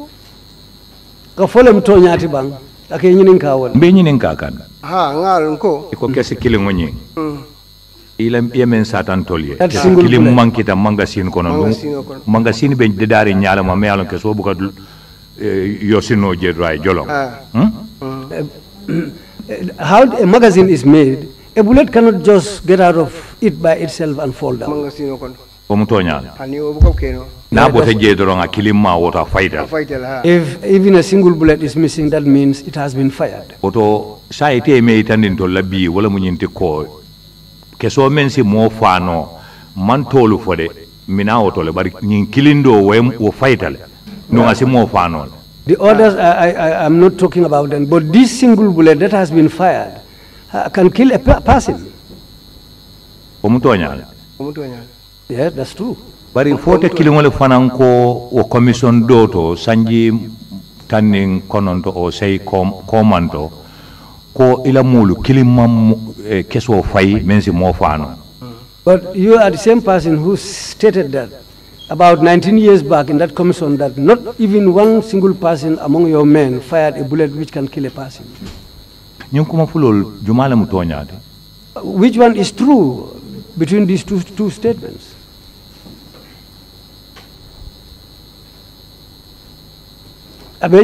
Ka folem to nyati bang ake ñininka wala mbe ñininka kan ha ngal nko ko kesi kilingo ñi ila ye men satantol ye kilim mankita mangasine kono ɗum mangasine ɓe dedari ñalama mais alon ke so buka e, yosino jeeɗo ay jolon hmm? eh, how a magazine is made a bullet cannot just get out of it by itself and fall down If even a single bullet is missing, that means it has been fired. Oto sa ite me itandin to labi wala munyinti ko keso si mo fano man tolu fode mina oto le bari nyin kilindo we wo faital no asi mo fano the others I, I, I'm not talking about them but this single bullet that has been fired uh, can kill a person omuto nyala Yeah, that's true. bari fote kiliŋole fanaŋ ko wo commission doto to sanji tanniŋ kononto o sei kom, komanto ko ila moolu kiliŋ eh, kesoo fayi meŋ si moo But you are the same person who stated that about 19 years back in that commission that not even one single person among your men fired a bullet which can kill a person. Uh, which one is true? between these two, two statements. aha uh,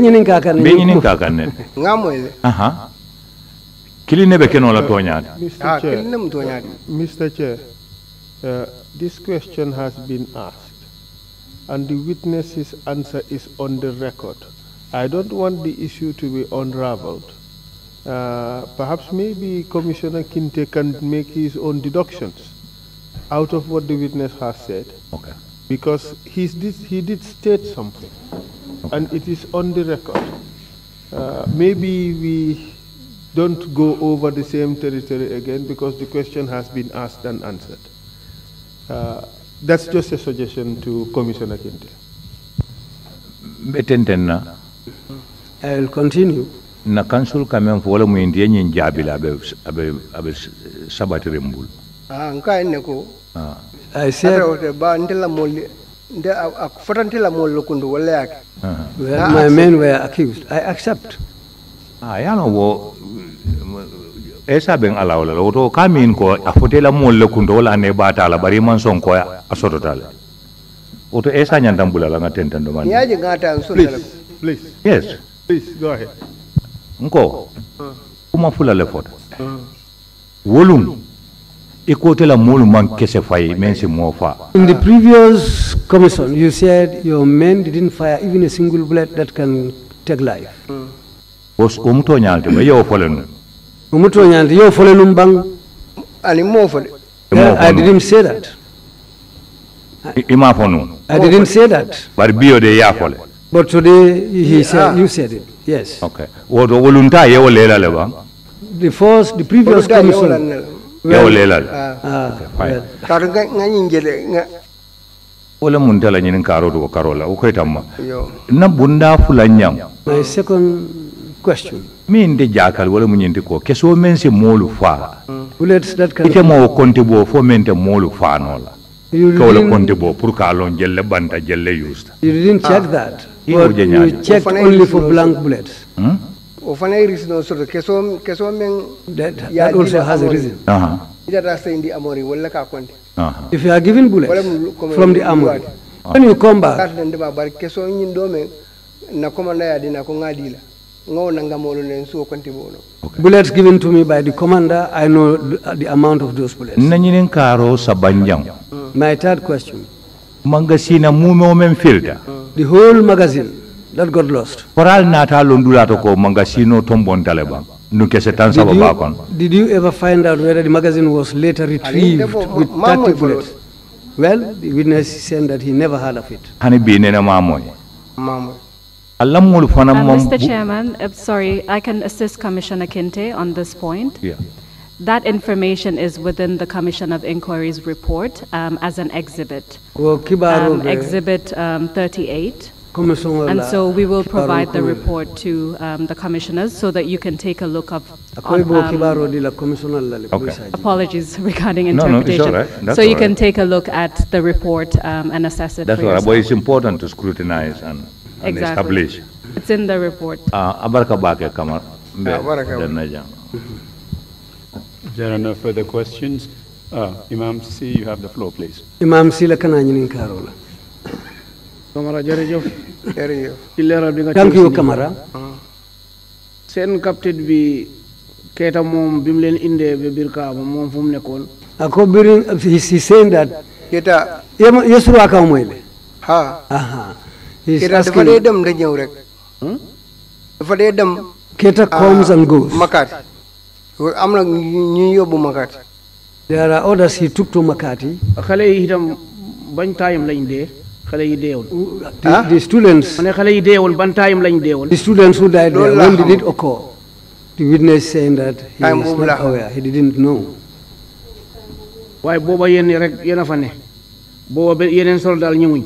mr ah, chair mr chair uh, this question has been asked and the witness's answer is on the record i don't want the issue to be unraveled uh, perhaps maybe commissioner kinte can make his own deductions out of what the witness has said. Okay. Because he's did, he did state something, okay. and it is on the record. Uh, maybe we don't go over the same territory again because the question has been asked and answered. Uh, that's just a suggestion to Commissioner Kinte. Betentenna. I will continue. Na council kamen fo wala mu indiye nyin jabila abe abe abe sabati rembul. Ah nka ne ko ase ba ndela moli nde akufotantila moli lokundu wala yake my men were accused i accept ah yana wo esa ben ala wala woto kamin ko afotela moli lokundu wala ne batala bari man son ko asototala woto esa nyandambula la ngatenta ndo mani yaje ngata nsotela please yes please go ahead nko kuma fula le fota wolum i la moolu man kese fayi mais c'est moi faa in the previous commission you said your men didn't fire even a single bullet that can take life mm. Os umuto nyanti, mais yo folen. Umuto nyanti, yo folen umbang. ñaalti yewo fole ani moo fole I didn't say that i maa I didn't say that bari biyo de yaa fole but today he said you said it yes okay woto woluntaa yewo leela le baŋ the first the previous commission yawo lelal ah, ah, ah, karu nga ñingede nga wala mun tala ñinin karo do karo la o koy tamma na bunda fula ñam my second question min de jakal wala mun ñinti ko keso men se molu fa bullets mm. that can ite mo konti bo fo men te molu fa no la kawla konti bo pour ka lon jelle banta jelle yusta you didn't check that you checked only for blank bullets hmm? o fana e reason on soto kesoo keso men that, that also has uh-huh. walla ka konde uh-huh. if you are given bullets from the amory uh-huh. when you come back kata den deba bar kesoo ñin doo men na commanda ya dina ko ngadila ngaw na ngamolo len so konti bono okay. bullets given to me by the commander i know the amount of those bullets nanyinen karo sabanjang my third question magazine mumo men filter the whole magazine that got lost. nata mangasino tombon taleba. babakon. Did you ever find out whether the magazine was later retrieved with 30 bullets? Well, the witness said that he never heard of it. Hani binene mamoy. Mamoy. Mr. Chairman, uh, sorry, I can assist Commissioner Kinte on this point. Yeah. That information is within the Commission of Inquiry's report um, as an exhibit. Um, exhibit um, 38 and so we will provide the report to um, the commissioners so that you can take a look of. On, um, okay. Apologies [LAUGHS] regarding interpretation. No, no, right. So you right. can take a look at the report um, and assess it. That's all right. But it's important to scrutinize and, and exactly. establish. It's in the report. Uh, if there are no further questions, uh, Imam C, you have the floor, please. Imam C, la kanañinin karola. Tomara jërëjëf jërëjëf ci leeral bi nga. tànk yu kamara. seen capitaine bi Keita moom bi mu leen indee ba biir Kaaba moom fu mu nekkoon. ako ah, birin he's saying that. Keita. yesterday akaw mooy de. ah. ah Keita dafa dee dem da ñëw rek. Hmm? dafa dee dem. Keita ah, comes and goes. Makati. am na ñu yóbbu Makati. there are others he took to Makati. xale yi itam bañ taayam lañ dee. xale yi deewul. ah the students. ma xale yi deewul ban lañ deewul. the students who died there when did it occur. the witness saying that. he was waaye booba yéen rek yéen a fa ne. booba ba yeneen soldat ñëwuñ.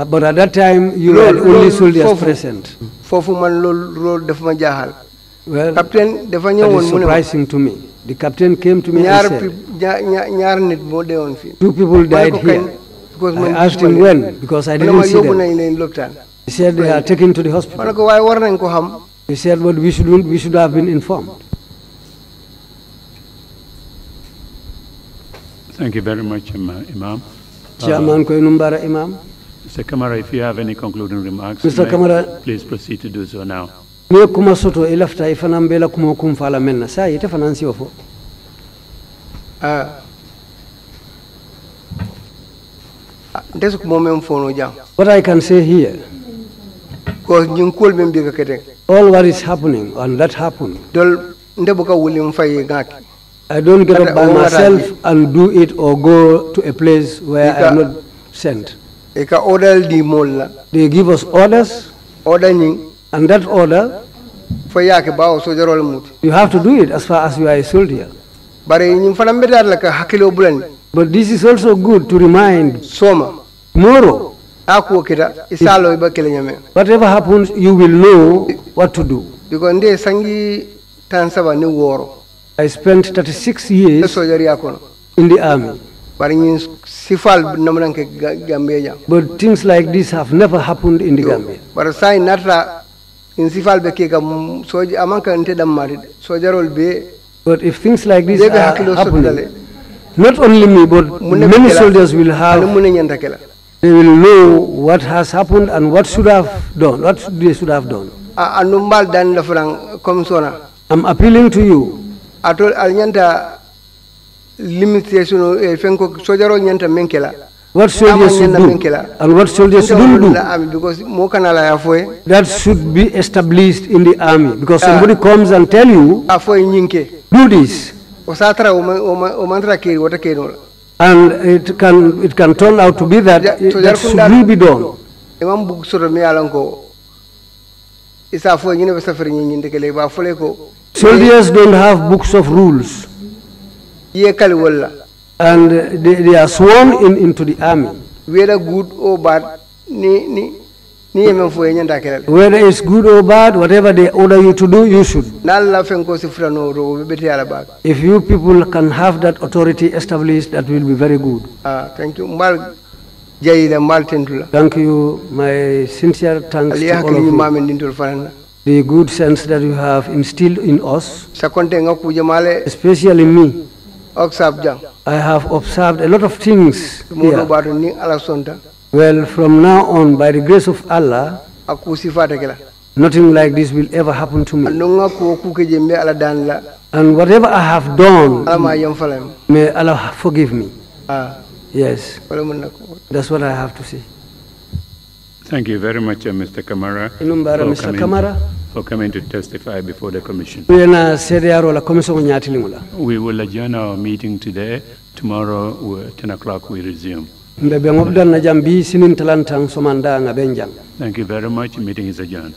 Uh, but at that time. you were only soldiers foofu man loolu loolu daf ma jaaxal. well captain dafa ñëwoon mu ne surprising to me. the captain came to me ñaar ñaar nit moo deewoon fii. two people died Because I asked him when, because I didn't see them. He said they are taken to the hospital. He said, well, we should, we should have been informed. Thank you very much, Imam. Chairman uh, Koinumbara Imam. Mr. Kamara, if you have any concluding remarks, Mr. Kamara, please proceed to do so now. Mie kuma soto ilafta ifanambela kuma kumfala menna. Saa yite fanansi wafo. Uh, desk moment fono jam what i can say here ko ñing kol men bi kete all what is happening and that happen. dol ndebo ka wulim fay gak i don't get up by myself and do it or go to a place where i'm not sent e ka order di molla they give us orders order ñing and that order fa yaake bawo so jarol mut you have to do it as far as you are a soldier bare ñing fanam be dal ka hakilo bulani But this is also good to remind Soma. Tomorrow. Akuokira isalo iba kile nyame. Whatever happens, you will know what to do. Because ndiye sangi tansaba ni woro. I spent 36 years in the army. But things like this have never happened in the Gambia. But sai natra in sifal be kega soja amanka nte dammari sojarol be. But if things like this are happening, Not only me, but many soldiers will have. They will know what has happened and what should have done, what they should have done. Anu I'm appealing to you. Eh, what soldiers should do and what soldiers shouldn't do. Ah, ya That should be established in the army because ah. somebody comes and tell you, do this. And it can, it can turn out to be that that should be done. Soldiers don't have books of rules. And they, they are sworn in into the army. Whether good or bad, ni, ni, ni men fo e ñanda kelal whether it's good or bad whatever they order you to do you should na allah fen si futano to ɓe ɓeti ala baaka if you people can have that authority established that will be very good ah thank you mbal jeyida mbal tentula thank you my sincere thanks ali hakkili ñimmamen ndintol fanana the good sense that you have instilled in us sakonte ngakkuje male especially me oksab jang i have observed a lot of things moɗo ɓato ni ala sonta Well, from now on, by the grace of Allah, nothing like this will ever happen to me. And whatever I have done, may Allah forgive me. Yes. That's what I have to say. Thank you very much, uh, Mr. Kamara, for, Mr. Kamara. for coming to testify before the Commission. We will adjourn our meeting today. Tomorrow, uh, 10 o'clock, we resume. mbe ɓe ngobdanna jam mbi simintalantan somanda nga ɓen jang thank you very much meeting is adjourned